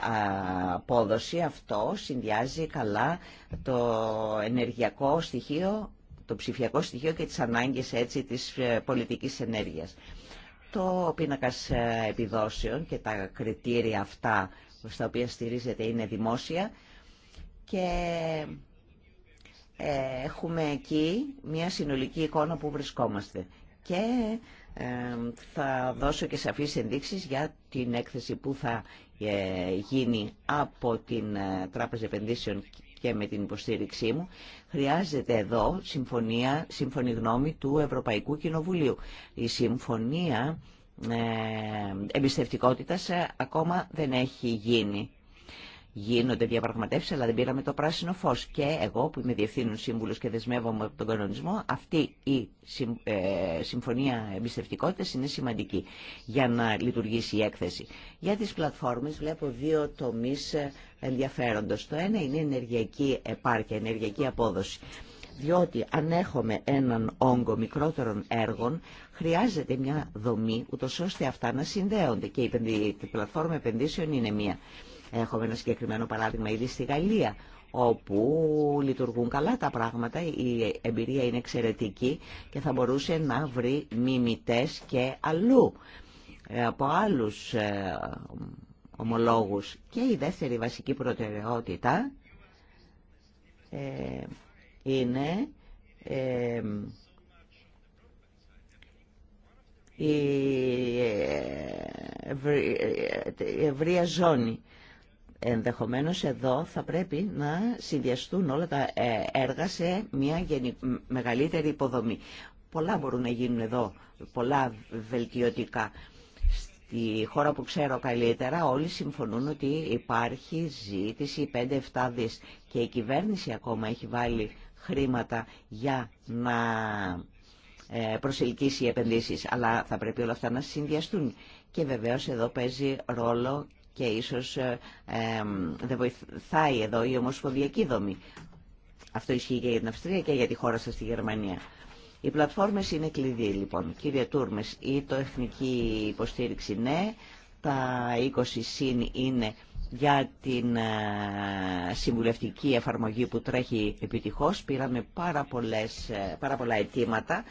απόδοση, αυτό συνδυάζει καλά το ενεργειακό στοιχείο, το ψηφιακό στοιχείο και τις ανάγκες έτσι της ε, πολιτικής ενέργειας. Το πίνακα ε, επιδόσεων και τα κριτήρια αυτά στα οποία στηρίζεται είναι δημόσια έχουμε εκεί μια συνολική εικόνα που βρισκόμαστε. Και ε, θα δώσω και σαφείς ενδείξεις για την έκθεση που θα ε, γίνει από την ε, Τράπεζα Επενδύσεων και με την υποστήριξή μου, χρειάζεται εδώ συμφωνία, σύμφωνη γνώμη του Ευρωπαϊκού Κοινοβουλίου. Η συμφωνία εμπιστευτικότητας ακόμα δεν έχει γίνει. Γίνονται διαπραγματεύσει, αλλά δεν πήραμε το πράσινο φω. Και εγώ που είμαι διευθύνων σύμβουλο και δεσμεύομαι από τον κανονισμό, αυτή η ε, συμφωνία εμπιστευτικότητα είναι σημαντική για να λειτουργήσει η έκθεση. Για τι πλατφόρμε βλέπω δύο τομεί ε, ενδιαφέροντο. Το ένα είναι η ενεργειακή επάρκεια, ενεργειακή απόδοση. Διότι αν έχουμε έναν όγκο μικρότερων έργων, χρειάζεται μια δομή, ούτω ώστε αυτά να συνδέονται. Και η πλατφόρμα επενδύσεων είναι μία. Έχουμε ένα συγκεκριμένο παράδειγμα ήδη στη Γαλλία, όπου λειτουργούν καλά τα πράγματα, η εμπειρία είναι εξαιρετική και θα μπορούσε να βρει μιμητές και αλλού, ε, από άλλους ε, ομολόγους. Και η δεύτερη βασική προτεραιότητα ε, είναι η ευρεία ζώνη. Ενδεχομένως εδώ θα πρέπει να συνδυαστούν όλα τα ε, έργα σε μια μεγαλύτερη υποδομή. Πολλά μπορούν να γίνουν εδώ, πολλά βελτιωτικά. Στη χώρα που ξέρω καλύτερα όλοι συμφωνούν ότι υπάρχει ζήτηση 5-7 δις και η κυβέρνηση ακόμα έχει βάλει χρήματα για να ε, προσελκύσει επενδύσεις. Αλλά θα πρέπει όλα αυτά να συνδυαστούν. Και βεβαίως εδώ παίζει ρόλο και ίσως ε, δεν βοηθάει εδώ η ομοσπονδιακή δομή. Αυτό ισχύει και για την Αυστρία και για τη χώρα σας στη Γερμανία. Οι πλατφόρμες είναι κλειδί λοιπόν. Κύριε Τούρμες, η το εθνική υποστήριξη ναι, τα 20 συν είναι για την ε, συμβουλευτική εφαρμογή που τρέχει επιτυχώς. Πήραμε πάρα, πολλές, ε, πάρα πολλά αιτήματα,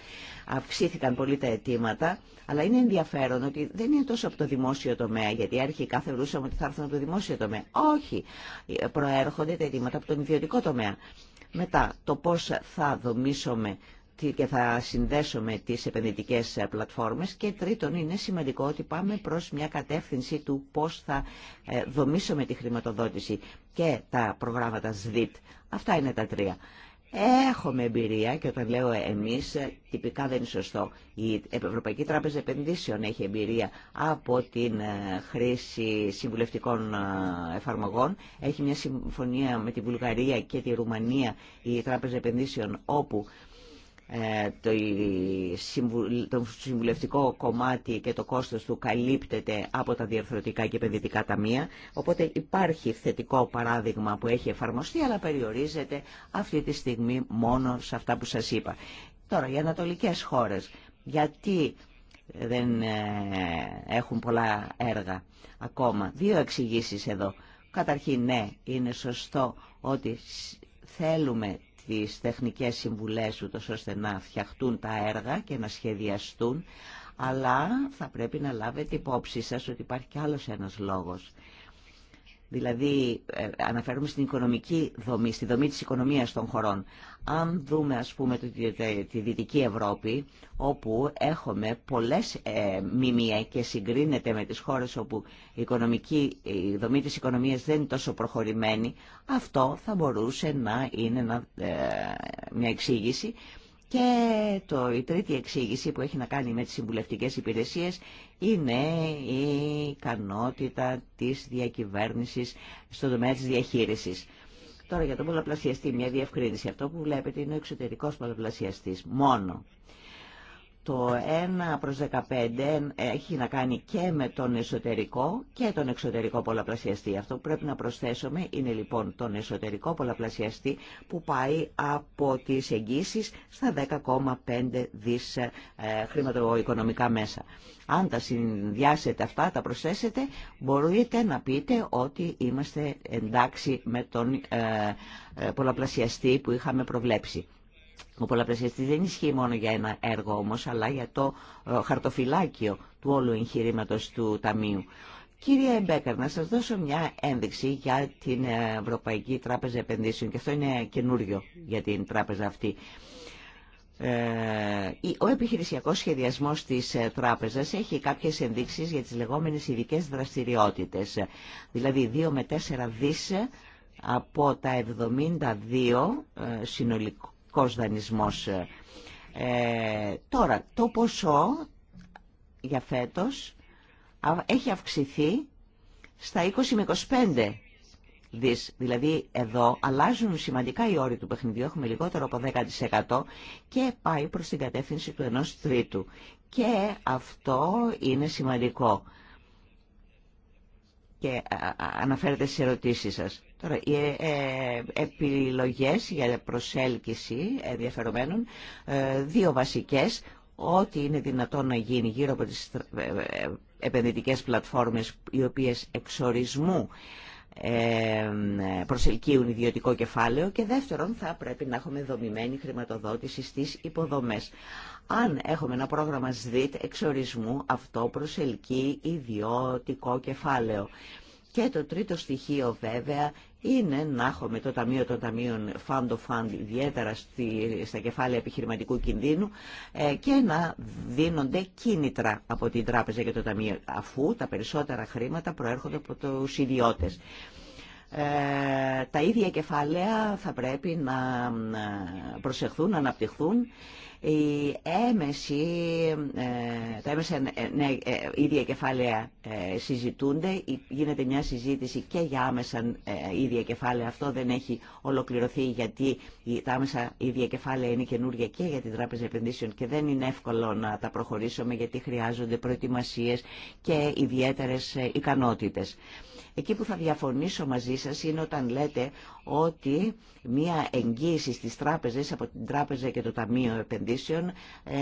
αυξήθηκαν πολύ τα αιτήματα, αλλά είναι ενδιαφέρον ότι δεν είναι τόσο από το δημόσιο τομέα, γιατί αρχικά κάθε θεωρούσαμε ότι θα έρθουν από το δημόσιο τομέα. Όχι, προέρχονται τα αιτήματα από τον ιδιωτικό τομέα. Μετά, το πώς θα δομήσουμε και θα συνδέσουμε τις επενδυτικές πλατφόρμες και τρίτον είναι σημαντικό ότι πάμε προς μια κατεύθυνση του πώς θα ε, δομήσουμε τη χρηματοδότηση και τα προγράμματα ΣΔΙΤ. Αυτά είναι τα τρία. Έχουμε εμπειρία και όταν λέω εμείς ε, τυπικά δεν είναι σωστό. Η Ευρωπαϊκή Τράπεζα Επενδύσεων έχει εμπειρία από την ε, χρήση συμβουλευτικών εφαρμογών. Έχει μια συμφωνία με τη Βουλγαρία και τη Ρουμανία η Τράπεζα Επενδύσεων όπου ε, το συμβουλευτικό κομμάτι και το κόστος του καλύπτεται από τα διαρθρωτικά και επενδυτικά ταμεία. Οπότε υπάρχει θετικό παράδειγμα που έχει εφαρμοστεί, αλλά περιορίζεται αυτή τη στιγμή μόνο σε αυτά που σας είπα. Τώρα, οι ανατολικές χώρες, γιατί δεν ε, έχουν πολλά έργα ακόμα. Δύο εξηγήσεις εδώ. Καταρχήν, ναι, είναι σωστό ότι θέλουμε τις τεχνικές συμβουλές του ώστε να φτιαχτούν τα έργα και να σχεδιαστούν, αλλά θα πρέπει να λάβετε υπόψη σας ότι υπάρχει κι άλλος ένας λόγος. Δηλαδή ε, αναφέρουμε στην οικονομική δομή, στη δομή της οικονομίας των χωρών. Αν δούμε ας πούμε τη Δυτική Ευρώπη όπου έχουμε πολλές ε, και συγκρίνεται με τις χώρες όπου η, οικονομική, δομή της οικονομίας δεν είναι τόσο προχωρημένη, αυτό θα μπορούσε να είναι ένα, ε, μια εξήγηση και το, η τρίτη εξήγηση που έχει να κάνει με τις συμβουλευτικές υπηρεσίες είναι η ικανότητα της διακυβέρνησης στον τομέα της διαχείρισης. Τώρα για τον πολλαπλασιαστή, μια διευκρίνηση. Αυτό που βλέπετε είναι ο εξωτερικός πολλαπλασιαστής μόνο το 1 προς 15 έχει να κάνει και με τον εσωτερικό και τον εξωτερικό πολλαπλασιαστή. Αυτό που πρέπει να προσθέσουμε είναι λοιπόν τον εσωτερικό πολλαπλασιαστή που πάει από τις εγγύσεις στα 10,5 δις ε, χρηματοοικονομικά μέσα. Αν τα συνδυάσετε αυτά, τα προσθέσετε, μπορείτε να πείτε ότι είμαστε εντάξει με τον ε, ε, πολλαπλασιαστή που είχαμε προβλέψει. Ο πολλαπλασιαστή δεν ισχύει μόνο για ένα έργο όμως, αλλά για το ε, χαρτοφυλάκιο του όλου εγχειρήματο του Ταμείου. Κύριε Μπέκαρ, να σας δώσω μια ένδειξη για την Ευρωπαϊκή Τράπεζα Επενδύσεων και αυτό είναι καινούριο για την τράπεζα αυτή. Ε, ο επιχειρησιακός σχεδιασμός της ε, τράπεζας έχει κάποιες ενδείξεις για τις λεγόμενες ειδικέ δραστηριότητες. Δηλαδή 2 με 4 δις από τα 72 συνολικού ε, τώρα, το ποσό για φέτος έχει αυξηθεί στα 20 με 25 Δηλαδή εδώ αλλάζουν σημαντικά οι όροι του παιχνιδιού, έχουμε λιγότερο από 10% και πάει προς την κατεύθυνση του ενός τρίτου. Και αυτό είναι σημαντικό. Και αναφέρεται στις ερωτήσεις σας. Τώρα, οι ε, ε, επιλογές για προσέλκυση ενδιαφερομένων, ε, δύο βασικές, ό,τι είναι δυνατόν να γίνει γύρω από τις επενδυτικές πλατφόρμες οι οποίες εξορισμού προσελκύουν ιδιωτικό κεφάλαιο και δεύτερον θα πρέπει να έχουμε δομημένη χρηματοδότηση στις υποδομές. Αν έχουμε ένα πρόγραμμα ΣΔΙΤ εξορισμού, αυτό προσελκύει ιδιωτικό κεφάλαιο. Και το τρίτο στοιχείο βέβαια είναι να έχουμε το Ταμείο των Ταμείων Fund of Fund ιδιαίτερα στη, στα κεφάλαια επιχειρηματικού κινδύνου ε, και να δίνονται κίνητρα από την τράπεζα και το Ταμείο αφού τα περισσότερα χρήματα προέρχονται από τους ιδιώτες. Ε, τα ίδια κεφάλαια θα πρέπει να προσεχθούν, να αναπτυχθούν η έμεση, ε, τα έμεσα ε, ναι, ε, ίδια κεφάλαια συζητούνται, γίνεται μια συζήτηση και για άμεσα ίδια κεφάλαια. Αυτό δεν έχει ολοκληρωθεί γιατί τα άμεσα ίδια κεφάλαια είναι καινούργια και για την Τράπεζα Επενδύσεων και δεν είναι εύκολο να τα προχωρήσουμε γιατί χρειάζονται προετοιμασίες και ιδιαίτερες ικανότητες. Εκεί που θα διαφωνήσω μαζί σας είναι όταν λέτε ότι μία εγγύηση στις τράπεζε από την Τράπεζα και το Ταμείο Επενδύσεων ε,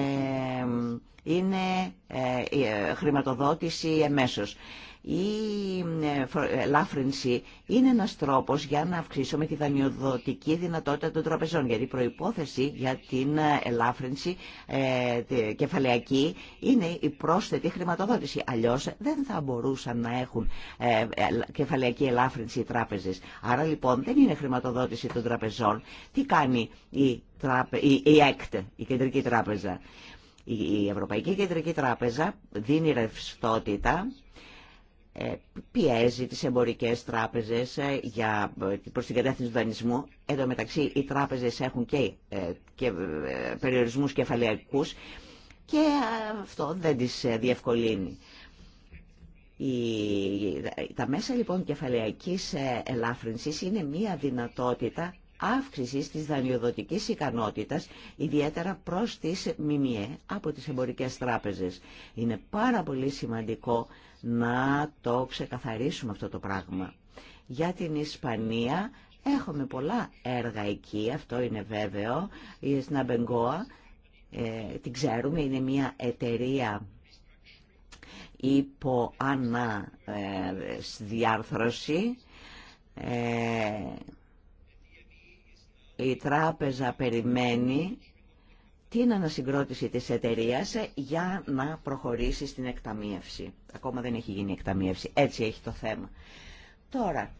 είναι ε, ε, χρηματοδότηση εμέσως. Η ε, ε, ελάφρυνση είναι ένας τρόπος για να αυξήσουμε τη δανειοδοτική δυνατότητα των τραπεζών, γιατί η προϋπόθεση για την ε, ελάφρυνση ε, κεφαλαιακή είναι η πρόσθετη χρηματοδότηση. Αλλιώς δεν θα μπορούσαν να έχουν ε, κεφαλαιακή ελάφρυνση οι τράπεζες. Άρα λοιπόν δεν είναι χρηματοδότηση των τραπεζών. Τι κάνει η, τράπε... η, η ΕΚΤ, η Κεντρική Τράπεζα. Η Ευρωπαϊκή Κεντρική Τράπεζα δίνει ρευστότητα ε, πιέζει τις εμπορικές τράπεζες ε, για, ε, προς την κατεύθυνση του δανεισμού. Εδώ μεταξύ οι τράπεζες έχουν και, και περιορισμούς και αυτό δεν τις διευκολύνει. τα μέσα λοιπόν κεφαλαϊκής ελάφρυνσης είναι μία δυνατότητα αύξησης της δανειοδοτικής ικανότητας, ιδιαίτερα προς τις ΜΜΕ από τις εμπορικές τράπεζες. Είναι πάρα πολύ σημαντικό να το ξεκαθαρίσουμε αυτό το πράγμα. Για την Ισπανία έχουμε πολλά έργα εκεί, αυτό είναι βέβαιο. Η Σναμπεγκόα, την ξέρουμε, είναι μια εταιρεία υπό ανά ε, ε, η τράπεζα περιμένει την ανασυγκρότηση της εταιρεία για να προχωρήσει στην εκταμίευση. Ακόμα δεν έχει γίνει εκταμίευση. Έτσι έχει το θέμα. Τώρα,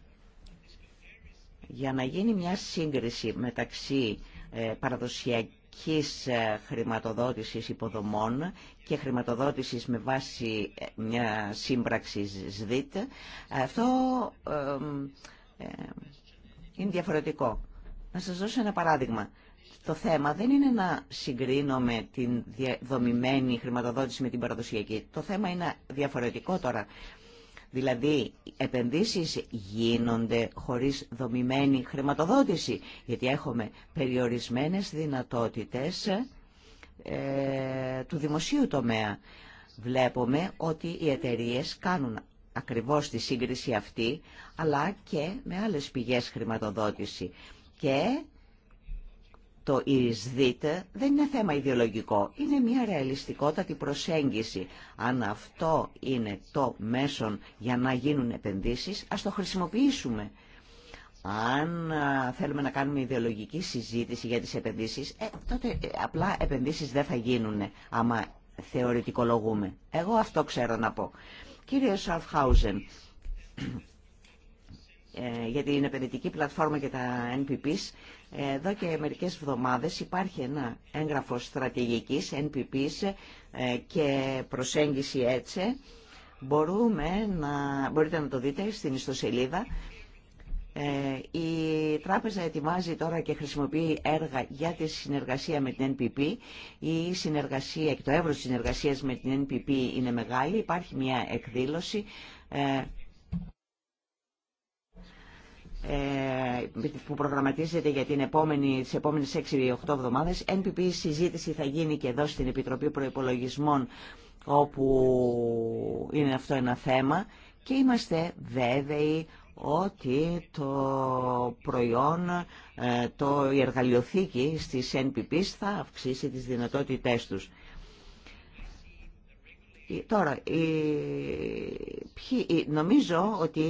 για να γίνει μια σύγκριση μεταξύ ε, παραδοσιακής ε, χρηματοδότησης υποδομών και χρηματοδότησης με βάση ε, μια σύμπραξη ΣΔΙΤ, αυτό είναι διαφορετικό. Να σας δώσω ένα παράδειγμα. Το θέμα δεν είναι να συγκρίνουμε την δομημένη χρηματοδότηση με την παραδοσιακή. Το θέμα είναι διαφορετικό τώρα. Δηλαδή, επενδύσεις γίνονται χωρίς δομημένη χρηματοδότηση, γιατί έχουμε περιορισμένες δυνατότητες ε, του δημοσίου τομέα. Βλέπουμε ότι οι εταιρείες κάνουν ακριβώς τη σύγκριση αυτή, αλλά και με άλλες πηγές χρηματοδότηση. Και το «Ιρισδίτε» δεν είναι θέμα ιδεολογικό, είναι μια ρεαλιστικότατη προσέγγιση. Αν αυτό είναι το μέσον για να γίνουν επενδύσεις, ας το χρησιμοποιήσουμε. Αν θέλουμε να κάνουμε ιδεολογική συζήτηση για τις επενδύσεις, ε, τότε ε, απλά επενδύσεις δεν θα γίνουν άμα θεωρητικολογούμε. Εγώ αυτό ξέρω να πω. Κύριε Σαρφχάουζεν, ε, για την επενδυτική πλατφόρμα και τα NPPs. Εδώ και μερικές εβδομάδες υπάρχει ένα έγγραφο στρατηγικής NPPs ε, και προσέγγιση έτσι. Μπορούμε να, μπορείτε να το δείτε στην ιστοσελίδα. Ε, η τράπεζα ετοιμάζει τώρα και χρησιμοποιεί έργα για τη συνεργασία με την NPP. Η συνεργασία και το εύρος με την NPP είναι μεγάλη. Υπάρχει μια εκδήλωση ε, που προγραμματίζεται για την επόμενη, τις επόμενες 6-8 εβδομάδες. NPP συζήτηση θα γίνει και εδώ στην Επιτροπή Προϋπολογισμών όπου είναι αυτό ένα θέμα και είμαστε βέβαιοι ότι το προϊόν, ε, το, η εργαλειοθήκη στις NPP θα αυξήσει τις δυνατότητές τους. Τώρα, νομίζω ότι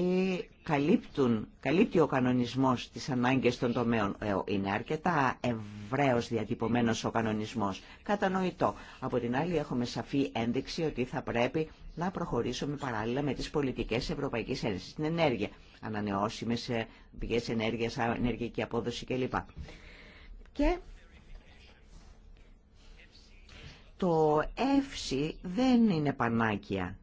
καλύπτουν, καλύπτει ο κανονισμός τις ανάγκες των τομέων. Ε, είναι αρκετά ευρέως διατυπωμένος ο κανονισμός. Κατανοητό. Από την άλλη έχουμε σαφή ένδειξη ότι θα πρέπει να προχωρήσουμε παράλληλα με τις πολιτικές Ευρωπαϊκής Ένωσης. Την ενέργεια, ανανεώσιμες ε, πηγές ενέργειας, ενεργειακή απόδοση κλπ. Και το εύση δεν είναι πανάκια.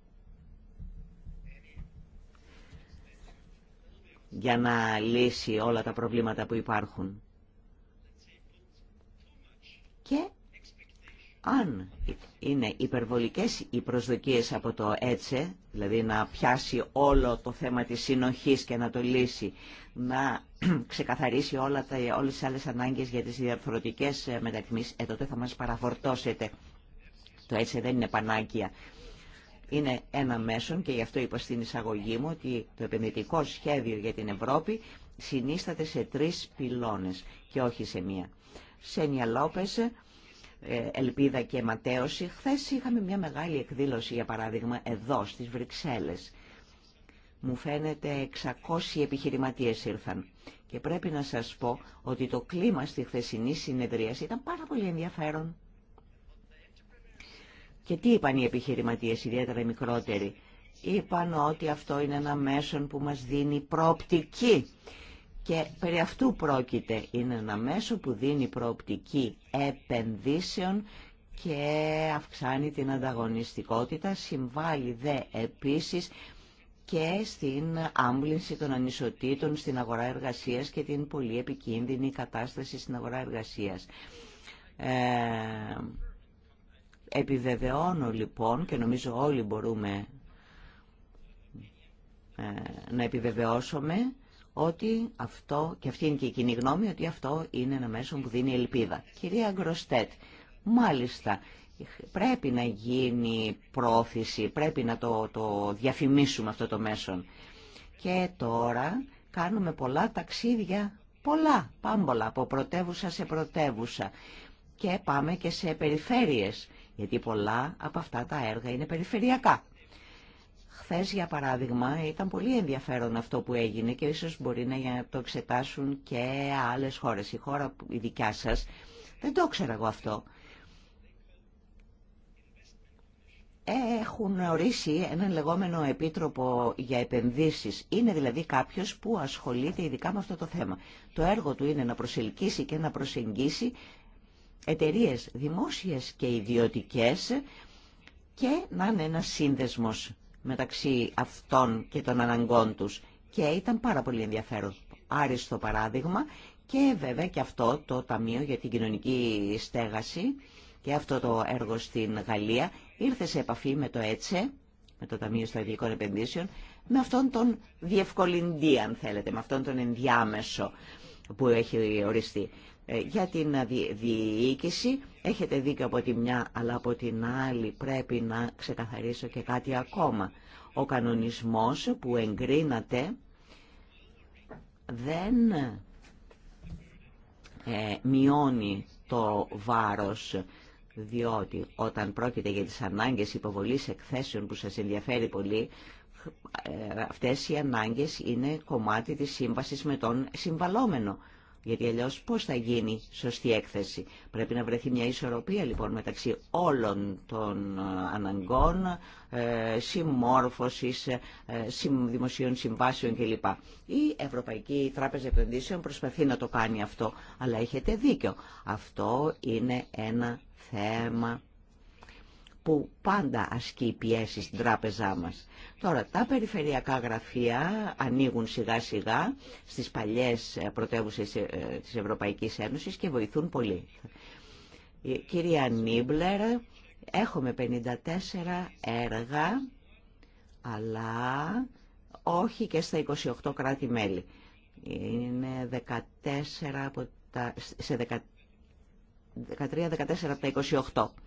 για να λύσει όλα τα προβλήματα που υπάρχουν. Και αν είναι υπερβολικές οι προσδοκίες από το έτσε, δηλαδή να πιάσει όλο το θέμα της συνοχής και να το λύσει, να [CLEARS THROAT] ξεκαθαρίσει όλα τα, όλες τις άλλες ανάγκες για τις διαφορετικές ε, μετακμίσεις, ε, τότε θα μας παραφορτώσετε. Το έτσε δεν είναι πανάκια είναι ένα μέσον και γι' αυτό είπα στην εισαγωγή μου ότι το επενδυτικό σχέδιο για την Ευρώπη συνίσταται σε τρεις πυλώνες και όχι σε μία. Σένια Λόπες, ε, Ελπίδα και Ματέωση. Χθε είχαμε μια μεγάλη εκδήλωση, για παράδειγμα, εδώ στις Βρυξέλλες. Μου φαίνεται 600 επιχειρηματίες ήρθαν. Και πρέπει να σας πω ότι το κλίμα στη χθεσινή συνεδρίαση ήταν πάρα πολύ ενδιαφέρον. Και τι είπαν οι επιχειρηματίες, ιδιαίτερα οι μικρότεροι. Είπαν ότι αυτό είναι ένα μέσο που μας δίνει προοπτική. Και περί αυτού πρόκειται. Είναι ένα μέσο που δίνει προοπτική επενδύσεων και αυξάνει την ανταγωνιστικότητα, συμβάλλει δε επίσης και στην άμβληση των ανισοτήτων στην αγορά εργασίας και την πολύ επικίνδυνη κατάσταση στην αγορά εργασίας. Ε, Επιβεβαιώνω λοιπόν και νομίζω όλοι μπορούμε ε, να επιβεβαιώσουμε ότι αυτό, και αυτή είναι και η κοινή γνώμη, ότι αυτό είναι ένα μέσο που δίνει ελπίδα. Κυρία Γκροστέτ, μάλιστα, πρέπει να γίνει πρόθεση, πρέπει να το, το διαφημίσουμε αυτό το μέσο. Και τώρα κάνουμε πολλά ταξίδια, πολλά, πάμπολα, από πρωτεύουσα σε πρωτεύουσα. Και πάμε και σε περιφέρειες γιατί πολλά από αυτά τα έργα είναι περιφερειακά. Χθε, για παράδειγμα, ήταν πολύ ενδιαφέρον αυτό που έγινε και ίσως μπορεί να το εξετάσουν και άλλες χώρες. Η χώρα, η δικιά σας, δεν το ξέρω εγώ αυτό. Έχουν ορίσει έναν λεγόμενο επίτροπο για επενδύσεις. Είναι δηλαδή κάποιος που ασχολείται ειδικά με αυτό το θέμα. Το έργο του είναι να προσελκύσει και να προσεγγίσει εταιρείες δημόσιες και ιδιωτικές και να είναι ένας σύνδεσμος μεταξύ αυτών και των αναγκών τους. Και ήταν πάρα πολύ ενδιαφέρον. Άριστο παράδειγμα και βέβαια και αυτό το Ταμείο για την Κοινωνική Στέγαση και αυτό το έργο στην Γαλλία ήρθε σε επαφή με το ΕΤΣΕ, με το Ταμείο Στρατηγικών Επενδύσεων, με αυτόν τον διευκολυντή αν θέλετε, με αυτόν τον ενδιάμεσο που έχει οριστεί. Ε, για την διοίκηση. Έχετε δίκιο από τη μια, αλλά από την άλλη πρέπει να ξεκαθαρίσω και κάτι ακόμα. Ο κανονισμός που εγκρίνατε δεν ε, μειώνει το βάρος διότι όταν πρόκειται για τις ανάγκες υποβολής εκθέσεων που σας ενδιαφέρει πολύ, ε, αυτές οι ανάγκες είναι κομμάτι της σύμβασης με τον συμβαλόμενο. Γιατί αλλιώ πώ θα γίνει σωστή έκθεση. Πρέπει να βρεθεί μια ισορροπία λοιπόν μεταξύ όλων των ε, αναγκών, ε, συμμόρφωση, ε, δημοσίων συμβάσεων κλπ. Η Ευρωπαϊκή Τράπεζα Επενδύσεων προσπαθεί να το κάνει αυτό. Αλλά έχετε δίκιο. Αυτό είναι ένα θέμα που πάντα ασκεί πιέσει στην τράπεζά μας. Τώρα, τα περιφερειακά γραφεία ανοίγουν σιγά-σιγά στις παλιές ε, πρωτεύουσες ε, της Ευρωπαϊκής Ένωσης και βοηθούν πολύ. Κυρία Νίμπλερ, έχουμε 54 έργα, αλλά όχι και στα 28 κράτη-μέλη. Είναι 14 από τα, σε 13-14 από τα 28.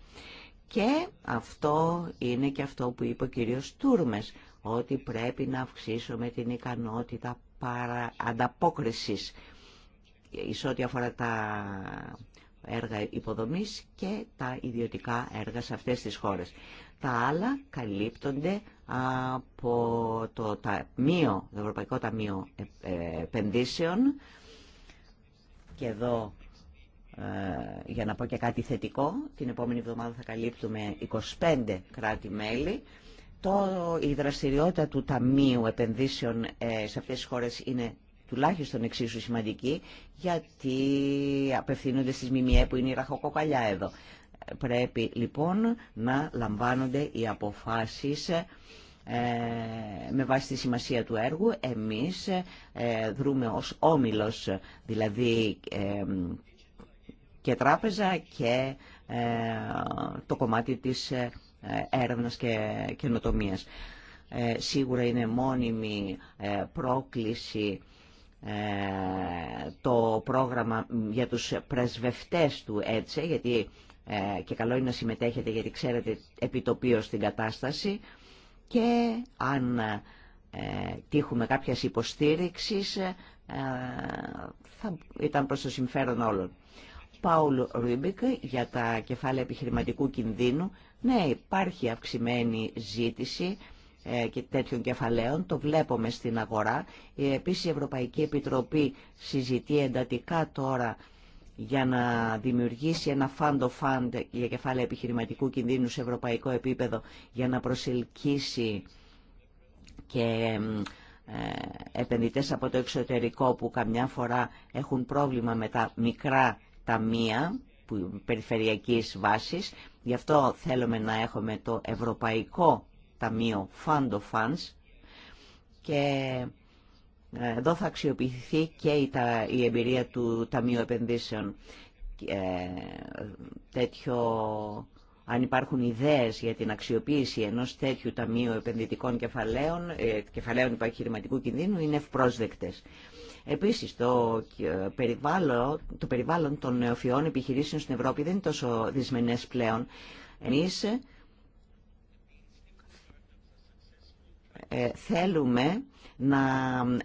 Και αυτό είναι και αυτό που είπε ο κύριος Τούρμες, ότι πρέπει να αυξήσουμε την ικανότητα παρα... ανταπόκρισης σε ό,τι αφορά τα έργα υποδομής και τα ιδιωτικά έργα σε αυτές τις χώρες. Τα άλλα καλύπτονται από το, ταμείο, το Ευρωπαϊκό Ταμείο ε, Επενδύσεων και εδώ ε, για να πω και κάτι θετικό, την επόμενη εβδομάδα θα καλύπτουμε 25 κράτη-μέλη. Το, η δραστηριότητα του Ταμείου Επενδύσεων ε, σε αυτές τις χώρες είναι τουλάχιστον εξίσου σημαντική, γιατί απευθύνονται στις ΜΜΕ που είναι η ραχοκοκαλιά εδώ. Πρέπει λοιπόν να λαμβάνονται οι αποφάσεις ε, με βάση τη σημασία του έργου. Εμείς δρούμε ως όμιλος, δηλαδή και τράπεζα και ε, το κομμάτι της ε, έρευνας και καινοτομίας. Ε, σίγουρα είναι μόνιμη πρόκληση το πρόγραμμα για τους πρεσβευτές του ΕΤΣΕ, γιατί και καλό είναι να συμμετέχετε γιατί ξέρετε επιτοπίως την κατάσταση και αν ε, τύχουμε κάποιας υποστήριξης θα ήταν προς το συμφέρον όλων. Πάουλ Ρούμπικ για τα κεφάλαια επιχειρηματικού κινδύνου. Ναι, υπάρχει αυξημένη ζήτηση ε, και τέτοιων κεφαλαίων, το βλέπουμε στην αγορά. Ε, επίσης η Ευρωπαϊκή Επιτροπή συζητεί εντατικά τώρα για να δημιουργήσει ένα fund of fund για κεφάλαια επιχειρηματικού κινδύνου σε ευρωπαϊκό επίπεδο για να προσελκύσει και ε, επενδυτές από το εξωτερικό που καμιά φορά έχουν πρόβλημα με τα μικρά ταμεία περιφερειακής βάσης. Γι' αυτό θέλουμε να έχουμε το Ευρωπαϊκό Ταμείο Fund of Funds και ε, εδώ θα αξιοποιηθεί και η εμπειρία του Ταμείου Επενδύσεων. Ε, τέτοιο, αν υπάρχουν ιδέες για την αξιοποίηση ενός τέτοιου Ταμείου Επενδυτικών Κεφαλαίων, ε, κεφαλαίων υπαχειρηματικού κινδύνου, είναι ευπρόσδεκτες. Επίσης, το ε, περιβάλλον, το περιβάλλον των νεοφιών επιχειρήσεων στην Ευρώπη δεν είναι τόσο δυσμενές πλέον. Εμείς ε, θέλουμε να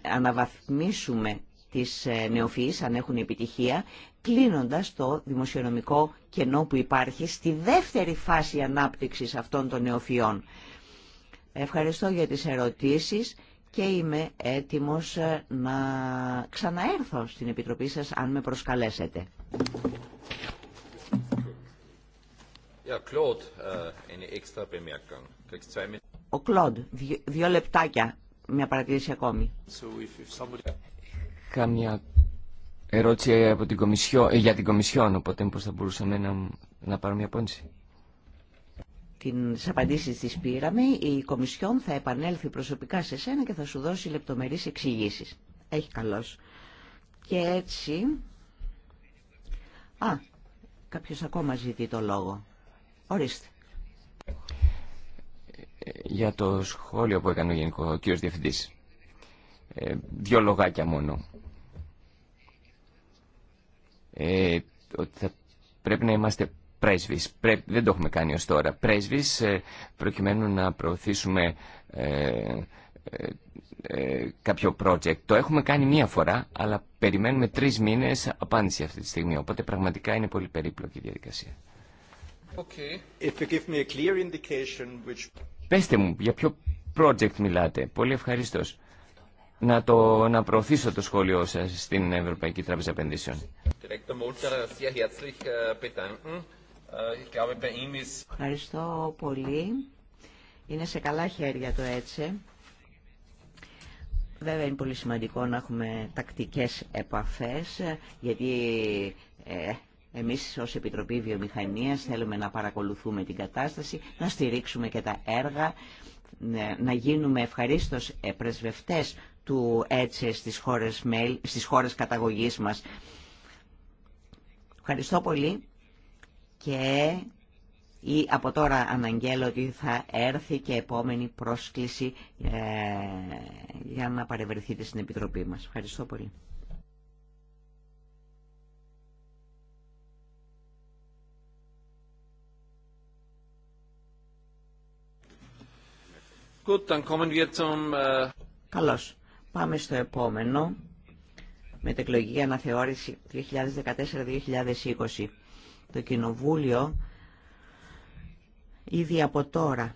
αναβαθμίσουμε τις ε, νεοφυείς, αν έχουν επιτυχία, κλείνοντας το δημοσιονομικό κενό που υπάρχει στη δεύτερη φάση ανάπτυξης αυτών των νεοφυών. Ευχαριστώ για τις ερωτήσεις και είμαι έτοιμος να ξαναέρθω στην Επιτροπή σας αν με προσκαλέσετε. Äh, Ο Κλοντ, δύο, λεπτάκια, μια παρατήρηση ακόμη. Είχα μια ερώτηση ε, από την ε, για την Κομισιόν, οπότε πώς θα μπορούσαμε να, να πάρουμε μια πόνση την απαντήσεις τη πήραμε, η Κομισιόν θα επανέλθει προσωπικά σε σένα και θα σου δώσει λεπτομερείς εξηγήσεις. Έχει καλώς. Και έτσι... Α, κάποιος ακόμα ζητεί το λόγο. Ορίστε. Για το σχόλιο που έκανε ο Γενικό κύριος Διευθυντής. Ε, δύο λογάκια μόνο. Ε, ότι πρέπει να είμαστε πρέσβης. Δεν το έχουμε κάνει ως τώρα. Πρέσβης ε, προκειμένου να προωθήσουμε ε, ε, κάποιο project. Το έχουμε κάνει μία φορά, αλλά περιμένουμε τρεις μήνες απάντηση αυτή τη στιγμή. Οπότε πραγματικά είναι πολύ περίπλοκη η διαδικασία. Okay. Πέστε μου για ποιο project μιλάτε. Πολύ ευχαριστώ. Να, το, να προωθήσω το σχόλιο σας στην Ευρωπαϊκή Τράπεζα Επενδύσεων. Äh, Ευχαριστώ πολύ. Είναι σε καλά χέρια το έτσι. Βέβαια είναι πολύ σημαντικό να έχουμε τακτικές επαφές, γιατί ε, εμείς ως Επιτροπή Βιομηχανίας θέλουμε να παρακολουθούμε την κατάσταση, να στηρίξουμε και τα έργα, ε, να γίνουμε ευχαρίστως πρεσβευτές του έτσι στις χώρες, mail, στις χώρες καταγωγής μας. Ευχαριστώ πολύ και ή από τώρα αναγγέλλω ότι θα έρθει και επόμενη πρόσκληση ε, για να παρευρεθείτε στην Επιτροπή μας. Ευχαριστώ πολύ. Äh, Καλώς. Πάμε στο επόμενο. Μετεκλογική αναθεώρηση 2014-2020 το Κοινοβούλιο ήδη από τώρα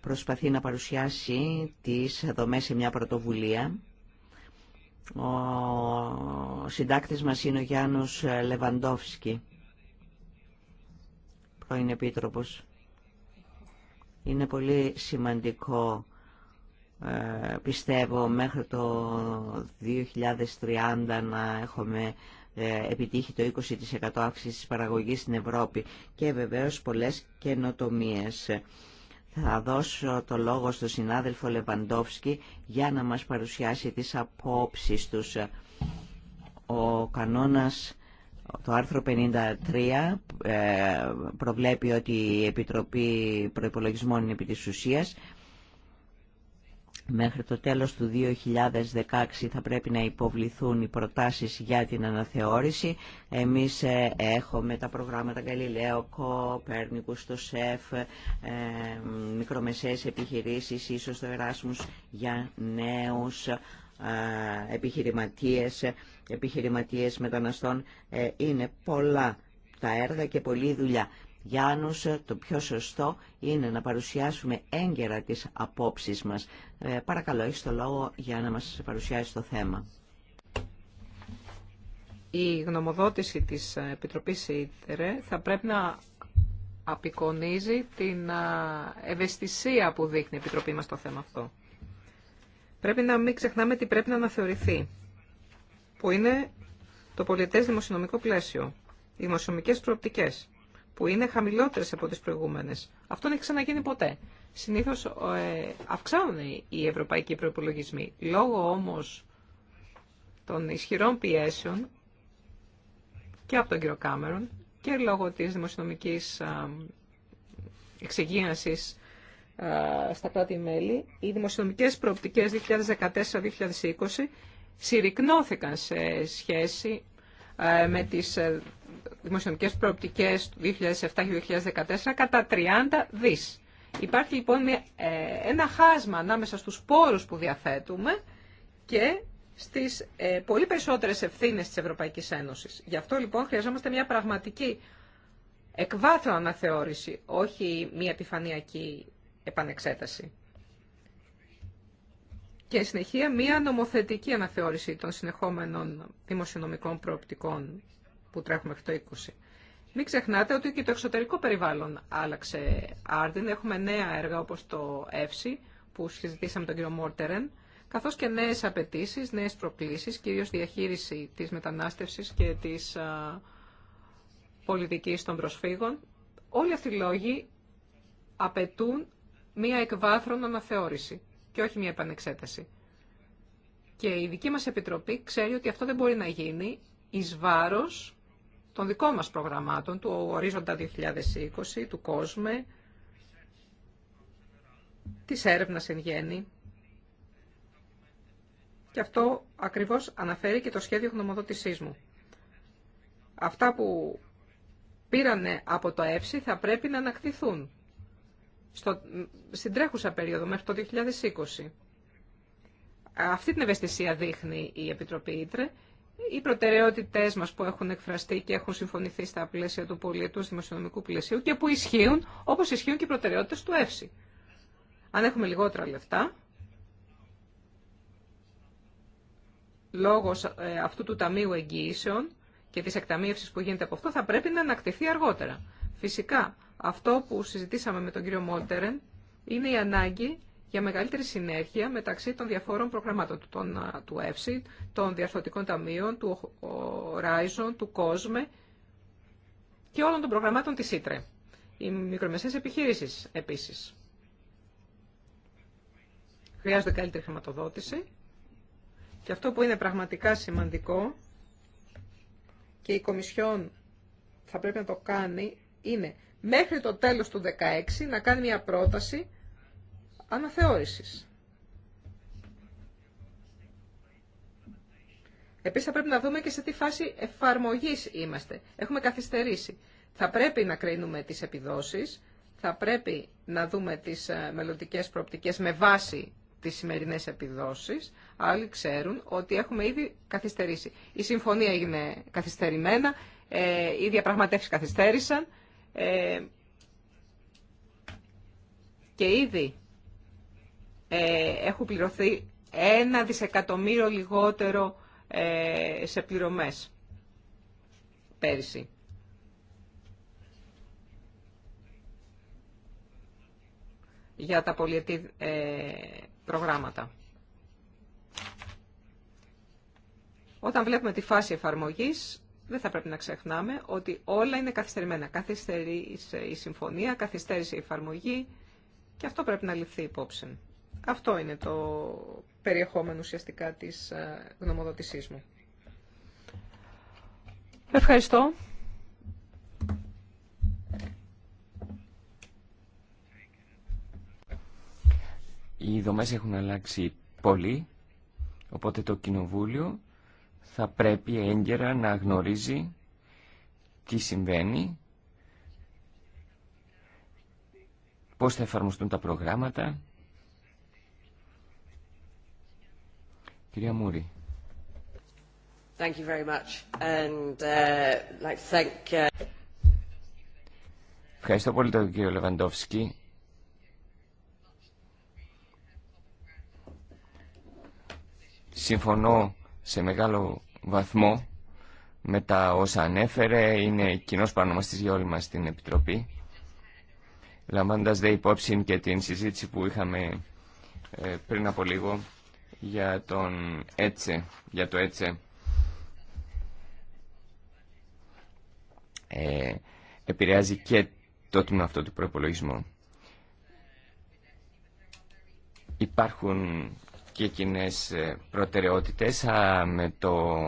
προσπαθεί να παρουσιάσει τις δομές σε μια πρωτοβουλία. Ο συντάκτης μας είναι ο Γιάννος Λεβαντόφσκι, πρώην Επίτροπος. Είναι πολύ σημαντικό, ε, πιστεύω, μέχρι το 2030 να έχουμε ε, επιτύχει το 20% αύξηση της παραγωγής στην Ευρώπη και βεβαίως πολλές καινοτομίες. Θα δώσω το λόγο στον συνάδελφο Λεβαντόφσκι για να μας παρουσιάσει τις απόψεις τους. Ο κανόνας, το άρθρο 53 ε, προβλέπει ότι η Επιτροπή Προϋπολογισμών είναι επί της ουσίας. Μέχρι το τέλος του 2016 θα πρέπει να υποβληθούν οι προτάσεις για την αναθεώρηση. Εμείς ε, έχουμε τα προγράμματα Γαλιλαίο, Πέρνικου στο ΣΕΦ, ε, μικρομεσαίες επιχειρήσεις, ίσως το Εράσμους για νέους ε, επιχειρηματίες, επιχειρηματίες μεταναστών. Είναι πολλά τα έργα και πολλή δουλειά. Γιάννους, το πιο σωστό είναι να παρουσιάσουμε έγκαιρα τις απόψεις μας. Ε, παρακαλώ, έχεις το λόγο για να μας παρουσιάσει το θέμα. Η γνωμοδότηση της Επιτροπής Ιτερε θα πρέπει να απεικονίζει την ευαισθησία που δείχνει η Επιτροπή μας στο θέμα αυτό. Πρέπει να μην ξεχνάμε τι πρέπει να αναθεωρηθεί, που είναι το πολιτές δημοσιονομικό πλαίσιο, οι δημοσιονομικές προοπτικές που είναι χαμηλότερες από τις προηγούμενες. Αυτό δεν έχει ξαναγίνει ποτέ. Συνήθως ε, αυξάνουν οι ευρωπαϊκοί προπολογισμοί. Λόγω όμως των ισχυρών πιέσεων και από τον κύριο Κάμερον και λόγω της δημοσιονομικής εξυγίανσης στα κράτη-μέλη, οι δημοσιονομικές προοπτικές 2014-2020 συρρυκνώθηκαν σε σχέση με τις ε, δημοσιονομικές προοπτικές του 2007-2014 κατά 30 δις. Υπάρχει λοιπόν ε, ένα χάσμα ανάμεσα στους πόρους που διαθέτουμε και στις ε, πολύ περισσότερες ευθύνες της Ευρωπαϊκής Ένωσης. Γι' αυτό λοιπόν χρειαζόμαστε μια πραγματική εκβάθρο αναθεώρηση, όχι μια επιφανειακή επανεξέταση. Και συνεχεία μια νομοθετική αναθεώρηση των συνεχόμενων δημοσιονομικών προοπτικών που τρέχουμε μέχρι το 20. Μην ξεχνάτε ότι και το εξωτερικό περιβάλλον άλλαξε άρδιν. Έχουμε νέα έργα όπως το ΕΦΣΙ που συζητήσαμε τον κύριο Μόρτερεν, καθώς και νέες απαιτήσεις, νέες προκλήσεις, κυρίως διαχείριση της μετανάστευσης και της α, πολιτικής των προσφύγων. Όλοι αυτοί οι λόγοι απαιτούν μία εκβάθρον αναθεώρηση και όχι μία επανεξέταση. Και η δική μας Επιτροπή ξέρει ότι αυτό δεν μπορεί να γίνει εις των δικών μας προγραμμάτων, του Ορίζοντα 2020, του Κόσμε, της έρευνας εν γέννη. Και αυτό ακριβώς αναφέρει και το σχέδιο γνωμοδότησής μου. Αυτά που πήρανε από το ΕΦΣΥ θα πρέπει να ανακτηθούν στο, στην τρέχουσα περίοδο μέχρι το 2020. Αυτή την ευαισθησία δείχνει η Επιτροπή Ήτρε οι προτεραιότητές μας που έχουν εκφραστεί και έχουν συμφωνηθεί στα πλαίσια του πολιετού δημοσιονομικού πλαισίου και που ισχύουν όπως ισχύουν και οι προτεραιότητε του ΕΦΣΥ. Αν έχουμε λιγότερα λεφτά, λόγω ε, αυτού του Ταμείου Εγγυήσεων και τη εκταμείευση που γίνεται από αυτό, θα πρέπει να ανακτηθεί αργότερα. Φυσικά, αυτό που συζητήσαμε με τον κύριο Μόντερεν είναι η ανάγκη για μεγαλύτερη συνέχεια μεταξύ των διαφόρων προγραμμάτων του ΕΦΣΙ, των διαρθωτικών ταμείων, του Horizon, του COSME και όλων των προγραμμάτων της ΉΤΡΕ. Οι μικρομεσαίες επιχειρήσεις επίσης. Χρειάζονται καλύτερη χρηματοδότηση και αυτό που είναι πραγματικά σημαντικό και η Κομισιόν θα πρέπει να το κάνει είναι μέχρι το τέλος του 2016 να κάνει μια πρόταση αναθεώρησης. Επίσης θα πρέπει να δούμε και σε τι φάση εφαρμογής είμαστε. Έχουμε καθυστερήσει. Θα πρέπει να κρίνουμε τις επιδόσεις, θα πρέπει να δούμε τις ε, μελλοντικές προοπτικές με βάση τις σημερινές επιδόσεις. Άλλοι ξέρουν ότι έχουμε ήδη καθυστερήσει. Η συμφωνία έγινε καθυστερημένα, ε, οι διαπραγματεύσεις καθυστέρησαν ε, και ήδη ε, έχουν πληρωθεί ένα δισεκατομμύριο λιγότερο ε, σε πληρωμές πέρυσι. για τα πολιετή ε, προγράμματα. Όταν βλέπουμε τη φάση εφαρμογής, δεν θα πρέπει να ξεχνάμε ότι όλα είναι καθυστερημένα. Καθυστερεί η συμφωνία, καθυστέρησε η εφαρμογή και αυτό πρέπει να ληφθεί υπόψη. Αυτό είναι το περιεχόμενο ουσιαστικά της ε, γνωμοδότησής μου. Ευχαριστώ. Οι δομές έχουν αλλάξει πολύ, οπότε το Κοινοβούλιο θα πρέπει έγκαιρα να γνωρίζει τι συμβαίνει, πώς θα εφαρμοστούν τα προγράμματα Κυρία Μούρη. Uh, uh, Ευχαριστώ πολύ τον κύριο Λεβαντόφσκι. Συμφωνώ σε μεγάλο βαθμό με τα όσα ανέφερε. Είναι κοινός πάνω για όλη μας την Επιτροπή. Λαμβάνοντας δε υπόψη και την συζήτηση που είχαμε ε, πριν από λίγο για, τον έτσι, για το έτσε. Ε, επηρεάζει και το τμήμα αυτό του προπολογισμού. Υπάρχουν και κοινέ ε, προτεραιότητες με το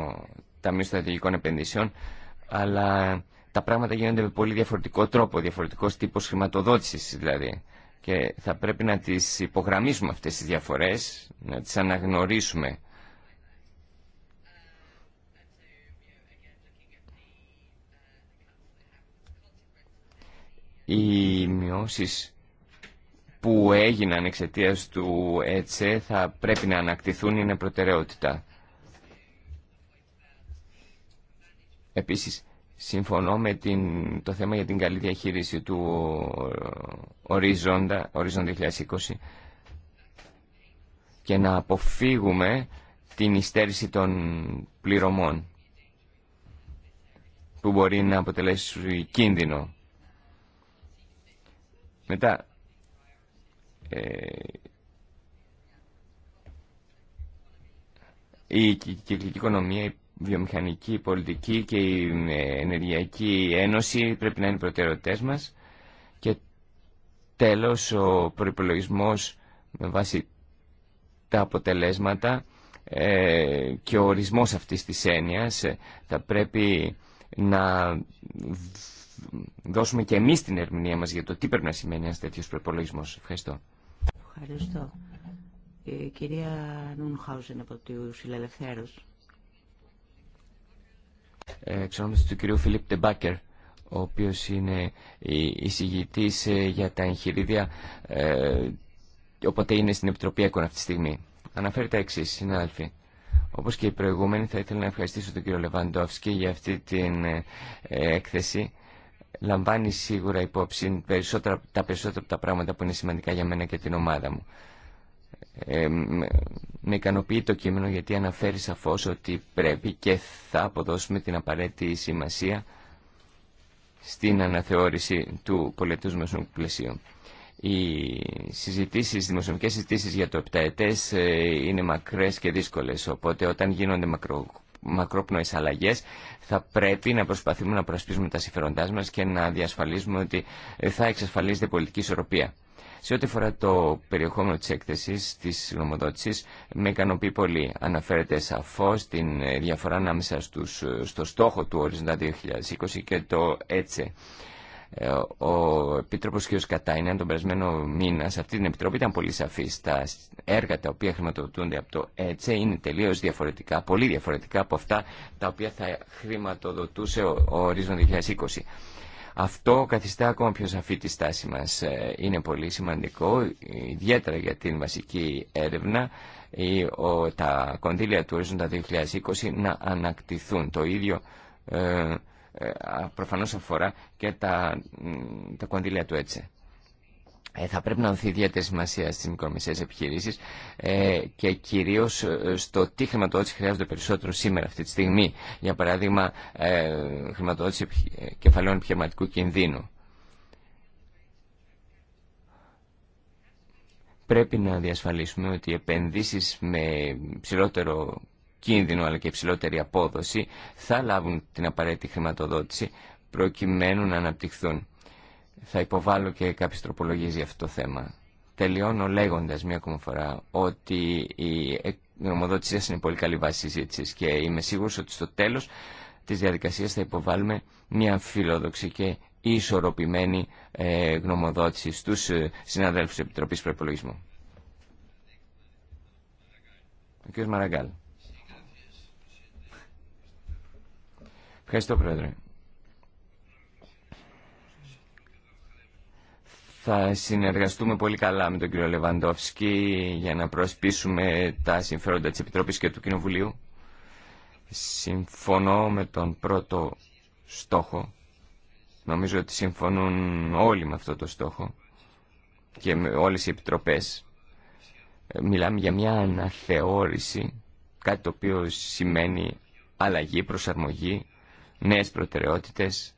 Ταμείο Στρατηγικών Επενδύσεων, αλλά τα πράγματα γίνονται με πολύ διαφορετικό τρόπο, διαφορετικό τύπο χρηματοδότηση, δηλαδή και θα πρέπει να τις υπογραμμίσουμε αυτές τις διαφορές, να τις αναγνωρίσουμε. Οι μειώσεις που έγιναν εξαιτία του ΕΤΣΕ θα πρέπει να ανακτηθούν, είναι προτεραιότητα. Επίσης, συμφωνώ με την, το θέμα για την καλή διαχείριση του ε, ορίζοντα, ορίζοντα 2020 και να αποφύγουμε την υστέρηση των πληρωμών που μπορεί να αποτελέσει κίνδυνο. Μετά, ε, η κυκλική οικονομία, βιομηχανική πολιτική και η ε, ενεργειακή ένωση πρέπει να είναι προτεραιότητές μας και τέλος ο προπολογισμό με βάση τα αποτελέσματα ε, και ο ορισμός αυτής της έννοιας ε, θα πρέπει να δώσουμε και εμείς την ερμηνεία μας για το τι πρέπει να σημαίνει ένας τέτοιος προπολογισμό. Ευχαριστώ. Ευχαριστώ. Η κυρία Νουνχάουζεν από του Φιλελευθέρου εξ του κυρίου Φιλίπ Τεμπάκερ, ο οποίος είναι εισηγητής ε, για τα εγχειρίδια, ε, οπότε είναι στην Επιτροπή Έκων αυτή τη στιγμή. Αναφέρει τα εξή, συνάδελφοι. Όπως και οι προηγούμενοι, θα ήθελα να ευχαριστήσω τον κύριο Λεβαντόφσκι για αυτή την ε, έκθεση. Λαμβάνει σίγουρα υπόψη τα περισσότερα από τα πράγματα που είναι σημαντικά για μένα και την ομάδα μου ε, με ικανοποιεί το κείμενο γιατί αναφέρει σαφώς ότι πρέπει και θα αποδώσουμε την απαραίτητη σημασία στην αναθεώρηση του πολιτού δημοσιονομικού πλαισίου. Οι συζητήσεις, δημοσιονομικές συζητήσεις για το επταετές ε, είναι μακρές και δύσκολες, οπότε όταν γίνονται μακρο, μακρόπνοες αλλαγές θα πρέπει να προσπαθούμε να προσπίσουμε τα συμφέροντά μας και να διασφαλίσουμε ότι θα εξασφαλίζεται πολιτική ισορροπία. Σε ό,τι αφορά το περιεχόμενο της έκθεσης, της γνωμοδότησης, με ικανοποιεί πολύ. Αναφέρεται σαφώς την ε, διαφορά ανάμεσα στους, ε, στο στόχο του ορίζοντα 2020 και το έτσε. Ο Επίτροπος κ. Κατάινεν τον περασμένο μήνα σε αυτή την Επιτροπή ήταν πολύ σαφή. Τα έργα τα οποία χρηματοδοτούνται από το ΕΤΣΕ είναι τελείω διαφορετικά, πολύ διαφορετικά από αυτά τα οποία θα χρηματοδοτούσε ο Οριζόντα 2020. Αυτό καθιστά ακόμα πιο σαφή τη στάση μας. Ε, είναι πολύ σημαντικό, ιδιαίτερα για την βασική έρευνα, τα κονδύλια του ορίζοντα 2020 να ανακτηθούν. Το ίδιο ε, ε, προφανώς αφορά και τα, τα κονδύλια του έτσε. Ε, θα πρέπει να δοθεί ιδιαίτερη σημασία στι μικρομεσαίε επιχειρήσει ε, και κυρίω ε, στο τι χρηματοδότηση χρειάζονται περισσότερο σήμερα, αυτή τη στιγμή. Για παράδειγμα, χρηματοδότηση κεφαλαίων επιχειρηματικού κινδύνου. Πρέπει να διασφαλίσουμε ότι οι επενδύσεις με ψηλότερο κίνδυνο αλλά και υψηλότερη απόδοση θα λάβουν την απαραίτητη χρηματοδότηση προκειμένου να αναπτυχθούν θα υποβάλω και κάποιες τροπολογίες για αυτό το θέμα. Τελειώνω λέγοντας μία ακόμα φορά ότι η νομοδότησία είναι πολύ καλή βάση συζήτηση και είμαι σίγουρος ότι στο τέλος της διαδικασίας θα υποβάλουμε μία φιλόδοξη και ισορροπημένη ε, γνωμοδότηση στους ε, συναδέλφους της Επιτροπής Προϋπολογισμού. Ο κ. Μαραγκάλ. Ευχαριστώ, Πρόεδρε. Θα συνεργαστούμε πολύ καλά με τον κύριο Λεβαντόφσκι για να προσπίσουμε τα συμφέροντα της Επιτροπής και του Κοινοβουλίου. Συμφωνώ με τον πρώτο στόχο. Νομίζω ότι συμφωνούν όλοι με αυτό το στόχο και με όλες οι επιτροπές. Μιλάμε για μια αναθεώρηση, κάτι το οποίο σημαίνει αλλαγή, προσαρμογή, νέες προτεραιότητες,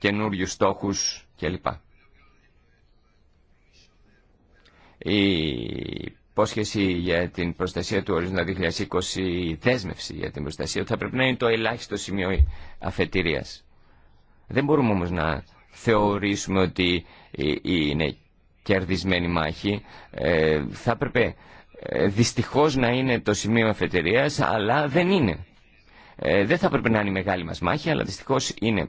καινούριου στόχου κλπ. Η υπόσχεση για την προστασία του ορίζοντα 2020, η δέσμευση για την προστασία, θα πρέπει να είναι το ελάχιστο σημείο αφετηρίας. Δεν μπορούμε όμως να θεωρήσουμε ότι είναι κερδισμένη μάχη. Ε, θα έπρεπε ε, δυστυχώς να είναι το σημείο αφετηρίας, αλλά δεν είναι. Ε, δεν θα έπρεπε να είναι η μεγάλη μα μάχη, αλλά δυστυχώ είναι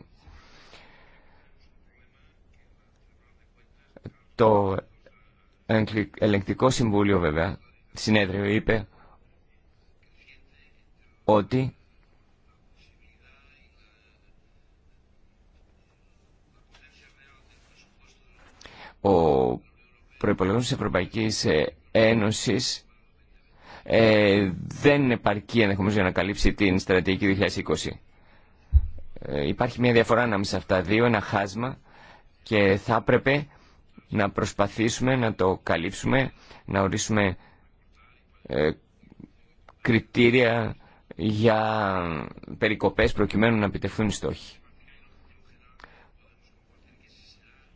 Το ελεγκτικό συμβούλιο βέβαια, συνέδριο, είπε ότι ο προϋπολογισμός της Ευρωπαϊκής Ένωσης ε, δεν επαρκεί ενδεχομένω για να καλύψει την στρατηγική 2020. Ε, υπάρχει μια διαφορά ανάμεσα αυτά δύο, ένα χάσμα και θα έπρεπε να προσπαθήσουμε να το καλύψουμε, να ορίσουμε ε, κριτήρια για περικοπές προκειμένου να επιτευχθούν οι στόχοι.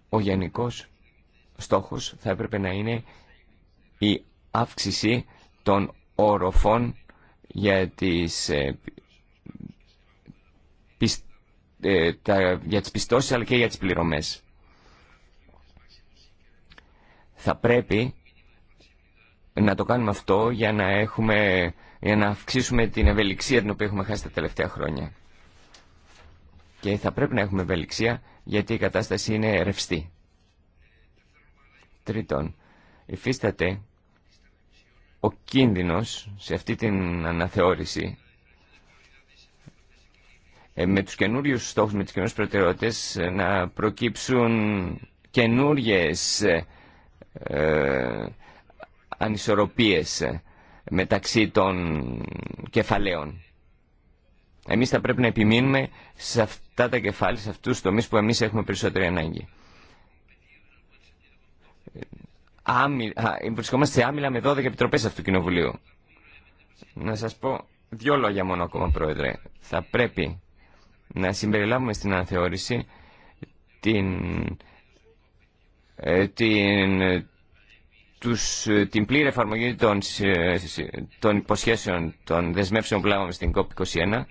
Ο γενικός στόχος θα έπρεπε να είναι η αύξηση των οροφών για τις, ε, ε για τις πιστώσεις αλλά και για τις πληρωμές. Θα πρέπει να το κάνουμε αυτό για να, έχουμε, για να αυξήσουμε την ευελιξία την οποία έχουμε χάσει τα τελευταία χρόνια. Και θα πρέπει να έχουμε ευελιξία γιατί η κατάσταση είναι ρευστή. Τρίτον, υφίσταται ο κίνδυνος σε αυτή την αναθεώρηση ε, με τους καινούριους στόχους, με τις καινούριες προτεραιότητες να προκύψουν καινούριες ε, ε, ανισορροπίες ε, μεταξύ των κεφαλαίων. Εμείς θα πρέπει να επιμείνουμε σε αυτά τα κεφάλαια, σε αυτούς τους τομείς που εμείς έχουμε περισσότερη ανάγκη. Άμι, βρισκόμαστε σε άμυλα με 12 επιτροπές αυτού του Κοινοβουλίου. Να σας πω δύο λόγια μόνο ακόμα, Πρόεδρε. Θα πρέπει να συμπεριλάβουμε στην αναθεώρηση την ε, την, τους, την πλήρη εφαρμογή των, ε, των υποσχέσεων των δεσμεύσεων που λάβαμε στην COP21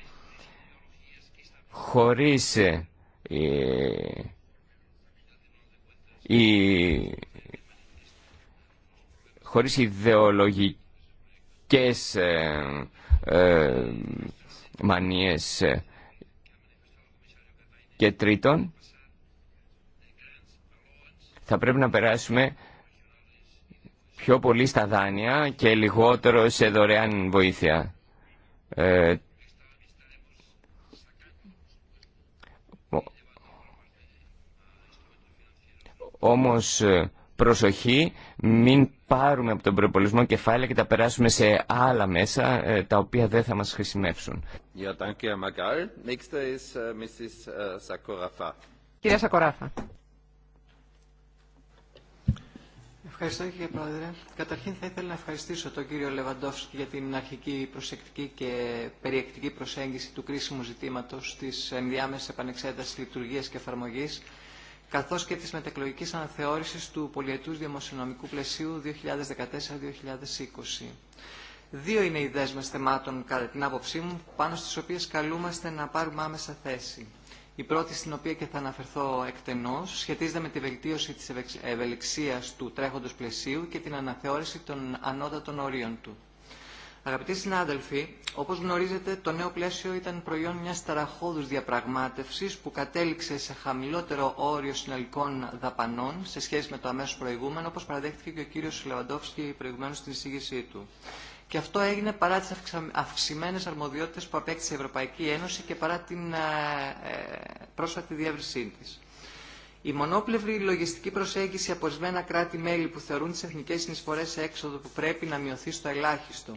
χωρίς ε, ε, η, χωρίς ιδεολογικές μανίες και τρίτον θα πρέπει να περάσουμε πιο πολύ στα δάνεια και λιγότερο σε δωρεάν βοήθεια. Ε, όμως ε, προσοχή, μην πάρουμε από τον προπολισμό κεφάλαια και τα περάσουμε σε άλλα μέσα ε, τα οποία δεν θα μας χρησιμεύσουν. Äh, äh, Κυρία Σακοράφα. Ευχαριστώ κύριε Πρόεδρε. Καταρχήν θα ήθελα να ευχαριστήσω τον κύριο Λεβαντόφσκι για την αρχική προσεκτική και περιεκτική προσέγγιση του κρίσιμου ζητήματος της ενδιάμεσης επανεξέτασης λειτουργίας και εφαρμογής καθώς και της μετακλογική αναθεώρησης του πολιετούς δημοσιονομικού πλαισίου 2014-2020. Δύο είναι οι δέσμες θεμάτων, κατά την άποψή μου, πάνω στις οποίες καλούμαστε να πάρουμε άμεσα θέση. Η πρώτη, στην οποία και θα αναφερθώ εκτενώς, σχετίζεται με τη βελτίωση της ευελιξίας του τρέχοντος πλαισίου και την αναθεώρηση των ανώτατων ορίων του. Αγαπητοί συνάδελφοι, όπως γνωρίζετε, το νέο πλαίσιο ήταν προϊόν μιας ταραχώδους διαπραγμάτευσης που κατέληξε σε χαμηλότερο όριο συνολικών δαπανών σε σχέση με το αμέσως προηγούμενο, όπως παραδέχτηκε και ο κύριος Λεβαντόφσκι προηγουμένως στην εισήγησή του. Και αυτό έγινε παρά τις αυξημένε αρμοδιότητες που απέκτησε η Ευρωπαϊκή Ένωση και παρά την ε, ε, πρόσφατη διεύρυνσή τη. Η μονόπλευρη λογιστική προσέγγιση από ορισμένα κράτη-μέλη που θεωρούν τι εθνικέ συνεισφορέ έξοδο που πρέπει να μειωθεί στο ελάχιστο.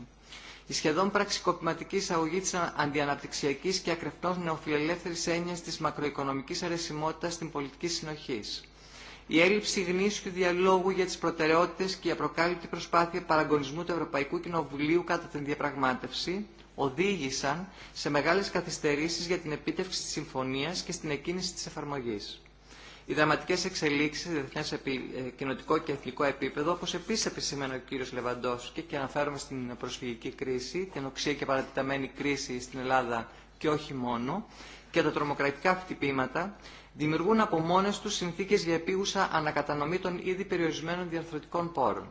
Η σχεδόν πραξικοπηματική εισαγωγή τη αντιαναπτυξιακή και ακρεπτών νεοφιλελεύθερη έννοια τη μακροοικονομική αρεσιμότητα στην πολιτική συνοχή. Η έλλειψη γνήσιου διαλόγου για τι προτεραιότητε και η απροκάλυπτη προσπάθεια παραγωνισμού του Ευρωπαϊκού Κοινοβουλίου κατά την διαπραγμάτευση οδήγησαν σε μεγάλε καθυστερήσει για την επίτευξη τη συμφωνία και στην εκκίνηση τη εφαρμογή. Οι δραματικέ εξελίξει σε διεθνέ ε, κοινοτικό και εθνικό επίπεδο, όπω επίση επισήμανε ο κύριο Λεβαντόφσκι και αναφέρομαι στην προσφυγική κρίση, την οξία και παρατηταμένη κρίση στην Ελλάδα και όχι μόνο, και τα τρομοκρατικά χτυπήματα, δημιουργούν από μόνε του συνθήκε για επίγουσα ανακατανομή των ήδη περιορισμένων διαρθρωτικών πόρων.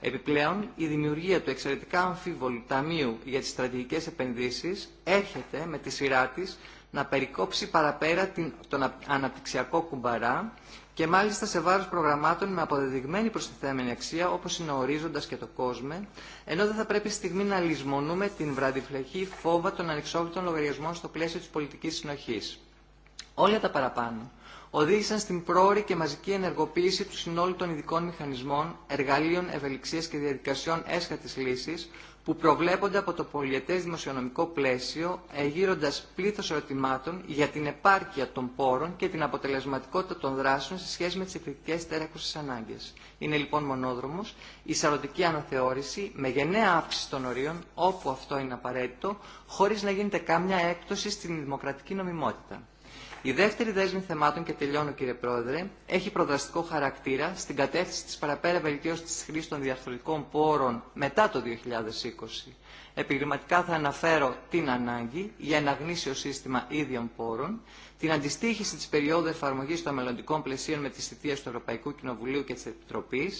Επιπλέον, η δημιουργία του εξαιρετικά αμφίβολου Ταμείου για τι Στρατηγικέ Επενδύσει έρχεται με τη σειρά τη να περικόψει παραπέρα τον αναπτυξιακό κουμπαρά και μάλιστα σε βάρος προγραμμάτων με αποδεδειγμένη προστιθέμενη αξία όπως είναι ο ορίζοντας και το κόσμο, ενώ δεν θα πρέπει στιγμή να λησμονούμε την βραδιφλεχή φόβα των ανεξόφλητων λογαριασμών στο πλαίσιο της πολιτικής συνοχής. Όλα τα παραπάνω οδήγησαν στην πρόορη και μαζική ενεργοποίηση του συνόλου των ειδικών μηχανισμών, εργαλείων ευελιξίας και διαδικασιών έσχατης λύσης που προβλέπονται από το πολιετές δημοσιονομικό πλαίσιο, εγείροντας πλήθος ερωτημάτων για την επάρκεια των πόρων και την αποτελεσματικότητα των δράσεων σε σχέση με τις εκρηκτικές τέρακουσε ανάγκες. Είναι λοιπόν μονόδρομος η σαρωτική αναθεώρηση με γενναία αύξηση των ορίων, όπου αυτό είναι απαραίτητο, χωρίς να γίνεται κάμια έκπτωση στην δημοκρατική νομιμότητα. Η δεύτερη δέσμη θεμάτων, και τελειώνω κύριε Πρόεδρε, έχει προδραστικό χαρακτήρα στην κατεύθυνση τη παραπέρα βελτίωση τη χρήση των διαρθρωτικών πόρων μετά το 2020. Επιγραμματικά θα αναφέρω την ανάγκη για ένα γνήσιο σύστημα ίδιων πόρων, την αντιστοίχηση τη περίοδου εφαρμογή των μελλοντικών πλαισίων με τι θητείε του Ευρωπαϊκού Κοινοβουλίου και τη Επιτροπή,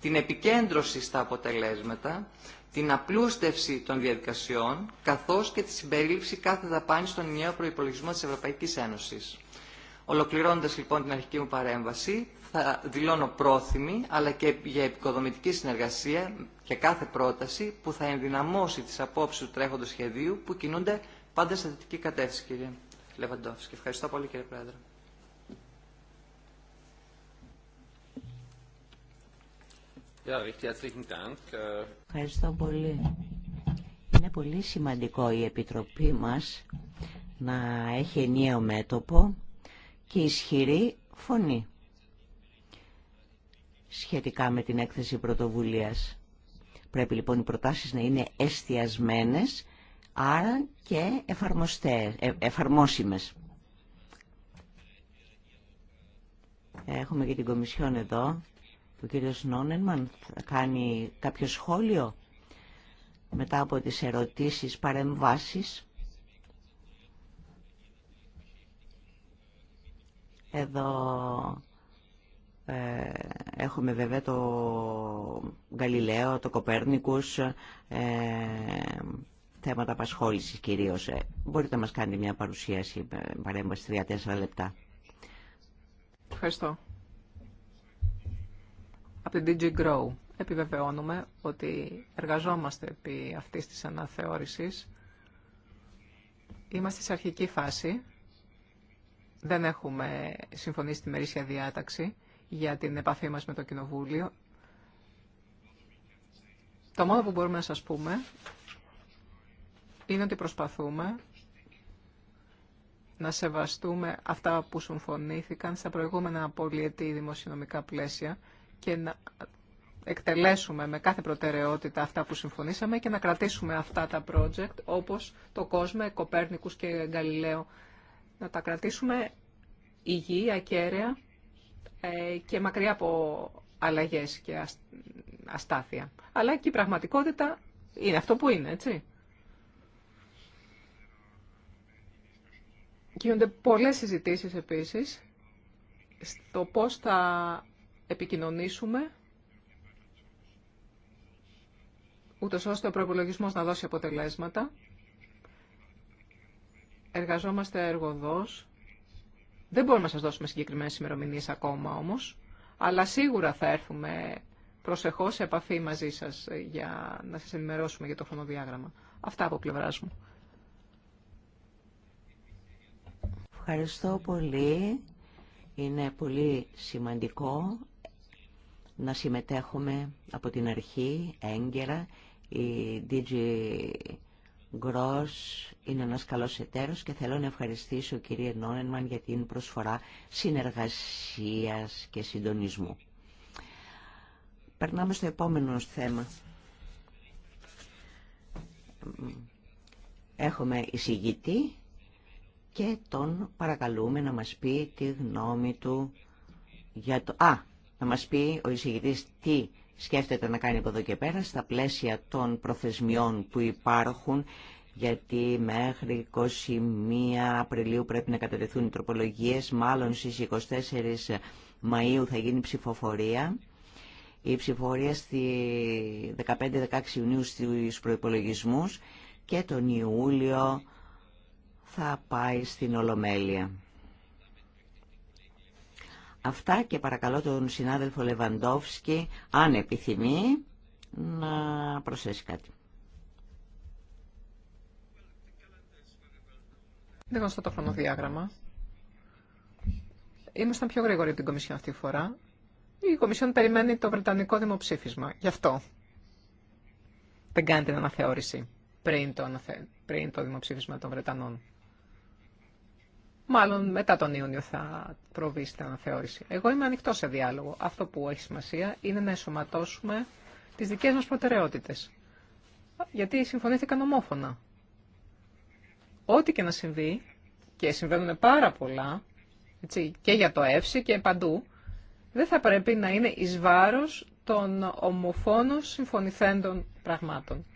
την επικέντρωση στα αποτελέσματα, την απλούστευση των διαδικασιών, καθώς και τη συμπερίληψη κάθε δαπάνη στον ενιαίο προϋπολογισμό της Ευρωπαϊκής Ένωσης. Ολοκληρώνοντας λοιπόν την αρχική μου παρέμβαση, θα δηλώνω πρόθυμη, αλλά και για επικοδομητική συνεργασία και κάθε πρόταση που θα ενδυναμώσει τις απόψεις του τρέχοντος σχεδίου που κινούνται πάντα σε θετική κατεύθυνση, κύριε Λεβαντόφσκη. Ευχαριστώ πολύ, κύριε Πρόεδρε. Äh, Ευχαριστώ πολύ. Είναι πολύ σημαντικό η Επιτροπή μας να έχει ενίο μέτωπο και ισχυρή φωνή σχετικά με την έκθεση πρωτοβουλίας. Πρέπει λοιπόν οι προτάσεις να είναι εστιασμένες, άρα και εφαρμοστέ, ε, εφαρμόσιμες. Έχουμε και την Κομισιόν εδώ ο κύριος Νόνενμαν θα κάνει κάποιο σχόλιο μετά από τις ερωτήσεις, παρεμβάσεις. Εδώ ε, έχουμε βέβαια το Γαλιλαίο, το Κοπέρνικους, ε, θέματα απασχόλησης κυρίως. Ε, μπορείτε να μας κάνετε μια παρουσίαση, ε, παρέμβαση 3-4 λεπτά. Ευχαριστώ από την DG Grow. Επιβεβαιώνουμε ότι εργαζόμαστε επί αυτής της αναθεώρησης. Είμαστε σε αρχική φάση. Δεν έχουμε συμφωνήσει τη μερίσια διάταξη για την επαφή μας με το Κοινοβούλιο. Το μόνο που μπορούμε να σας πούμε είναι ότι προσπαθούμε να σεβαστούμε αυτά που συμφωνήθηκαν στα προηγούμενα πολιετή δημοσιονομικά πλαίσια και να εκτελέσουμε με κάθε προτεραιότητα αυτά που συμφωνήσαμε και να κρατήσουμε αυτά τα project όπως το κόσμο, Κοπέρνικους και Γαλιλαίο. Να τα κρατήσουμε υγιή, ακέραια ε, και μακριά από αλλαγές και αστάθεια. Αλλά και η πραγματικότητα είναι αυτό που είναι, έτσι. Γίνονται πολλές συζητήσεις επίσης στο πώς θα επικοινωνήσουμε ούτως ώστε ο προϋπολογισμός να δώσει αποτελέσματα. Εργαζόμαστε εργοδός. Δεν μπορούμε να σας δώσουμε συγκεκριμένες ημερομηνίε ακόμα όμως, αλλά σίγουρα θα έρθουμε προσεχώς σε επαφή μαζί σας για να σας ενημερώσουμε για το χρονοδιάγραμμα. Αυτά από πλευράς μου. Ευχαριστώ πολύ. Είναι πολύ σημαντικό να συμμετέχουμε από την αρχή έγκαιρα. Η DG Gross είναι ένας καλός εταίρος και θέλω να ευχαριστήσω κύριε Νόενμαν για την προσφορά συνεργασίας και συντονισμού. Περνάμε στο επόμενο θέμα. Έχουμε εισηγητή και τον παρακαλούμε να μας πει τη γνώμη του για το... Α, να μας πει ο εισηγητής τι σκέφτεται να κάνει από εδώ και πέρα στα πλαίσια των προθεσμιών που υπάρχουν γιατί μέχρι 21 Απριλίου πρέπει να κατατεθούν οι τροπολογίες, μάλλον στις 24 Μαΐου θα γίνει ψηφοφορία. Η ψηφοφορία στη 15-16 Ιουνίου στους προϋπολογισμούς και τον Ιούλιο θα πάει στην Ολομέλεια. Αυτά και παρακαλώ τον συνάδελφο Λεβαντόφσκι, αν επιθυμεί, να προσθέσει κάτι. Δεν γνωστό το χρονοδιάγραμμα. Ήμασταν πιο γρήγοροι από την Κομισιόν αυτή τη φορά. Η Κομισιόν περιμένει το Βρετανικό δημοψήφισμα. Γι' αυτό δεν κάνει την αναθεώρηση πριν το, πριν το δημοψήφισμα των Βρετανών. Μάλλον μετά τον Ιούνιο θα προβεί στην αναθεώρηση. Εγώ είμαι ανοιχτό σε διάλογο. Αυτό που έχει σημασία είναι να εσωματώσουμε τι δικέ μα προτεραιότητε. Γιατί συμφωνήθηκαν ομόφωνα. Ό,τι και να συμβεί, και συμβαίνουν πάρα πολλά, έτσι, και για το ΕΦΣΙ και παντού, δεν θα πρέπει να είναι εις βάρος των ομοφώνων συμφωνηθέντων πραγμάτων.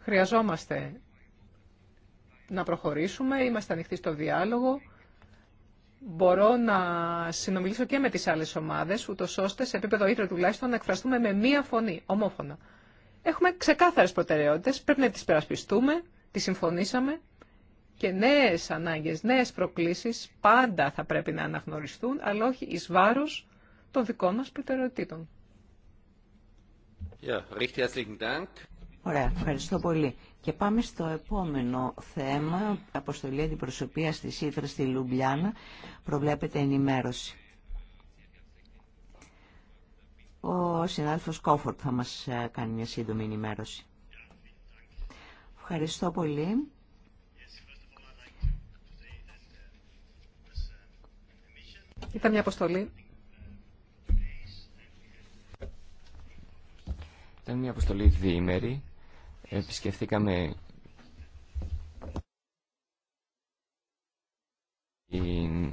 Χρειαζόμαστε να προχωρήσουμε, είμαστε ανοιχτοί στο διάλογο. Μπορώ να συνομιλήσω και με τις άλλες ομάδες, ούτω ώστε σε επίπεδο ίδρυ τουλάχιστον να εκφραστούμε με μία φωνή, ομόφωνα. Έχουμε ξεκάθαρες προτεραιότητες, πρέπει να τις περασπιστούμε, τις συμφωνήσαμε και νέες ανάγκες, νέες προκλήσεις πάντα θα πρέπει να αναγνωριστούν, αλλά όχι εις βάρος των δικών μας προτεραιοτήτων. Ωραία, ευχαριστώ πολύ. Και πάμε στο επόμενο θέμα, αποστολή αντιπροσωπεία στη Ήθρα στη Λουμπλιάνα. Προβλέπεται ενημέρωση. Ο συνάδελφος Κόφορτ θα μας ε, κάνει μια σύντομη ενημέρωση. Ευχαριστώ πολύ. Ήταν μια αποστολή. Ήταν μια αποστολή διήμερη επισκεφθήκαμε την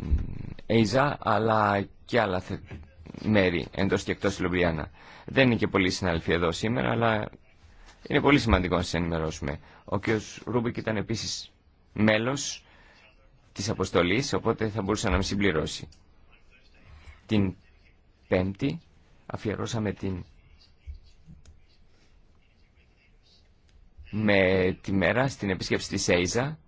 Αίζα αλλά και άλλα μέρη εντός και εκτός Λουμπλιάνα. Δεν είναι και πολύ συναλφοί εδώ σήμερα αλλά είναι πολύ σημαντικό να σας ενημερώσουμε. Ο κ. Ρούμπικ ήταν επίσης μέλος της αποστολής οπότε θα μπορούσε να με συμπληρώσει. Την Πέμπτη αφιερώσαμε την με τη μέρα στην επίσκεψη της ΕΙΖΑ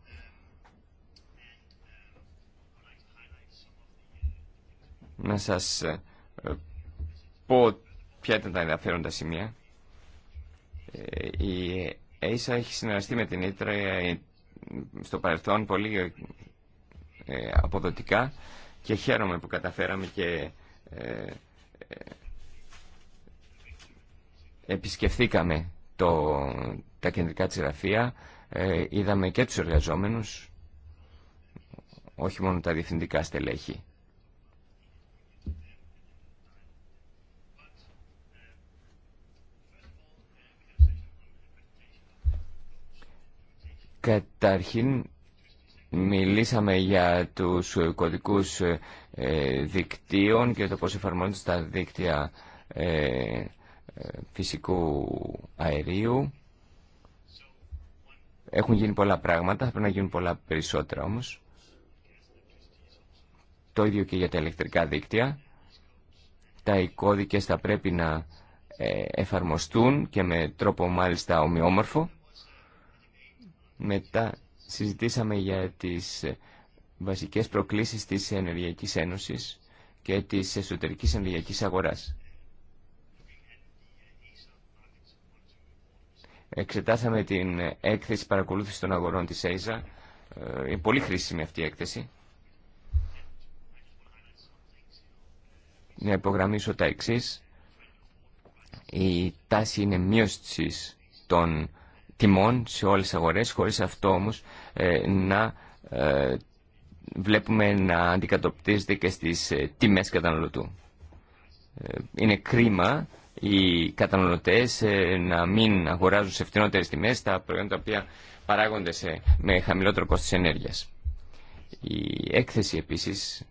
να σας ε, πω ποια ήταν τα ενδιαφέροντα σημεία. Ε, η ΕΙΣΑ έχει συνεργαστεί με την Ήτρα ε, στο παρελθόν πολύ αποδοτικά και χαίρομαι που καταφέραμε και επισκεφθήκαμε το, τα κεντρικά της γραφεία, ε, είδαμε και τους εργαζόμενους, όχι μόνο τα διευθυντικά στελέχη. Καταρχήν μιλήσαμε για τους κωδικούς ε, ε, δικτύων και το πώς εφαρμόζονται στα δίκτυα ε, φυσικού αερίου. Έχουν γίνει πολλά πράγματα, θα πρέπει να γίνουν πολλά περισσότερα όμως. Το ίδιο και για τα ηλεκτρικά δίκτυα. Τα εικόδικες θα πρέπει να ε, εφαρμοστούν και με τρόπο μάλιστα ομοιόμορφο. Μετά συζητήσαμε για τις ε, βασικές προκλήσεις της Ενεργειακής Ένωσης και της εσωτερικής ενεργειακής αγοράς. Εξετάσαμε την έκθεση παρακολούθηση των αγορών της ΕΙΖΑ. Ε, είναι πολύ χρήσιμη αυτή η έκθεση. Να υπογραμμίσω τα εξή. Η τάση είναι μείωση των τιμών σε όλες τις αγορές, χωρίς αυτό όμως ε, να ε, βλέπουμε να αντικατοπτρίζεται και στις τιμές καταναλωτού. Είναι κρίμα οι καταναλωτές ε, να μην αγοράζουν σε φτηνότερες τιμές τα προϊόντα τα οποία παράγονται σε, με χαμηλότερο κόστος ενέργειας. Η έκθεση επίσης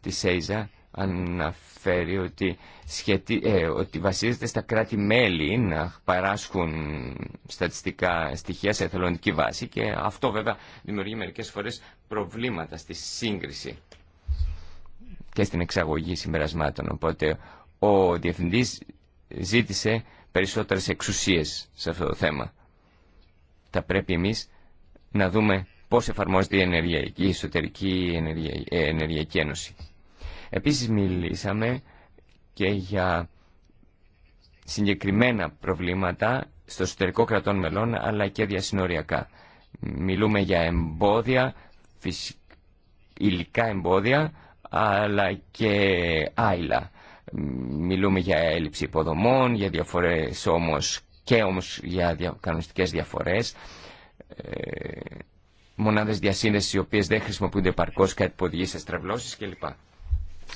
της ΣΕΙΖΑ αναφέρει ότι, σχετί, ε, ότι βασίζεται στα κράτη-μέλη να παράσχουν στατιστικά στοιχεία σε εθελοντική βάση και αυτό βέβαια δημιουργεί μερικές φορές προβλήματα στη σύγκριση και στην εξαγωγή συμπερασμάτων. Οπότε ο διευθυντής ζήτησε περισσότερες εξουσίες σε αυτό το θέμα. Θα πρέπει εμείς να δούμε πώς εφαρμόζεται η, ενεργειακή, η εσωτερική ε, ενεργειακή ένωση. Επίσης μιλήσαμε και για συγκεκριμένα προβλήματα στο εσωτερικό κρατών μελών αλλά και διασυνοριακά. Μιλούμε για εμπόδια, υλικά εμπόδια αλλά και άειλα Μιλούμε για έλλειψη υποδομών, για διαφορές όμως και όμως για δια, κανονιστικές διαφορές. Ε, μονάδες διασύνδεσης οι οποίες δεν χρησιμοποιούνται επαρκώς κάτι που οδηγεί σε στρεβλώσεις κλπ.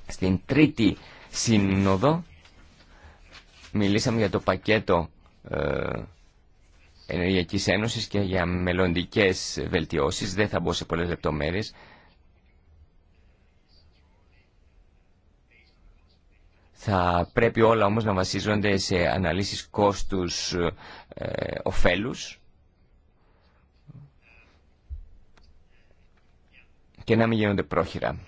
Στην τρίτη σύνοδο μιλήσαμε για το πακέτο ε, Ενεργειακής Ένωσης και για μελλοντικές βελτιώσεις. Δεν θα μπω σε πολλές λεπτομέρειες. Θα πρέπει όλα όμως να βασίζονται σε αναλύσεις κόστους κόστους-οφέλους ε, και να μην γίνονται πρόχειρα.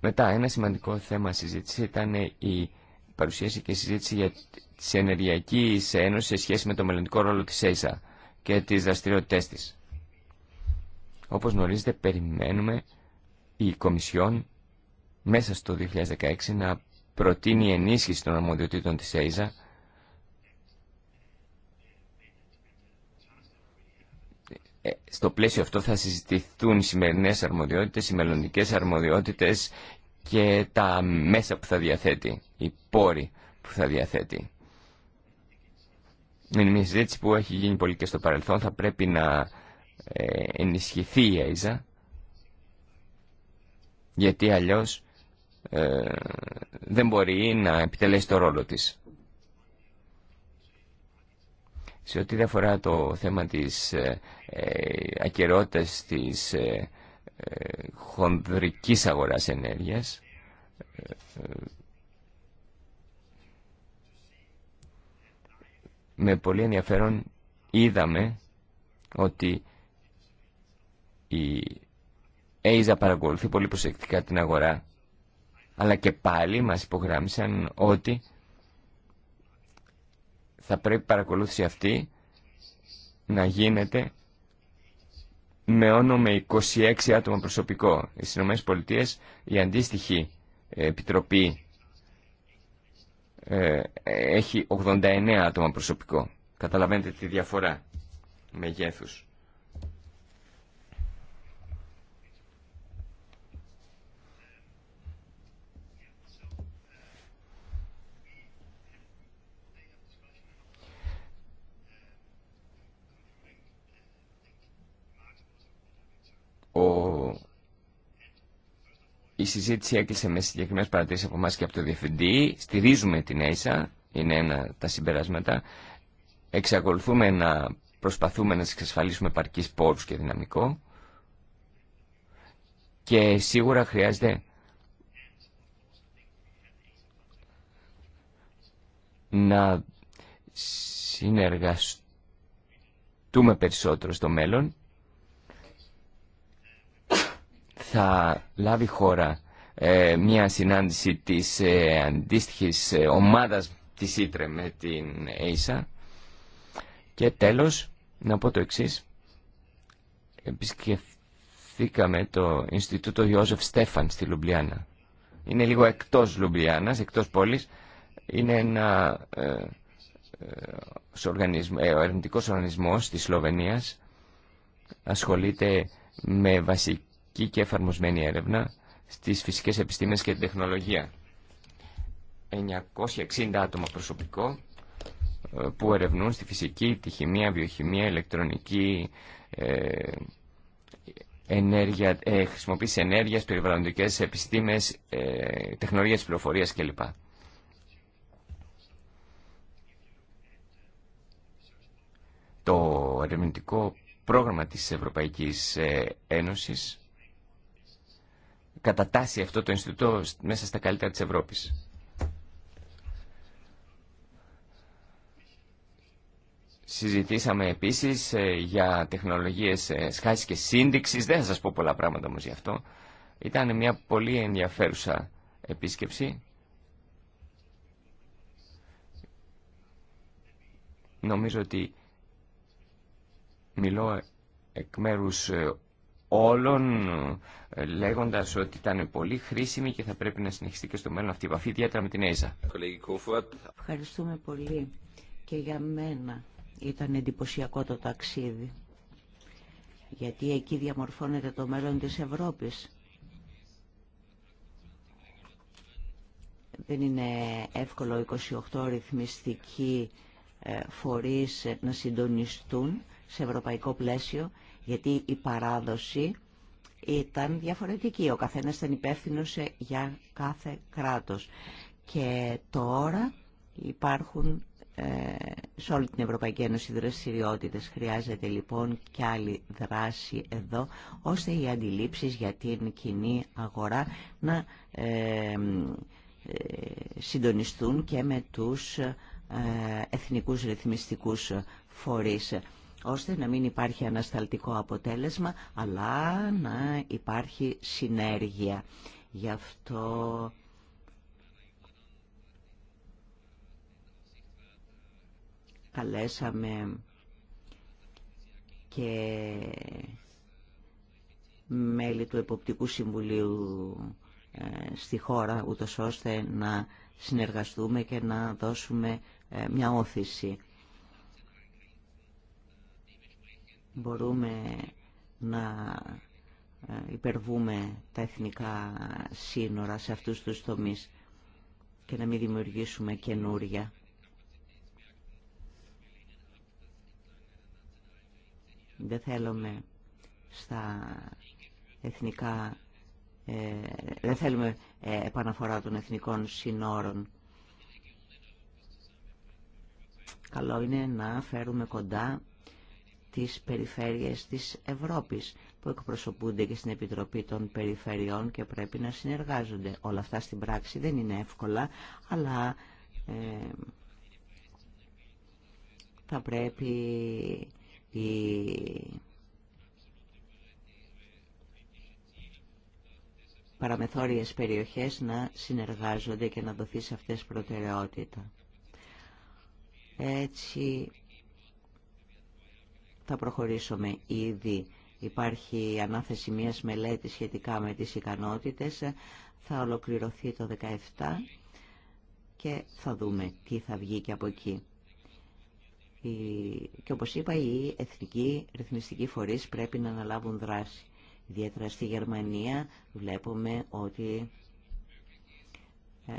Μετά, ένα σημαντικό θέμα συζήτηση ήταν η παρουσίαση και συζήτηση για τη ενεργειακή ένωση σε σχέση με το μελλοντικό ρόλο της ΕΙΣΑ και τις δραστηριότητές της. Όπως γνωρίζετε, περιμένουμε η Κομισιόν μέσα στο 2016 να προτείνει ενίσχυση των αρμοδιοτήτων της ΕΙΖΑ ε, στο πλαίσιο αυτό θα συζητηθούν οι σημερινές αρμοδιότητες, οι μελλοντικές αρμοδιότητες και τα μέσα που θα διαθέτει, οι πόροι που θα διαθέτει. Είναι μια συζήτηση που έχει γίνει πολύ και στο παρελθόν. Θα πρέπει να ε, ενισχυθεί η ΑΙΖΑ, γιατί αλλιώς ε, δεν μπορεί να επιτελέσει το ρόλο της. Σε ό,τι διαφορά το θέμα της ε, ε της ε, ε, χονδρικής αγοράς ενέργειας, ε, με πολύ ενδιαφέρον είδαμε ότι η ΕΙΖΑ παρακολουθεί πολύ προσεκτικά την αγορά αλλά και πάλι μας υπογράμμισαν ότι θα πρέπει η παρακολούθηση αυτή να γίνεται με όνομα 26 άτομα προσωπικό. Στις Ηνωμένες Πολιτείες η αντίστοιχη ε, επιτροπή ε, έχει 89 άτομα προσωπικό. Καταλαβαίνετε τη διαφορά μεγέθους. Η συζήτηση έκλεισε με συγκεκριμένε παρατηρήσει από εμά και από το Διευθυντή. Στηρίζουμε την ΕΙΣΑ, είναι ένα τα συμπεράσματα. Εξακολουθούμε να προσπαθούμε να εξασφαλίσουμε παρκή πόρου και δυναμικό. Και σίγουρα χρειάζεται να συνεργαστούμε περισσότερο στο μέλλον θα λάβει χώρα ε, μια συνάντηση της ε, αντίστοιχης ε, ομάδας της Ίτρε με την ΕΙΣΑ και τέλος να πω το εξής επισκεφθήκαμε το Ινστιτούτο Ιώζεφ Στέφαν στη Λουμπλιάνα είναι λίγο εκτός Λουμπλιάνας, εκτός πόλης είναι ένα ε, ε οργανισμ, ο ερευνητικός οργανισμός της Σλοβενίας ασχολείται με βασική και εφαρμοσμένη έρευνα στις φυσικές επιστήμες και την τεχνολογία. 960 άτομα προσωπικό ε, που ερευνούν στη φυσική, τη χημεία, βιοχημεία, ηλεκτρονική, ε, ενέργεια, ε, χρησιμοποίηση ενέργειας, περιβαλλοντικές επιστήμες, ε, τεχνολογία πληροφορίας κλπ. Το ερευνητικό πρόγραμμα της Ευρωπαϊκής ε, Ένωσης κατατάσσει αυτό το Ινστιτούτο μέσα στα καλύτερα της Ευρώπης. Συζητήσαμε επίσης ε, για τεχνολογίες ε, σχάσης και σύνδεξης. Δεν θα σας πω πολλά πράγματα όμως γι' αυτό. Ήταν μια πολύ ενδιαφέρουσα επίσκεψη. Νομίζω ότι μιλώ εκ μέρους ε, όλων ε, λέγοντα ότι ήταν πολύ χρήσιμη και θα πρέπει να συνεχιστεί και στο μέλλον αυτή η επαφή, ιδιαίτερα με την ΕΙΖΑ. Ευχαριστούμε πολύ και για μένα ήταν εντυπωσιακό το ταξίδι γιατί εκεί διαμορφώνεται το μέλλον της Ευρώπης. Δεν είναι εύκολο 28 ρυθμιστικοί ε, φορείς να συντονιστούν σε ευρωπαϊκό πλαίσιο γιατί η παράδοση ήταν διαφορετική. Ο καθένας ήταν υπεύθυνο για κάθε κράτος. Και τώρα υπάρχουν ε, σε όλη την Ευρωπαϊκή Ένωση δραστηριότητες. Χρειάζεται λοιπόν και άλλη δράση εδώ, ώστε οι αντιλήψεις για την κοινή αγορά να ε, ε, συντονιστούν και με τους εθνικούς ρυθμιστικούς φορείς ώστε να μην υπάρχει ανασταλτικό αποτέλεσμα, αλλά να υπάρχει συνέργεια. Γι' αυτό... Καλέσαμε και μέλη του Εποπτικού Συμβουλίου ε, στη χώρα, ούτως ώστε να συνεργαστούμε και να δώσουμε ε, μια όθηση. μπορούμε να ε, υπερβούμε τα εθνικά σύνορα σε αυτούς τους τομείς και να μην δημιουργήσουμε καινούρια. Δεν θέλουμε στα εθνικά ε, δεν θέλουμε ε, επαναφορά των εθνικών συνόρων. Καλό είναι να φέρουμε κοντά τις περιφέρειες της Ευρώπης που εκπροσωπούνται και στην Επιτροπή των Περιφερειών και πρέπει να συνεργάζονται. Όλα αυτά στην πράξη δεν είναι εύκολα, αλλά ε, θα πρέπει οι παραμεθόριες περιοχές να συνεργάζονται και να δοθεί σε αυτές προτεραιότητα. Έτσι θα προχωρήσουμε ήδη. Υπάρχει ανάθεση μιας μελέτης σχετικά με τις ικανότητες. Θα ολοκληρωθεί το 17 και θα δούμε τι θα βγει και από εκεί. Και όπως είπα, οι εθνικοί ρυθμιστικοί φορείς πρέπει να αναλάβουν δράση. Ιδιαίτερα στη Γερμανία βλέπουμε ότι ε,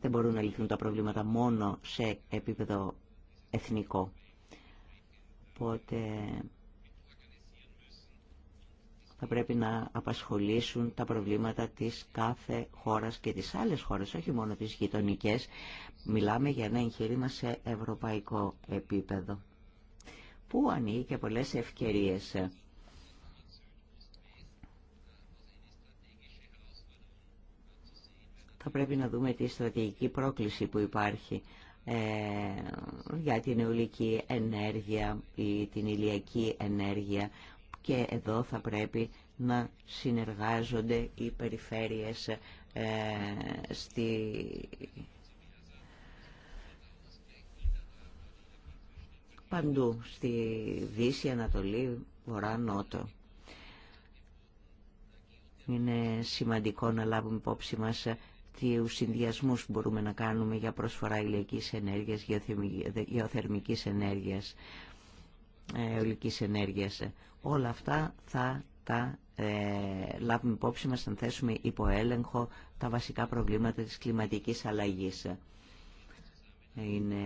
δεν μπορούν να λυθούν τα προβλήματα μόνο σε επίπεδο εθνικό. Οπότε θα πρέπει να απασχολήσουν τα προβλήματα της κάθε χώρας και της άλλες χώρες, όχι μόνο τις γειτονικέ. Μιλάμε για ένα εγχείρημα σε ευρωπαϊκό επίπεδο, που ανοίγει και πολλές ευκαιρίες. Θα πρέπει να δούμε τη στρατηγική πρόκληση που υπάρχει. Ε, για την αιωλική ενέργεια ή την ηλιακή ενέργεια και εδώ θα πρέπει να συνεργάζονται οι περιφέρειες ε, στη... παντού, στη Δύση, Ανατολή, Βορρά, Νότο. Είναι σημαντικό να λάβουμε υπόψη μας του συνδυασμού που μπορούμε να κάνουμε για προσφορά ηλιακής ενέργειας, γεωθερμικής ενέργειας, ολικής ε, ενέργειας. Όλα αυτά θα τα ε, λάβουμε υπόψη μας αν θέσουμε υπό έλεγχο τα βασικά προβλήματα της κλιματικής αλλαγής. Είναι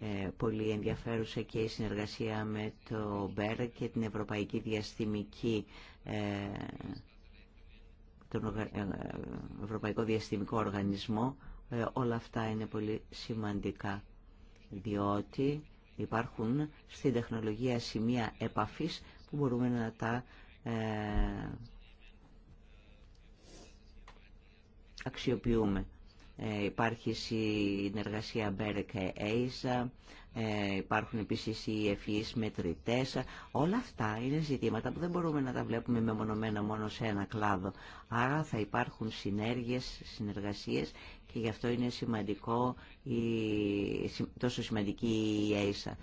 ε, πολύ ενδιαφέρουσα και η συνεργασία με το ΜΠΕΡ και την Ευρωπαϊκή Διαστημική ε, ε, Ευρωπαϊκό Διαστημικό Οργανισμό, ε, όλα αυτά είναι πολύ σημαντικά, διότι υπάρχουν στην τεχνολογία σημεία επαφής που μπορούμε να τα ε, αξιοποιούμε. Υπάρχει συνεργασία BEREC και ε, υπάρχουν επίσης οι ευφυείς μετρητές. Όλα αυτά είναι ζητήματα που δεν μπορούμε να τα βλέπουμε μεμονωμένα μόνο σε ένα κλάδο. Άρα θα υπάρχουν συνέργειες, συνεργασίες και γι' αυτό είναι σημαντικό η, τόσο σημαντική η ΑΕΣΑ.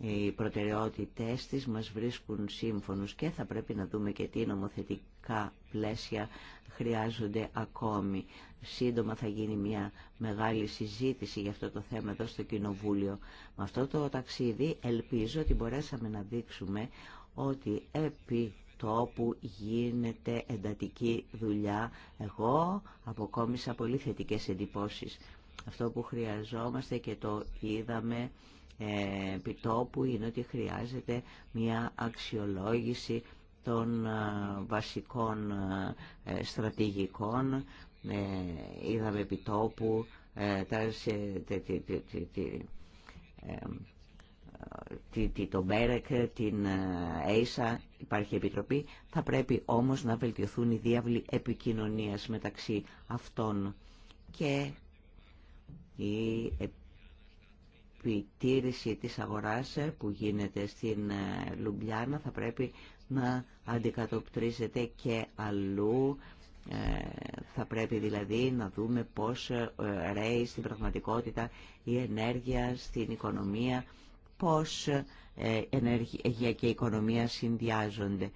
Οι προτεραιότητές της μας βρίσκουν σύμφωνους και θα πρέπει να δούμε και τι νομοθετικά πλαίσια χρειάζονται ακόμη. Σύντομα θα γίνει μια μεγάλη συζήτηση για αυτό το θέμα εδώ στο Κοινοβούλιο. Με αυτό το ταξίδι ελπίζω ότι μπορέσαμε να δείξουμε ότι επί τόπου γίνεται εντατική δουλειά. Εγώ αποκόμισα πολύ θετικές εντυπώσεις. Αυτό που χρειαζόμαστε και το είδαμε επιτόπου είναι ότι χρειάζεται μια αξιολόγηση των ε, βασικών ε, στρατηγικών. Ε, είδαμε επιτόπου το ΜΕΡΕΚ, την ΕΙΣΑ, υπάρχει επιτροπή. Θα πρέπει όμως να βελτιωθούν οι διάβλοι επικοινωνίας μεταξύ αυτών και η επιτήρηση της αγοράς ε, που γίνεται στην ε, Λουμπλιάνα θα πρέπει να αντικατοπτρίζεται και αλλού. Ε, θα πρέπει δηλαδή να δούμε πώς ρέει στην πραγματικότητα η ενέργεια στην οικονομία, πώς ενέργεια και οικονομία συνδυάζονται.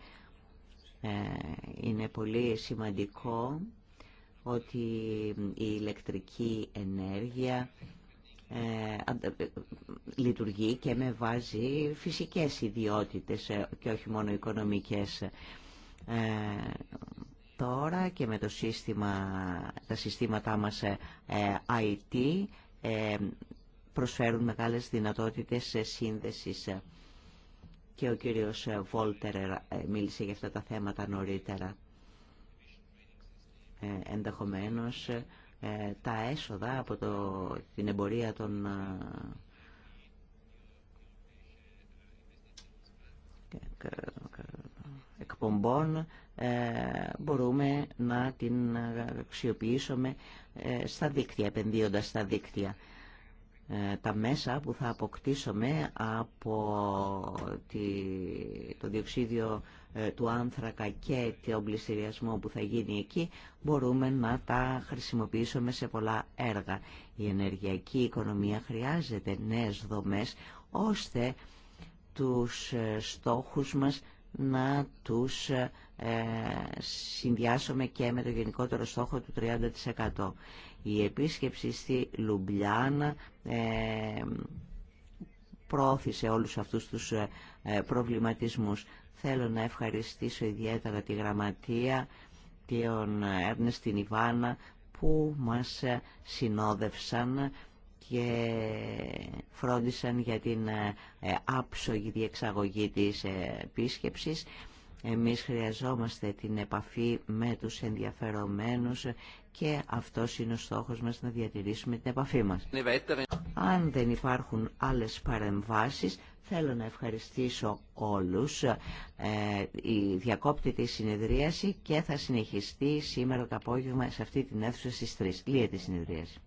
Είναι πολύ σημαντικό ότι η ηλεκτρική ενέργεια ε, ε, λειτουργεί και με βάζει φυσικές ιδιότητες ε, και όχι μόνο οικονομικές. Τώρα και με το σύστημα, τα συστήματά μας IT προσφέρουν μεγάλες δυνατότητες σύνδεσης και ο κύριος Βόλτερ μίλησε για αυτά τα θέματα νωρίτερα. Ε, ενδεχομένως ε, τα έσοδα από το, την εμπορία των ε, εκπομπών ε, μπορούμε να την αξιοποιήσουμε στα δίκτυα, επενδύοντας στα δίκτυα. Τα μέσα που θα αποκτήσουμε από το διοξίδιο ε, του άνθρακα και τον πληστηριασμό που θα γίνει εκεί μπορούμε να τα χρησιμοποιήσουμε σε πολλά έργα. Η ενεργειακή οικονομία χρειάζεται νέες δομές ώστε τους ε, στόχους μας να τους ε, συνδυάσουμε και με το γενικότερο στόχο του 30%. Η επίσκεψη στη Λουμπλιάνα προώθησε όλους αυτούς τους προβληματισμούς. Θέλω να ευχαριστήσω ιδιαίτερα τη Γραμματεία, τον Έρνες την Ιβάνα που μας συνόδευσαν και φρόντισαν για την ε, άψογη διεξαγωγή της επίσκεψης. Εμείς χρειαζόμαστε την επαφή με τους ενδιαφερομένους και αυτός είναι ο στόχος μας να διατηρήσουμε την επαφή μας. Αν δεν υπάρχουν άλλες παρεμβάσεις Θέλω να ευχαριστήσω όλους. Ε, η διακόπτη συνεδρίαση και θα συνεχιστεί σήμερα το απόγευμα σε αυτή την αίθουσα στις 3. Λύεται η συνεδρίαση.